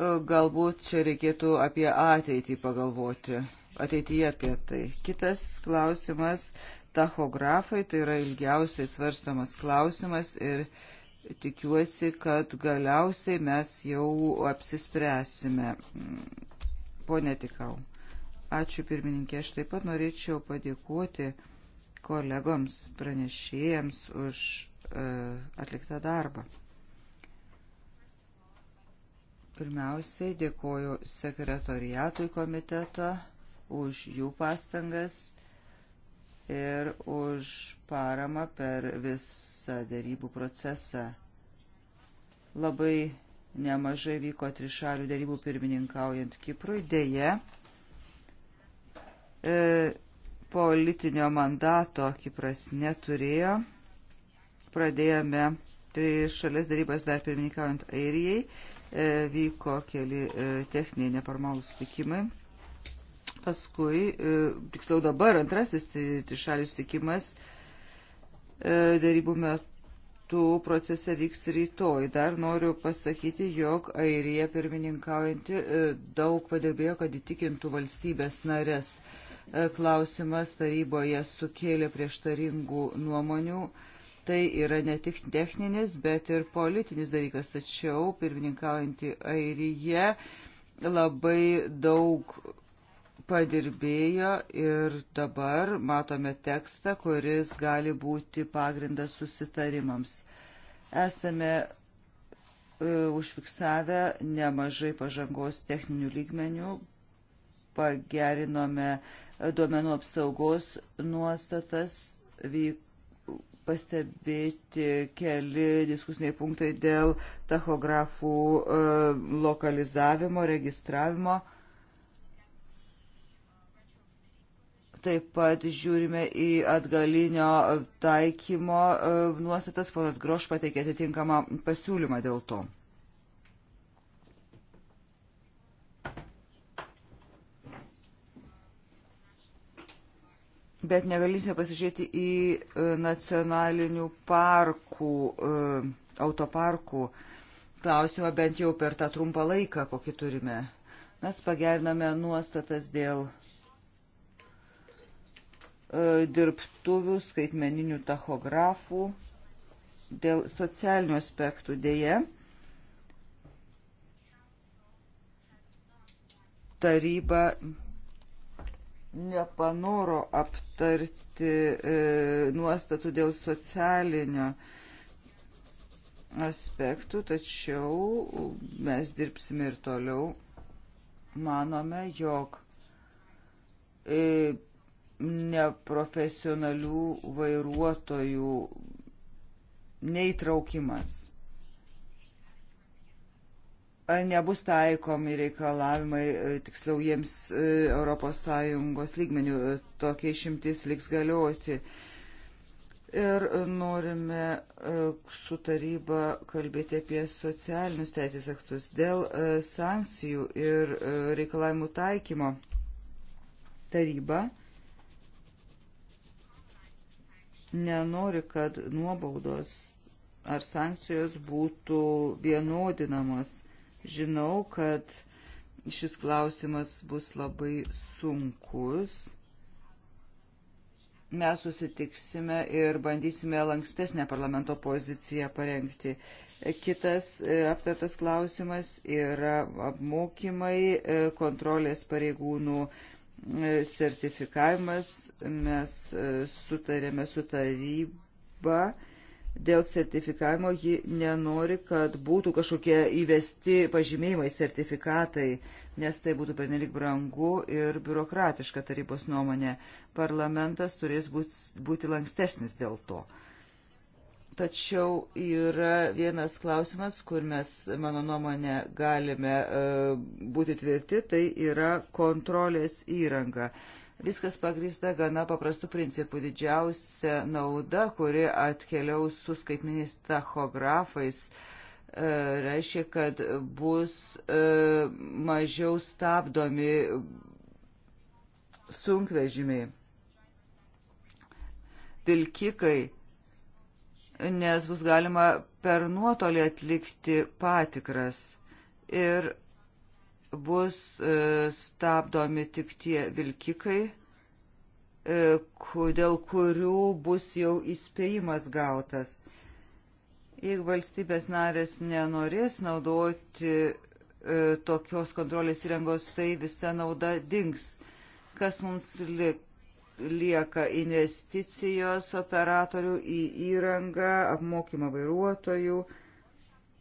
E, galbūt čia reikėtų apie ateitį pagalvoti, ateityje apie tai. Kitas klausimas - tachografai, tai yra ilgiausiai svarstamas klausimas ir tikiuosi, kad galiausiai mes jau apsispręsime. Mm, pone Tikau, ačiū pirmininkė, aš taip pat norėčiau padėkoti kolegoms pranešėjams už e, atliktą darbą. Pirmiausiai dėkoju sekretoriatui komiteto už jų pastangas ir už paramą per visą dėrybų procesą. Labai nemažai vyko trišalių dėrybų pirmininkaujant Kiprui. Deja, e, politinio mandato Kipras neturėjo. Pradėjome trišalės dėrybas dar pirmininkaujant Airijai E, vyko keli e, techniniai neformalūs sutikimai. Paskui, e, tiksliau dabar, antrasis trišalis sutikimas darybų metu procese vyks rytoj. Dar noriu pasakyti, jog Airija pirmininkaujanti daug padirbėjo, kad įtikintų valstybės narės. Klausimas taryboje sukėlė prieštaringų nuomonių Tai yra ne tik techninis, bet ir politinis dalykas. Tačiau pirmininkaujantį Airiją labai daug padirbėjo ir dabar matome tekstą, kuris gali būti pagrindas susitarimams. Esame e, užfiksavę nemažai pažangos techninių lygmenių, pagerinome duomenų apsaugos nuostatas, vyk, pastebėti keli diskusiniai punktai dėl tachografų e, lokalizavimo, registravimo. Taip pat žiūrime į atgalinio taikymo e, nuostatas, ponas Groš pateikė atitinkamą pasiūlymą dėl to. bet negalėsime pasižiūrėti į e, nacionalinių parkų, e, autoparkų klausimą bent jau per tą trumpą laiką, kokį turime. Mes pageriname nuostatas dėl e, dirbtuvių, skaitmeninių tachografų, dėl socialinių aspektų dėje. Taryba nepanoro aptarti e, nuostatų dėl socialinio aspektų, tačiau mes dirbsime ir toliau. Manome, jog e, neprofesionalių vairuotojų neįtraukimas nebus taikomi reikalavimai, e, tiksliau jiems ES lygmenių e, tokie išimtis liks galioti. Ir e, norime su taryba kalbėti apie socialinius teisės aktus dėl sankcijų ir reikalavimų taikymo. Taryba nenori, kad nuobaudos ar sankcijos būtų vienodinamos Žinau, kad šis klausimas bus labai sunkus. Mes susitiksime ir bandysime lankstesnę parlamento poziciją parengti. Kitas e, aptartas klausimas yra apmokymai, e, kontrolės pareigūnų e, sertifikavimas. Mes sutarėme su taryba dėl sertifikavimo ji nenori, kad būtų kažkokie įvesti pažymėjimai, sertifikatai, nes tai būtų pernelik brangu ir biurokratiška tarybos nuomonė. Parlamentas turės būti, būti lankstesnis dėl to. Tačiau yra vienas klausimas, kur mes, mano nuomonė, galime e, būti tvirti, tai yra kontrolės įranga. Uh, Viskas pagrįsta gana paprastų principų. Didžiausia nauda, kuri atkeliaus su skaitminiais tachografais, e, reiškia, kad bus e, mažiau stabdomi sunkvežimiai, vilkikai, nes bus galima per nuotolį atlikti patikras. Ir bus e, stabdomi tik tie vilkikai, e, dėl kurių bus jau įspėjimas gautas. Jeigu valstybės narės nenorės naudoti e, tokios kontrolės įrengos, tai visa nauda dings. Kas mums lik? lieka investicijos operatorių į įrangą, apmokymą vairuotojų,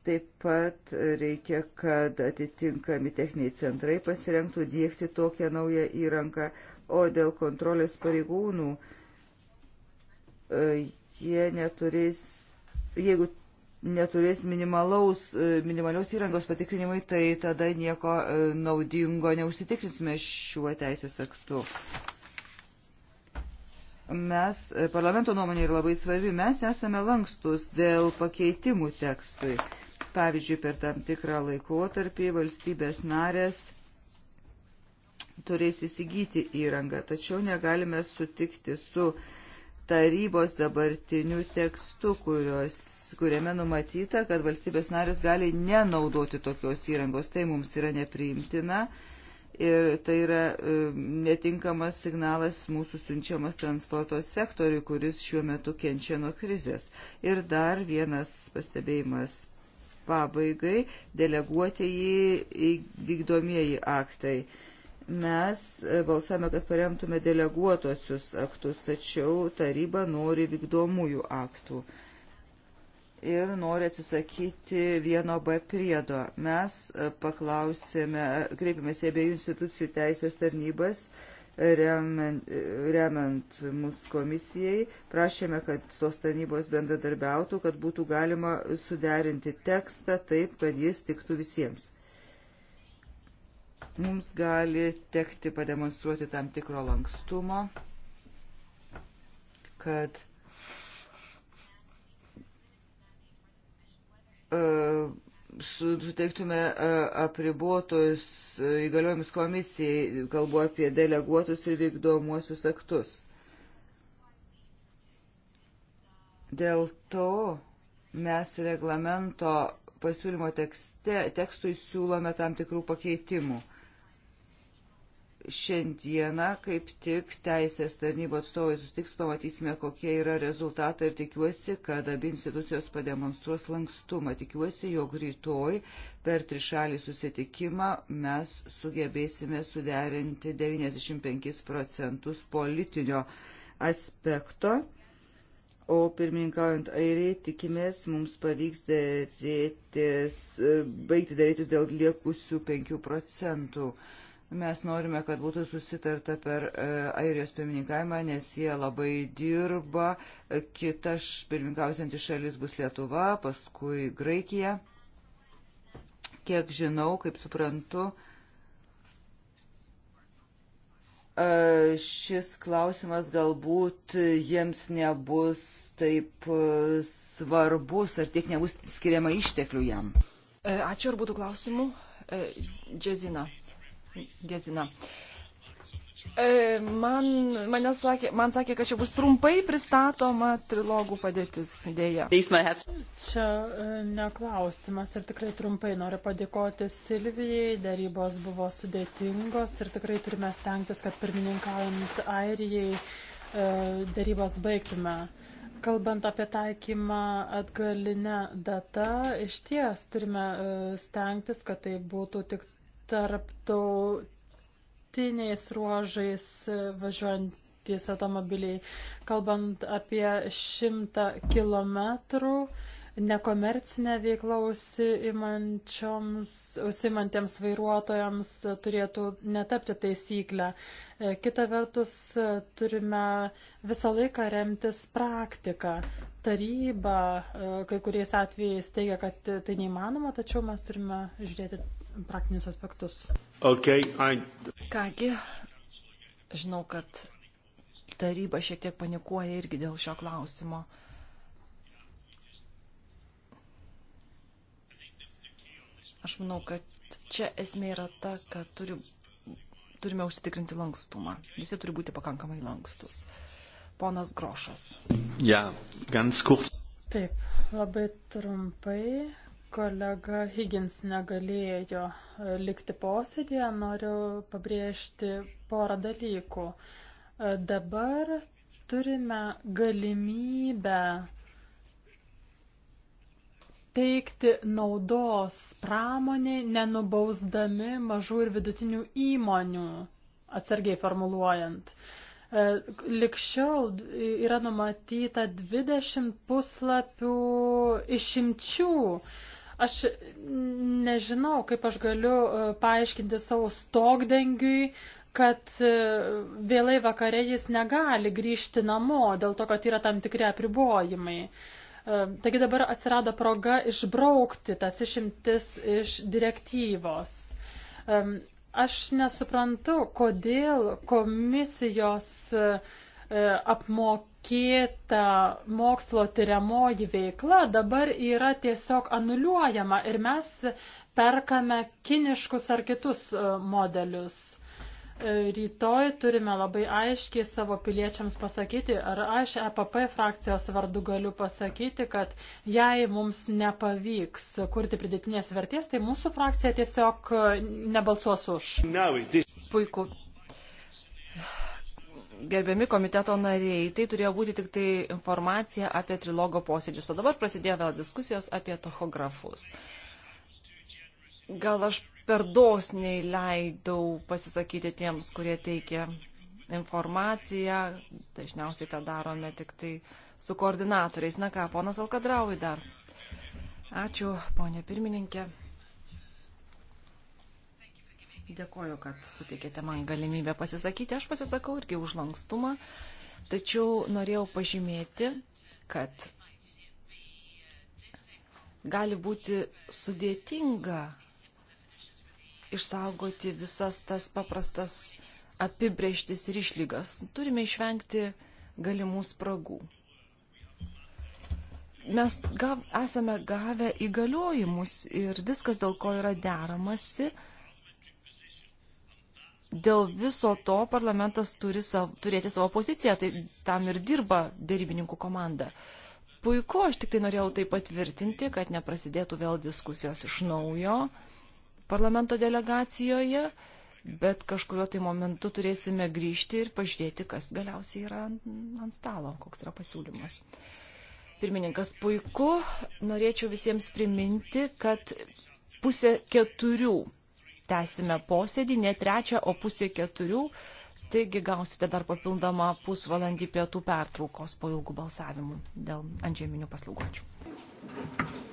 Taip pat reikia, kad atitinkami techniniai centrai pasirengtų dėkti tokią naują įrangą, o dėl kontrolės pareigūnų e, jie neturės, jeigu neturės minimalaus, e, minimalios įrangos patikrinimui, tai tada nieko e, naudingo neužsitikrinsime šiuo teisės aktu mes, parlamento nuomonė yra labai svarbi, mes esame lankstus dėl pakeitimų tekstui. Pavyzdžiui, per tam tikrą laikotarpį valstybės narės turės įsigyti įrangą, tačiau negalime sutikti su tarybos dabartiniu tekstu, kurios, kuriame numatyta, kad valstybės narės gali nenaudoti tokios įrangos. Tai mums yra nepriimtina ir tai yra e, netinkamas signalas mūsų siunčiamas transporto sektoriui, kuris šiuo metu kenčia nuo krizės. Ir dar vienas pastebėjimas pabaigai deleguotieji vykdomieji aktai. Mes e, balsame, kad paremtume deleguotosius aktus, tačiau taryba nori vykdomųjų aktų ir nori atsisakyti vieno B priedo. Mes e, paklausėme, kreipėmės į abiejų institucijų teisės tarnybas remiant, remiant mūsų komisijai, prašėme, kad tos tarnybos bendradarbiautų, kad būtų galima suderinti tekstą taip, kad jis tiktų visiems. Mums gali tekti pademonstruoti tam tikro lankstumo, kad uh, e, suteiktume e, apribuotus e, įgaliojimus komisijai, kalbu apie deleguotus ir vykdomuosius aktus. Dėl to mes reglamento pasiūlymo tekste, tekstui siūlome tam tikrų pakeitimų šiandieną kaip tik teisės tarnybo atstovai sustiks, pamatysime, kokie yra rezultatai ir tikiuosi, kad abi institucijos pademonstruos lankstumą. Tikiuosi, jog rytoj per trišalį susitikimą mes sugebėsime suderinti 95 procentus politinio aspekto. O pirmininkaujant airiai, tikimės, mums pavyks dėrėtis, baigti dėrėtis dėl liekusių 5 procentų. Mes norime, kad būtų susitarta per e, Airijos pirmininkavimą, nes jie labai dirba. E, kita pirmininkausianti šalis bus Lietuva, paskui Graikija. Kiek žinau, kaip suprantu, e, šis klausimas galbūt jiems nebus taip svarbus, ar tiek nebus skiriama išteklių jam. Ačiū, ar būtų klausimų? Džezina. E, Gezina. E, man, mane sakė, man sakė, kad čia bus trumpai pristatoma trilogų padėtis idėja. Čia e, neklausimas ir tikrai trumpai noriu padėkoti Silvijai. Darybos buvo sudėtingos ir tikrai turime stengtis, kad pirmininkaujant Airijai e, darybos baigtume. Kalbant apie taikymą atgalinę datą, iš ties turime stengtis, kad tai būtų tik tarptautiniais ruožais važiuojantys automobiliai. Kalbant apie šimtą kilometrų, nekomercinę veiklą užsimantiems vairuotojams turėtų netapti taisyklę. E, kita vertus, turime visą laiką remtis praktiką taryba e, kai kuriais atvejais teigia, kad tai neįmanoma, tačiau mes turime žiūrėti praktinius aspektus. Okay, I... Kągi, žinau, kad taryba šiek tiek panikuoja irgi dėl šio klausimo. Aš manau, kad čia esmė yra ta, kad turi, turime užsitikrinti lankstumą. Visi turi būti pakankamai lankstus. Uh, ponas Grošas. Ja, ganz kurz. Taip, labai trumpai. Kolega Higgins negalėjo e, likti posėdėje. Noriu pabrėžti porą dalykų. E, dabar turime galimybę teikti naudos pramonį, nenubausdami mažų ir vidutinių įmonių, atsargiai formuluojant. Uh, E, Likščiau yra numatyta 20 puslapių išimčių. Aš nežinau, kaip aš galiu e, paaiškinti savo stogdengiui, kad e, vėlai vakare jis negali grįžti namo dėl to, kad yra tam tikri apribojimai. Taigi dabar atsirado proga išbraukti tas išimtis iš direktyvos. Aš nesuprantu, kodėl komisijos e, apmokėta mokslo tyriamoji veikla dabar yra tiesiog anuliuojama ir mes perkame kiniškus ar kitus e, modelius rytoj turime labai aiškiai savo piliečiams pasakyti, ar aš EPP frakcijos vardu galiu pasakyti, kad jei mums nepavyks kurti pridėtinės vertės, tai mūsų frakcija tiesiog nebalsuos už. Puiku. Gerbiami komiteto nariai, tai turėjo būti tik tai informacija apie trilogo posėdžius, o dabar prasidėjo vėl diskusijos apie tohografus. Gal aš per dosniai leidau pasisakyti tiems, kurie teikia informaciją. Dažniausiai tą darome tik tai su koordinatoriais. Na ką, ponas Alkadraui dar. Ačiū, ponė pirmininkė. Dėkoju, kad suteikėte man galimybę pasisakyti. Aš pasisakau irgi už lankstumą, tačiau norėjau pažymėti, kad gali būti sudėtinga išsaugoti visas tas paprastas apibrieštis ir išlygas. Turime išvengti galimų spragų. Mes gav, esame gavę įgaliojimus ir viskas, dėl ko yra deramasi, dėl viso to parlamentas turi sav, turėti savo poziciją, tai tam ir dirba dėrybininkų komanda. Puiku, aš tik tai norėjau tai patvirtinti, kad neprasidėtų vėl diskusijos iš naujo. Uh, parlamento delegacijoje, bet kažkurio tai momentu turėsime grįžti ir pažiūrėti, kas galiausiai yra ant stalo, koks yra pasiūlymas. Pirmininkas, puiku, norėčiau visiems priminti, kad pusė keturių tęsime posėdį, ne trečią, o pusė keturių, taigi gausite dar papildomą pusvalandį pietų pertraukos po ilgų balsavimų dėl antžeminių paslaugočių.